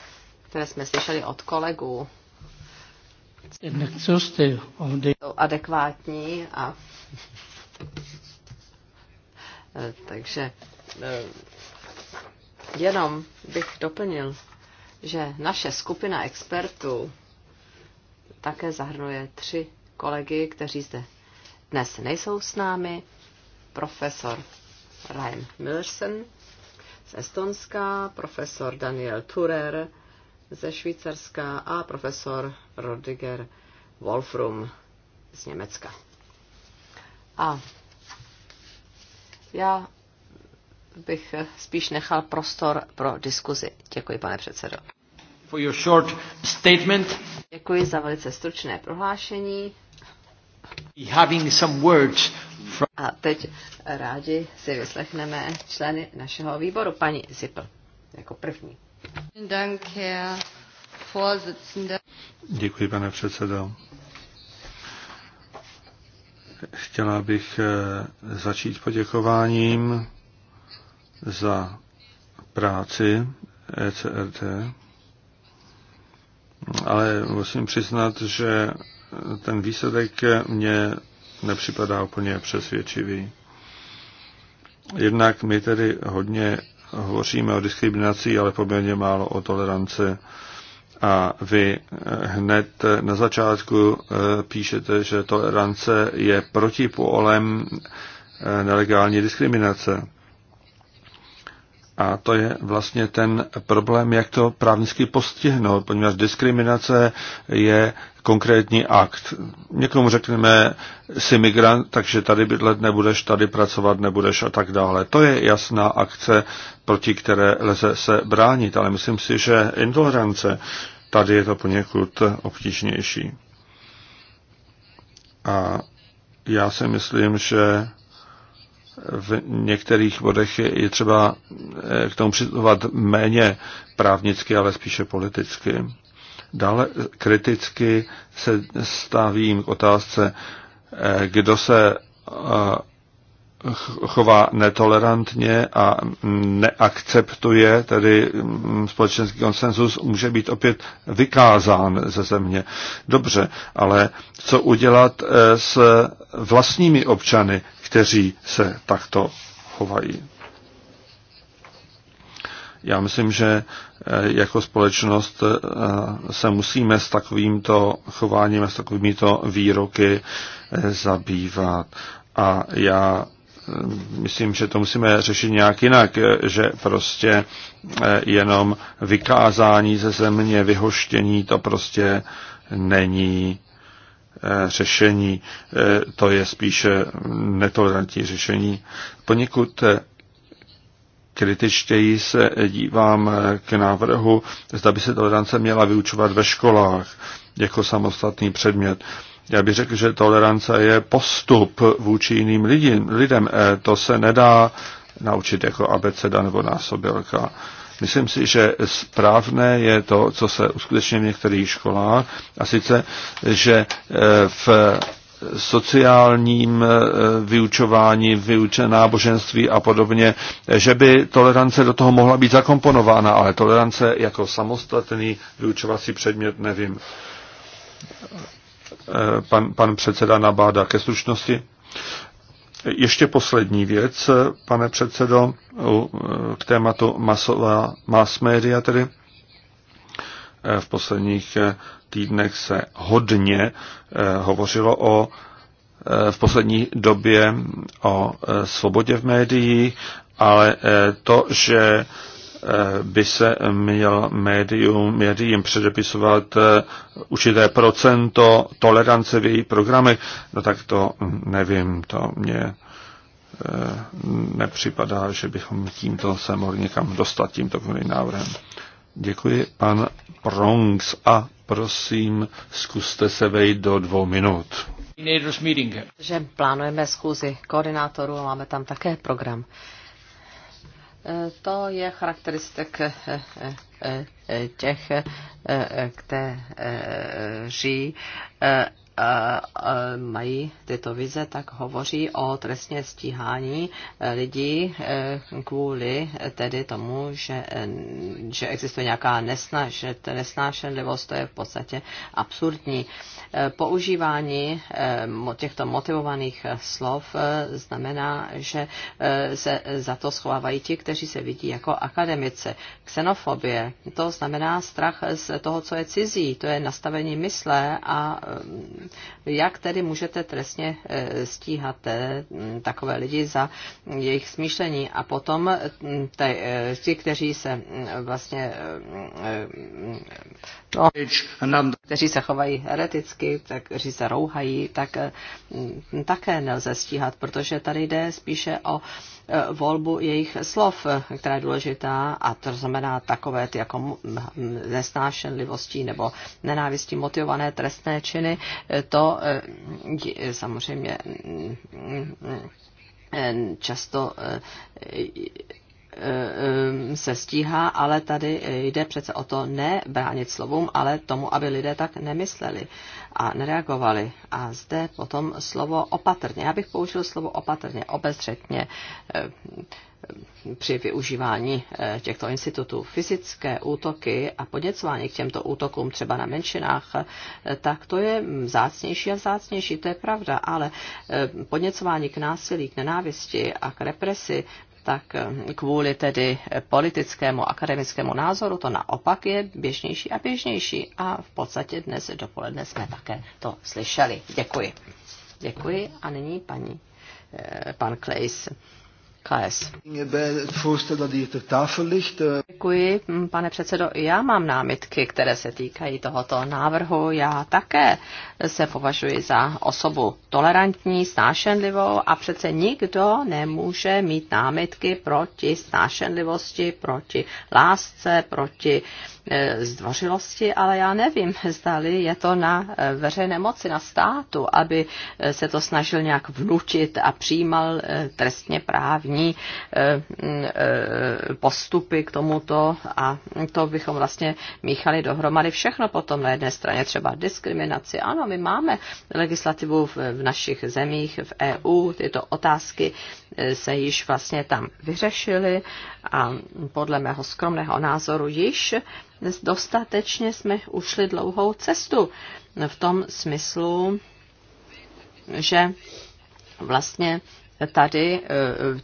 které jsme slyšeli od kolegů, jsou adekvátní a Eh, takže eh, jenom bych doplnil, že naše skupina expertů také zahrnuje tři kolegy, kteří zde dnes nejsou s námi. Profesor Ryan Millerson z Estonska, profesor Daniel Turer ze Švýcarska a profesor Rodiger Wolfrum z Německa. A já bych spíš nechal prostor pro diskuzi. Děkuji, pane předsedo. For your short statement. Děkuji za velice stručné prohlášení. Having some words from... A teď rádi si vyslechneme členy našeho výboru, paní Zipl, jako první. Děkuji, pane předsedo. Chtěla bych eh, začít poděkováním za práci ECRT, ale musím přiznat, že ten výsledek mě nepřipadá úplně přesvědčivý. Jednak my tedy hodně hovoříme o diskriminaci, ale poměrně málo o toleranci a vy eh, hned eh, na začátku eh, píšete, že tolerance je protipolem nelegální diskriminace. A to je vlastně ten problém, jak to právnicky postihnout, poněvadž diskriminace je konkrétní akt. Někomu řekneme, jsi migrant, takže tady bydlet nebudeš, tady pracovat nebudeš a tak dále. To je jasná akce, proti které lze se bránit, ale myslím si, že intolerance, tady je to poněkud obtížnější. A já si myslím, že v některých bodech je třeba eh, k tomu přistupovat méně právnicky, ale spíše politicky. Dále kriticky se stavím k otázce, eh, kdo se eh, chová netolerantně a neakceptuje, tedy mm, společenský konsenzus může být opět vykázán ze země. Dobře, ale co udělat s vlastními občany, kteří se takto chovají. Já myslím, že eh, jako společnost eh, se musíme s takovýmto chováním a s takovýmito výroky eh, zabývat. A já myslím, že to musíme řešit nějak jinak, že prostě jenom vykázání ze země, vyhoštění, to prostě není Eh, řešení. Eh, to je spíše netolerantní řešení. Poněkud eh, kritičtěji se dívám k návrhu, zda by se tolerance měla vyučovat ve školách jako samostatný předmět. Já bych řekl, že tolerance je postup vůči jiným lidem. lidem. To se nedá naučit jako abeceda nebo násobilka. Myslím si, že správné je to, co se uskutečňuje v některých školách, a sice, že eh, v sociálním eh, vyučování, vyuče náboženství a podobně, že by tolerance do toho mohla být zakomponována, ale tolerance jako samostatný vyučovací předmět nevím. Eh, pan, pan předseda nabádá ke slušnosti. Ještě poslední věc, pane předsedo, k tématu masová mass media tedy. Eh, v posledních eh, týdnech se hodně eh, hovořilo o v poslední době o svobodě v médiích, ale to, že by se měl médium, médiím předepisovat eh, určité procento tolerance v jejich programech, no tak to nevím, to mě eh, nepřipadá, že bychom tímto se mohli někam dostat, tímto návrhem. Děkuji, pan Prongs, a prosím, zkuste se vejít do dvou minut. Že plánujeme schůzi koordinátorů a máme tam také program. To je charakteristik eh, eh, eh, těch, kteří mají tyto vize, tak hovoří o trestně stíhání lidí kvůli tedy tomu, že, že existuje nějaká nesnášenlivost, to je v podstatě absurdní. Eh, používání eh, těchto motivovaných eh, slov znamená, že se za to schovávají ti, kteří se vidí jako akademice. Xenofobie, to znamená strach z toho, co je cizí, to je nastavení mysle a jak tedy můžete trestně stíhat takové lidi za jejich smýšlení a potom hm, ti, kteří se hm, vlastně hm, no, kteří se chovají hereticky, prostředky, tak, když se rouhají, tak mm, také nelze stíhat, protože tady jde spíše o eh, volbu jejich slov, která je důležitá, a to znamená takové ty jako hm, nesnášenlivostí nebo nenávistí motivované trestné činy, eh, to eh, samozřejmě hm, hm, často Eh, eh, se stíhá, ale tady jde přece o to ne bránit slovům, ale tomu, aby lidé tak nemysleli a nereagovali. A zde potom slovo opatrně. Já bych použil slovo opatrně, obezřetně eh, při využívání těchto institutů. Fyzické útoky a podněcování k těmto útokům třeba na menšinách, tak to je zácnější a zácnější to je pravda, ale podněcování k násilí, k nenávisti a k represi, tak eh, kvůli tedy politickému akademickému názoru to naopak je běžnější a běžnější. A v podstatě dnes dopoledne jsme také to slyšeli. Děkuji. Děkuji a nyní paní eh, pan Klejs. KS. Děkuji, pane předsedo. Já mám námitky, které se týkají tohoto návrhu. Já také se považuji za osobu tolerantní, snášenlivou a přece nikdo nemůže mít námitky proti snášenlivosti, proti lásce, proti uh, E, zdvořilosti, ale já nevím, zdali je to na e, veřejné moci, na státu, aby e, se to snažil nějak vnučit a přijímal trestně právní postupy k tomuto a to bychom vlastně míchali dohromady všechno potom na jedné straně třeba diskriminaci. Ano, my máme legislativu v, v našich zemích, v EU, tyto otázky se již vlastně tam vyřešily a podle mého skromného názoru již dostatečně jsme ušli dlouhou cestu v tom smyslu, že vlastně tady e,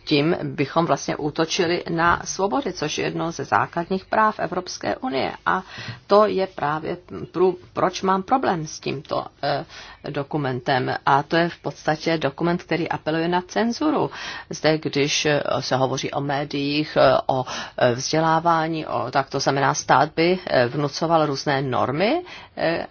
tím bychom vlastně útočili na svobody, což je jedno ze základních práv Evropské unie. A to je právě, proč mám problém s tímto e, dokumentem. A to je v podstatě dokument, který apeluje na cenzuru. Zde, když e, se hovoří o médiích, o vzdělávání, o, tak to znamená, stát by vnucoval různé normy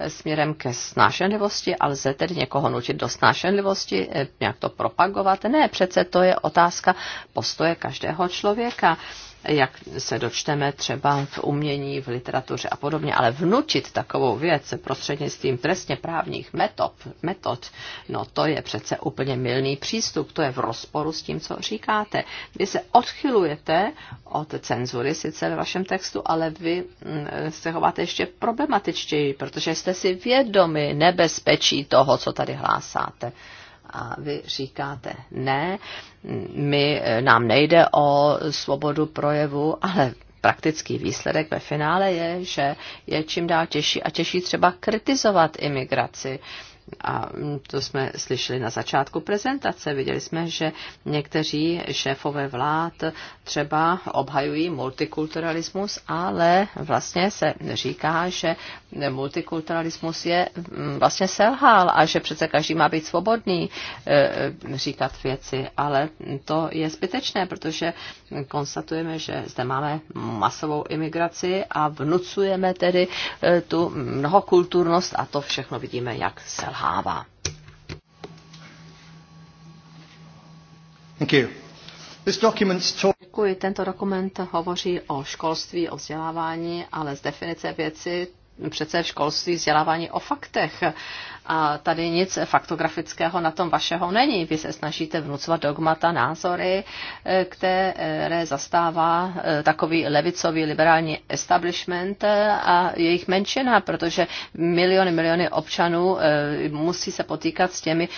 směrem ke snášenlivosti, ale lze tedy někoho nutit do snášenlivosti, nějak to propagovat. Ne, přece to je otázka postoje každého člověka jak se dočteme třeba v umění, v literatuře a podobně, ale vnučit takovou věc prostřednictvím trestně právních metod, metod, no to je přece úplně milný přístup, to je v rozporu s tím, co říkáte. Vy se odchylujete od cenzury sice ve vašem textu, ale vy mm, se chováte ještě problematičtěji, protože jste si vědomi nebezpečí toho, co tady hlásáte a vy říkáte ne, my, nám nejde o svobodu projevu, ale praktický výsledek ve finále je, že je čím dál těžší a těžší třeba kritizovat imigraci. Uh, a to jsme slyšeli na začátku prezentace. Viděli jsme, že někteří šéfové vlád třeba obhajují multikulturalismus, ale vlastně se říká, že multikulturalismus je mm, vlastně selhal a že přece každý má být svobodný eh, eh, říkat věci, ale to je zbytečné, protože konstatujeme, že zde máme masovou imigraci a vnucujeme tedy eh, tu mnohokulturnost a to všechno vidíme, jak selhal. Hava. Thank you. This document's Děkuji. Tento dokument hovoří o školství, o vzdělávání, ale z definice věci přece v školství vzdělávání o faktech a tady nic faktografického na tom vašeho není. Vy se snažíte vnucovat dogmata, názory, eh, které zastává eh, takový levicový liberální establishment eh, a jejich menšina, protože miliony, miliony občanů musí se potýkat s těmi,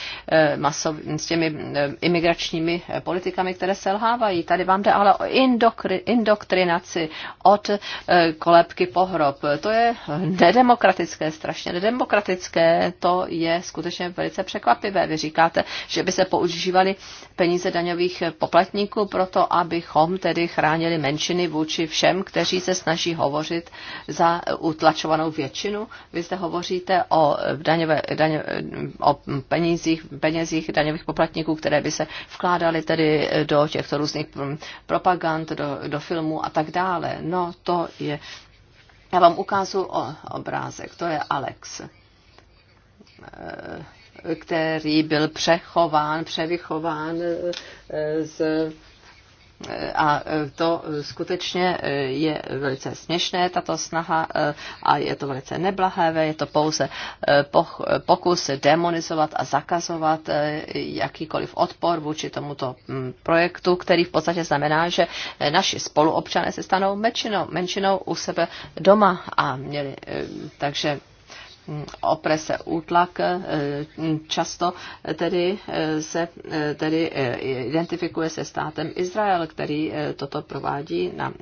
masov, s těmi imigračními politikami, které selhávají. Tady vám jde ale o indokri, indoktrinaci od kolebky pohrob. To je nedemokratické, strašně nedemokratické. To to je skutečně velice překvapivé. Vy říkáte, že by se používaly peníze daňových poplatníků proto, abychom tedy chránili menšiny vůči všem, kteří se snaží hovořit za utlačovanou většinu. Vy zde hovoříte o, daňové, daňo, o penízích, penězích daňových poplatníků, které by se vkládaly tedy do těchto různých propagand, do, do filmů a tak dále. No to je... Já vám ukážu obrázek, to je Alex. Eh, který byl přechován, převychován eh, z eh, a to skutečně je velice směšné, tato snaha, a je to velice neblahé, je to pouze pokus demonizovat a zakazovat jakýkoliv odpor vůči tomuto hm, projektu, který v podstatě znamená, že naši spoluobčané se stanou menšinou, menšinou u sebe doma a měli, takže oprese, útlak eh, často tedy eh, se eh, tedy identifikuje se státem Izrael, který toto provádí na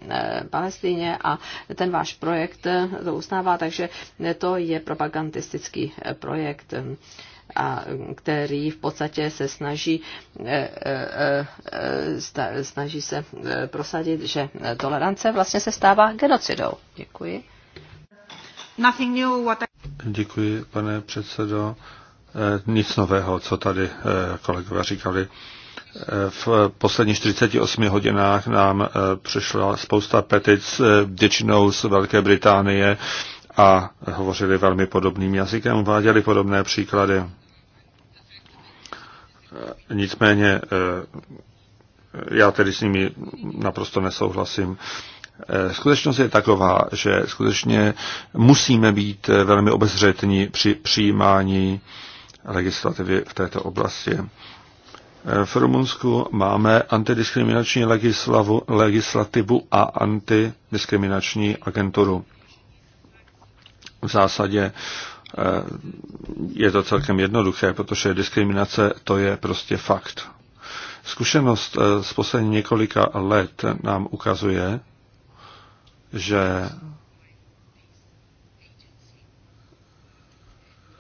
Palestíně a ten váš projekt to uznává, takže to je propagandistický projekt a který v podstatě se snaží, snaží se prosadit, že tolerance vlastně se stává genocidou. Děkuji. Děkuji, pane předsedo. Eh, nic nového, co tady eh, kolegové říkali. Eh, v posledních 48 hodinách nám přišla spousta petic, většinou z Velké Británie, a hovořili velmi podobným jazykem, uváděli podobné příklady. Nicméně já tedy s nimi naprosto nesouhlasím. Eh, skutečnost je taková, že skutečně musíme být eh, velmi obezřetní při přijímání legislativy v této oblasti. Eh, v Rumunsku máme antidiskriminační legislativu a antidiskriminační agenturu. V zásadě je to celkem jednoduché, protože diskriminace to je prostě fakt. Zkušenost z posledních několika let nám ukazuje, že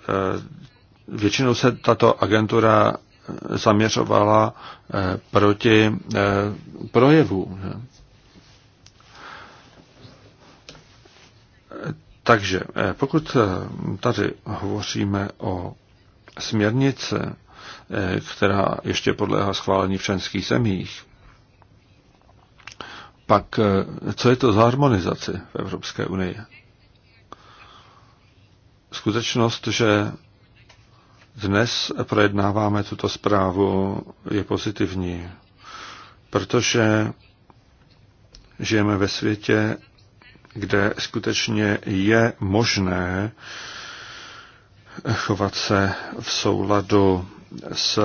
eh, většinou se tato agentura zaměřovala eh, proti eh, projevům. Takže pokud tady hovoříme o směrnice, která ještě podléhá schválení v členských zemích, pak, eh, co je to za harmonizaci v Evropské unii? Skutečnost, že dnes projednáváme tuto zprávu, je pozitivní, protože žijeme ve světě, kde skutečně je možné chovat se v souladu s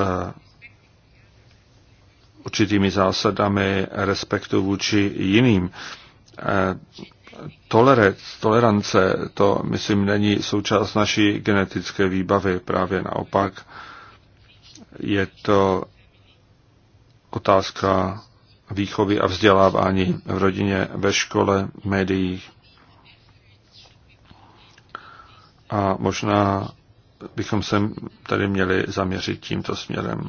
určitými zásadami respektu vůči jiným. E, tolerance, to myslím není součást naší genetické výbavy, právě naopak je to otázka výchovy a vzdělávání v rodině, ve škole, v médiích. A možná bychom se tady měli zaměřit tímto směrem.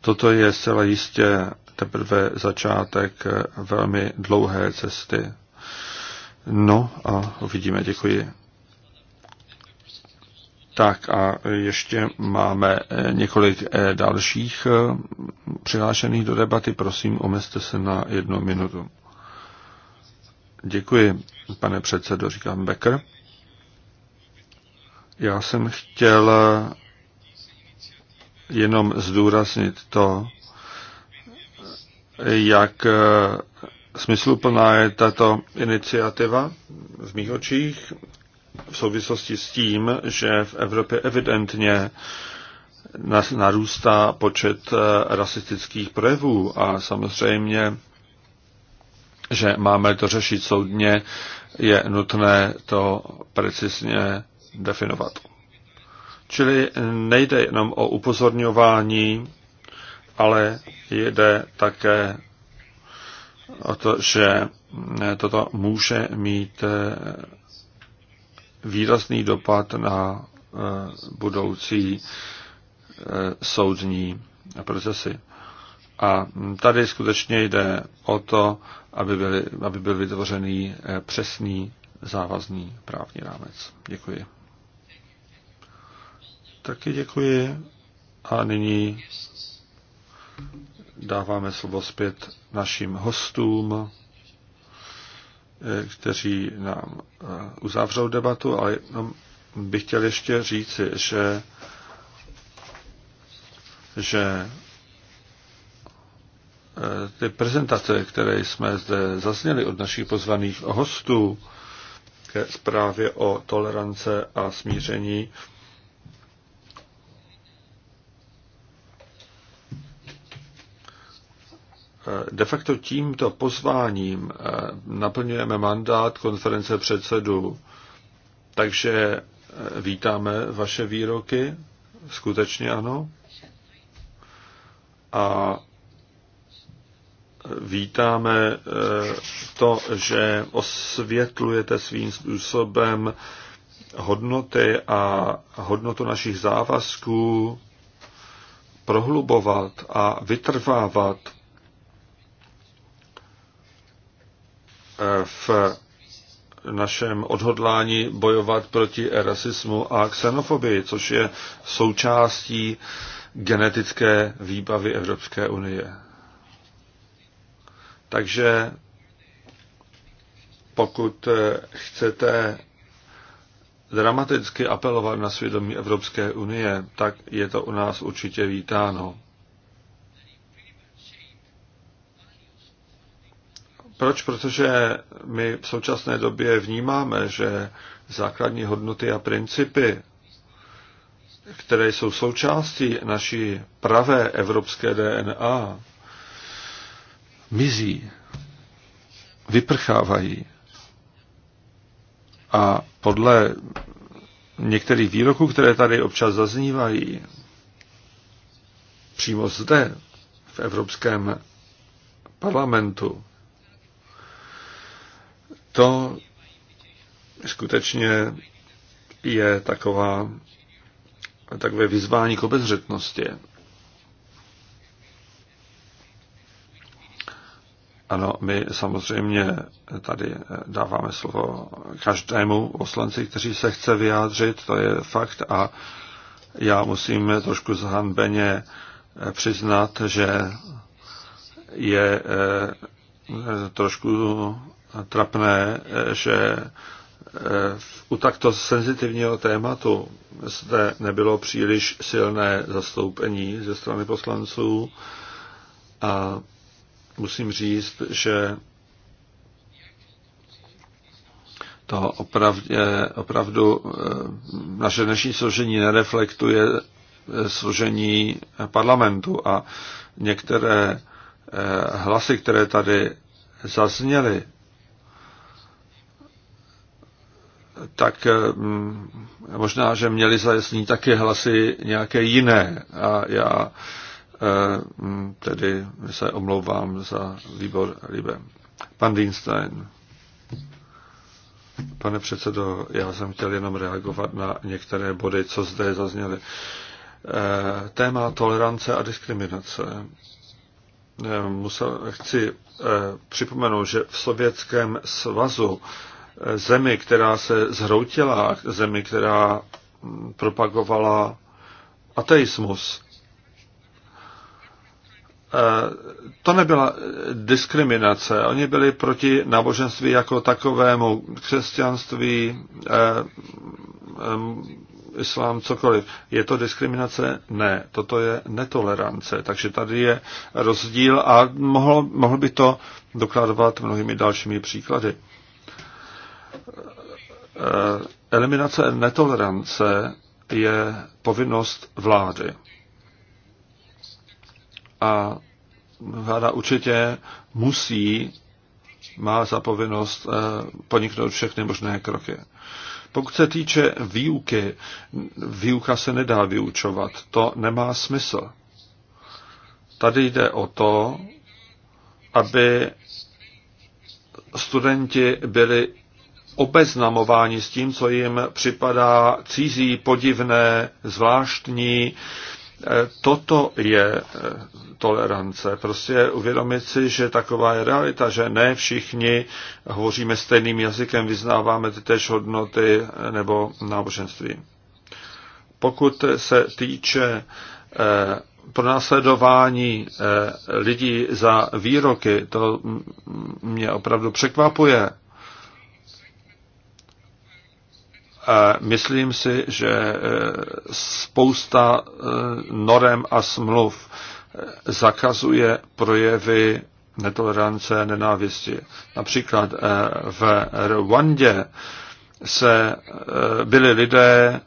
Toto je zcela jistě teprve začátek velmi dlouhé cesty. No a uvidíme, děkuji. Tak a ještě máme eh, několik eh, dalších eh, přihlášených do debaty. Prosím, omezte se na jednu minutu. Děkuji, pane předsedo, říkám Becker. Já jsem chtěl jenom zdůraznit to, jak eh, smysluplná je tato iniciativa v mých očích v souvislosti s tím, že v Evropě evidentně narůstá počet eh, rasistických projevů a samozřejmě, že máme to řešit soudně, je nutné to precizně definovat. Čili eh, nejde jenom o upozorňování, ale jde také o to, že eh, toto může mít eh, výrazný dopad na budoucí soudní procesy. A tady skutečně jde o to, aby, byly, aby byl vytvořený přesný závazný právní rámec. Děkuji. Taky děkuji. A nyní dáváme slovo zpět našim hostům, eh, kteří nám eh, uzavřou debatu, ale jenom bych chtěl ještě říci, že, že eh, ty prezentace, které jsme zde zazněli od našich pozvaných hostů ke zprávě o tolerance a smíření, de facto tímto pozváním eh, naplňujeme mandát konference předsedů. Takže eh, vítáme vaše výroky, skutečně ano. A eh, vítáme to, že osvětlujete svým způsobem hodnoty a hodnotu našich závazků prohlubovat a vytrvávat v našem odhodlání bojovat proti rasismu a xenofobii, což je součástí genetické výbavy Evropské unie. Takže pokud eh, chcete dramaticky apelovat na svědomí Evropské unie, tak je to u nás určitě vítáno. Proč? Protože my v současné době vnímáme, že základní hodnoty a principy, které jsou součástí naší pravé evropské DNA, mizí, vyprchávají. A podle některých výroků, které tady občas zaznívají, přímo zde v Evropském parlamentu, to skutečně je taková, takové vyzvání k obezřetnosti. Ano, my samozřejmě tady dáváme slovo každému poslanci, kteří se chce vyjádřit, to je fakt a já musím trošku zhanbeně přiznat, že je eh, trošku trapné, eh, že eh, u takto senzitivního tématu zde nebylo příliš silné zastoupení ze strany poslanců a musím říct, že to opravdě, opravdu eh, naše dnešní složení nereflektuje složení parlamentu a některé hlasy, které tady zazněly tak eh, možná, že měli zajesnít taky hlasy nějaké jiné. A já eh, tedy se omlouvám za výbor Libe. Pan Dienstein. Pane předsedo, já jsem chtěl jenom reagovat na některé body, co zde zazněly. Eh, téma tolerance a diskriminace. Musel, chci připomenout, že v Sovětském svazu zemi, která se zhroutila, zemi, která propagovala ateismus, e, to nebyla diskriminace. Oni byli proti náboženství jako takovému, křesťanství, e, e, islám, cokoliv. Je to diskriminace? Ne. Toto je netolerance. Takže tady je rozdíl a mohl, mohl by to dokladovat mnohými dalšími příklady. Eh, eliminace netolerance je povinnost vlády. A vláda určitě musí, má za povinnost eh, podniknout všechny možné kroky. Pokud se týče výuky, výuka se nedá vyučovat. To nemá smysl. Tady jde o to, aby studenti byli obeznamováni s tím, co jim připadá cizí, podivné, zvláštní. E, toto je e, tolerance. Prostě uvědomit si, že taková je realita, že ne všichni hovoříme stejným jazykem, vyznáváme ty též hodnoty e, nebo náboženství. Pokud se týče pronásledování lidí za výroky, to mě opravdu překvapuje. myslím si, že e, spousta e, norem a smluv e, zakazuje projevy netolerance, nenávisti. Například v Rwandě se byli lidé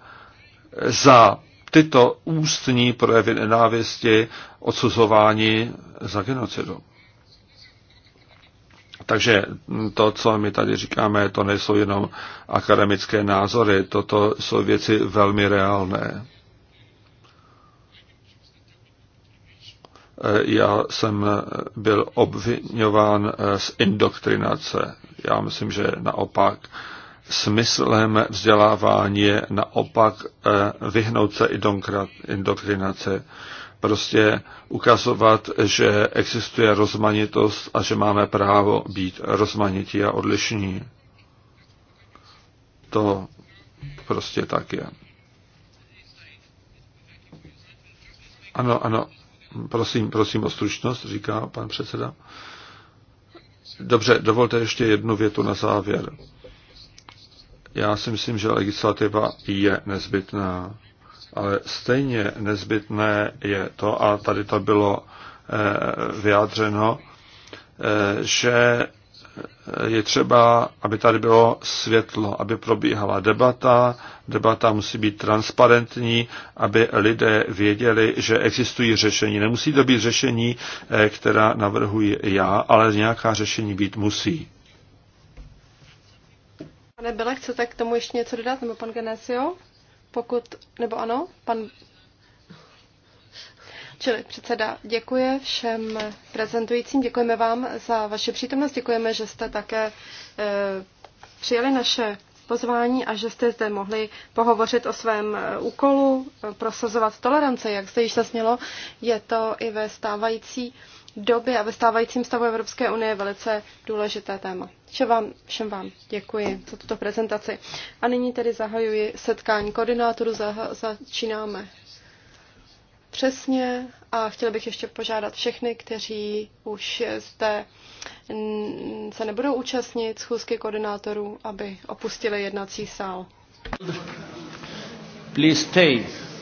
za tyto ústní projevy nenávisti odsuzováni za genocidu. Takže to, co my tady říkáme, to nejsou jenom akademické názory, toto jsou věci velmi reálné. Já jsem byl obvinován z indoktrinace. Já myslím, že naopak smyslem vzdělávání je naopak eh, vyhnout se indoktrinace prostě ukazovat, že existuje rozmanitost a že máme právo být rozmanití a odlišní. To prostě tak je. Ano, ano, prosím, prosím o stručnost, říká pan předseda. Dobře, dovolte ještě jednu větu na závěr. Já si myslím, že legislativa je nezbytná ale stejně nezbytné je to, a tady to bylo eh, vyjádřeno, eh, že eh, je třeba, aby tady bylo světlo, aby probíhala debata, debata musí být transparentní, aby lidé věděli, že existují řešení. Nemusí to být řešení, která navrhuji já, ale nějaká řešení být musí. Pane Bele, chcete k tomu ještě něco dodat, nebo pan Genesio? Pokud, nebo ano, pan Čili předseda děkuje všem prezentujícím, děkujeme vám za vaši přítomnost, děkujeme, že jste také e, přijali naše pozvání a že jste zde mohli pohovořit o svém e, úkolu e, prosazovat tolerance. Jak zde již zaznělo, je to i ve stávající době a ve stávajícím stavu Evropské unie je velice důležité téma. Všem vám, všem vám děkuji za tuto prezentaci. A nyní tedy zahajuji setkání koordinátorů. Za, začínáme přesně a chtěla bych ještě požádat všechny, kteří už zde se nebudou účastnit schůzky koordinátorů, aby opustili jednací sál. Please stay.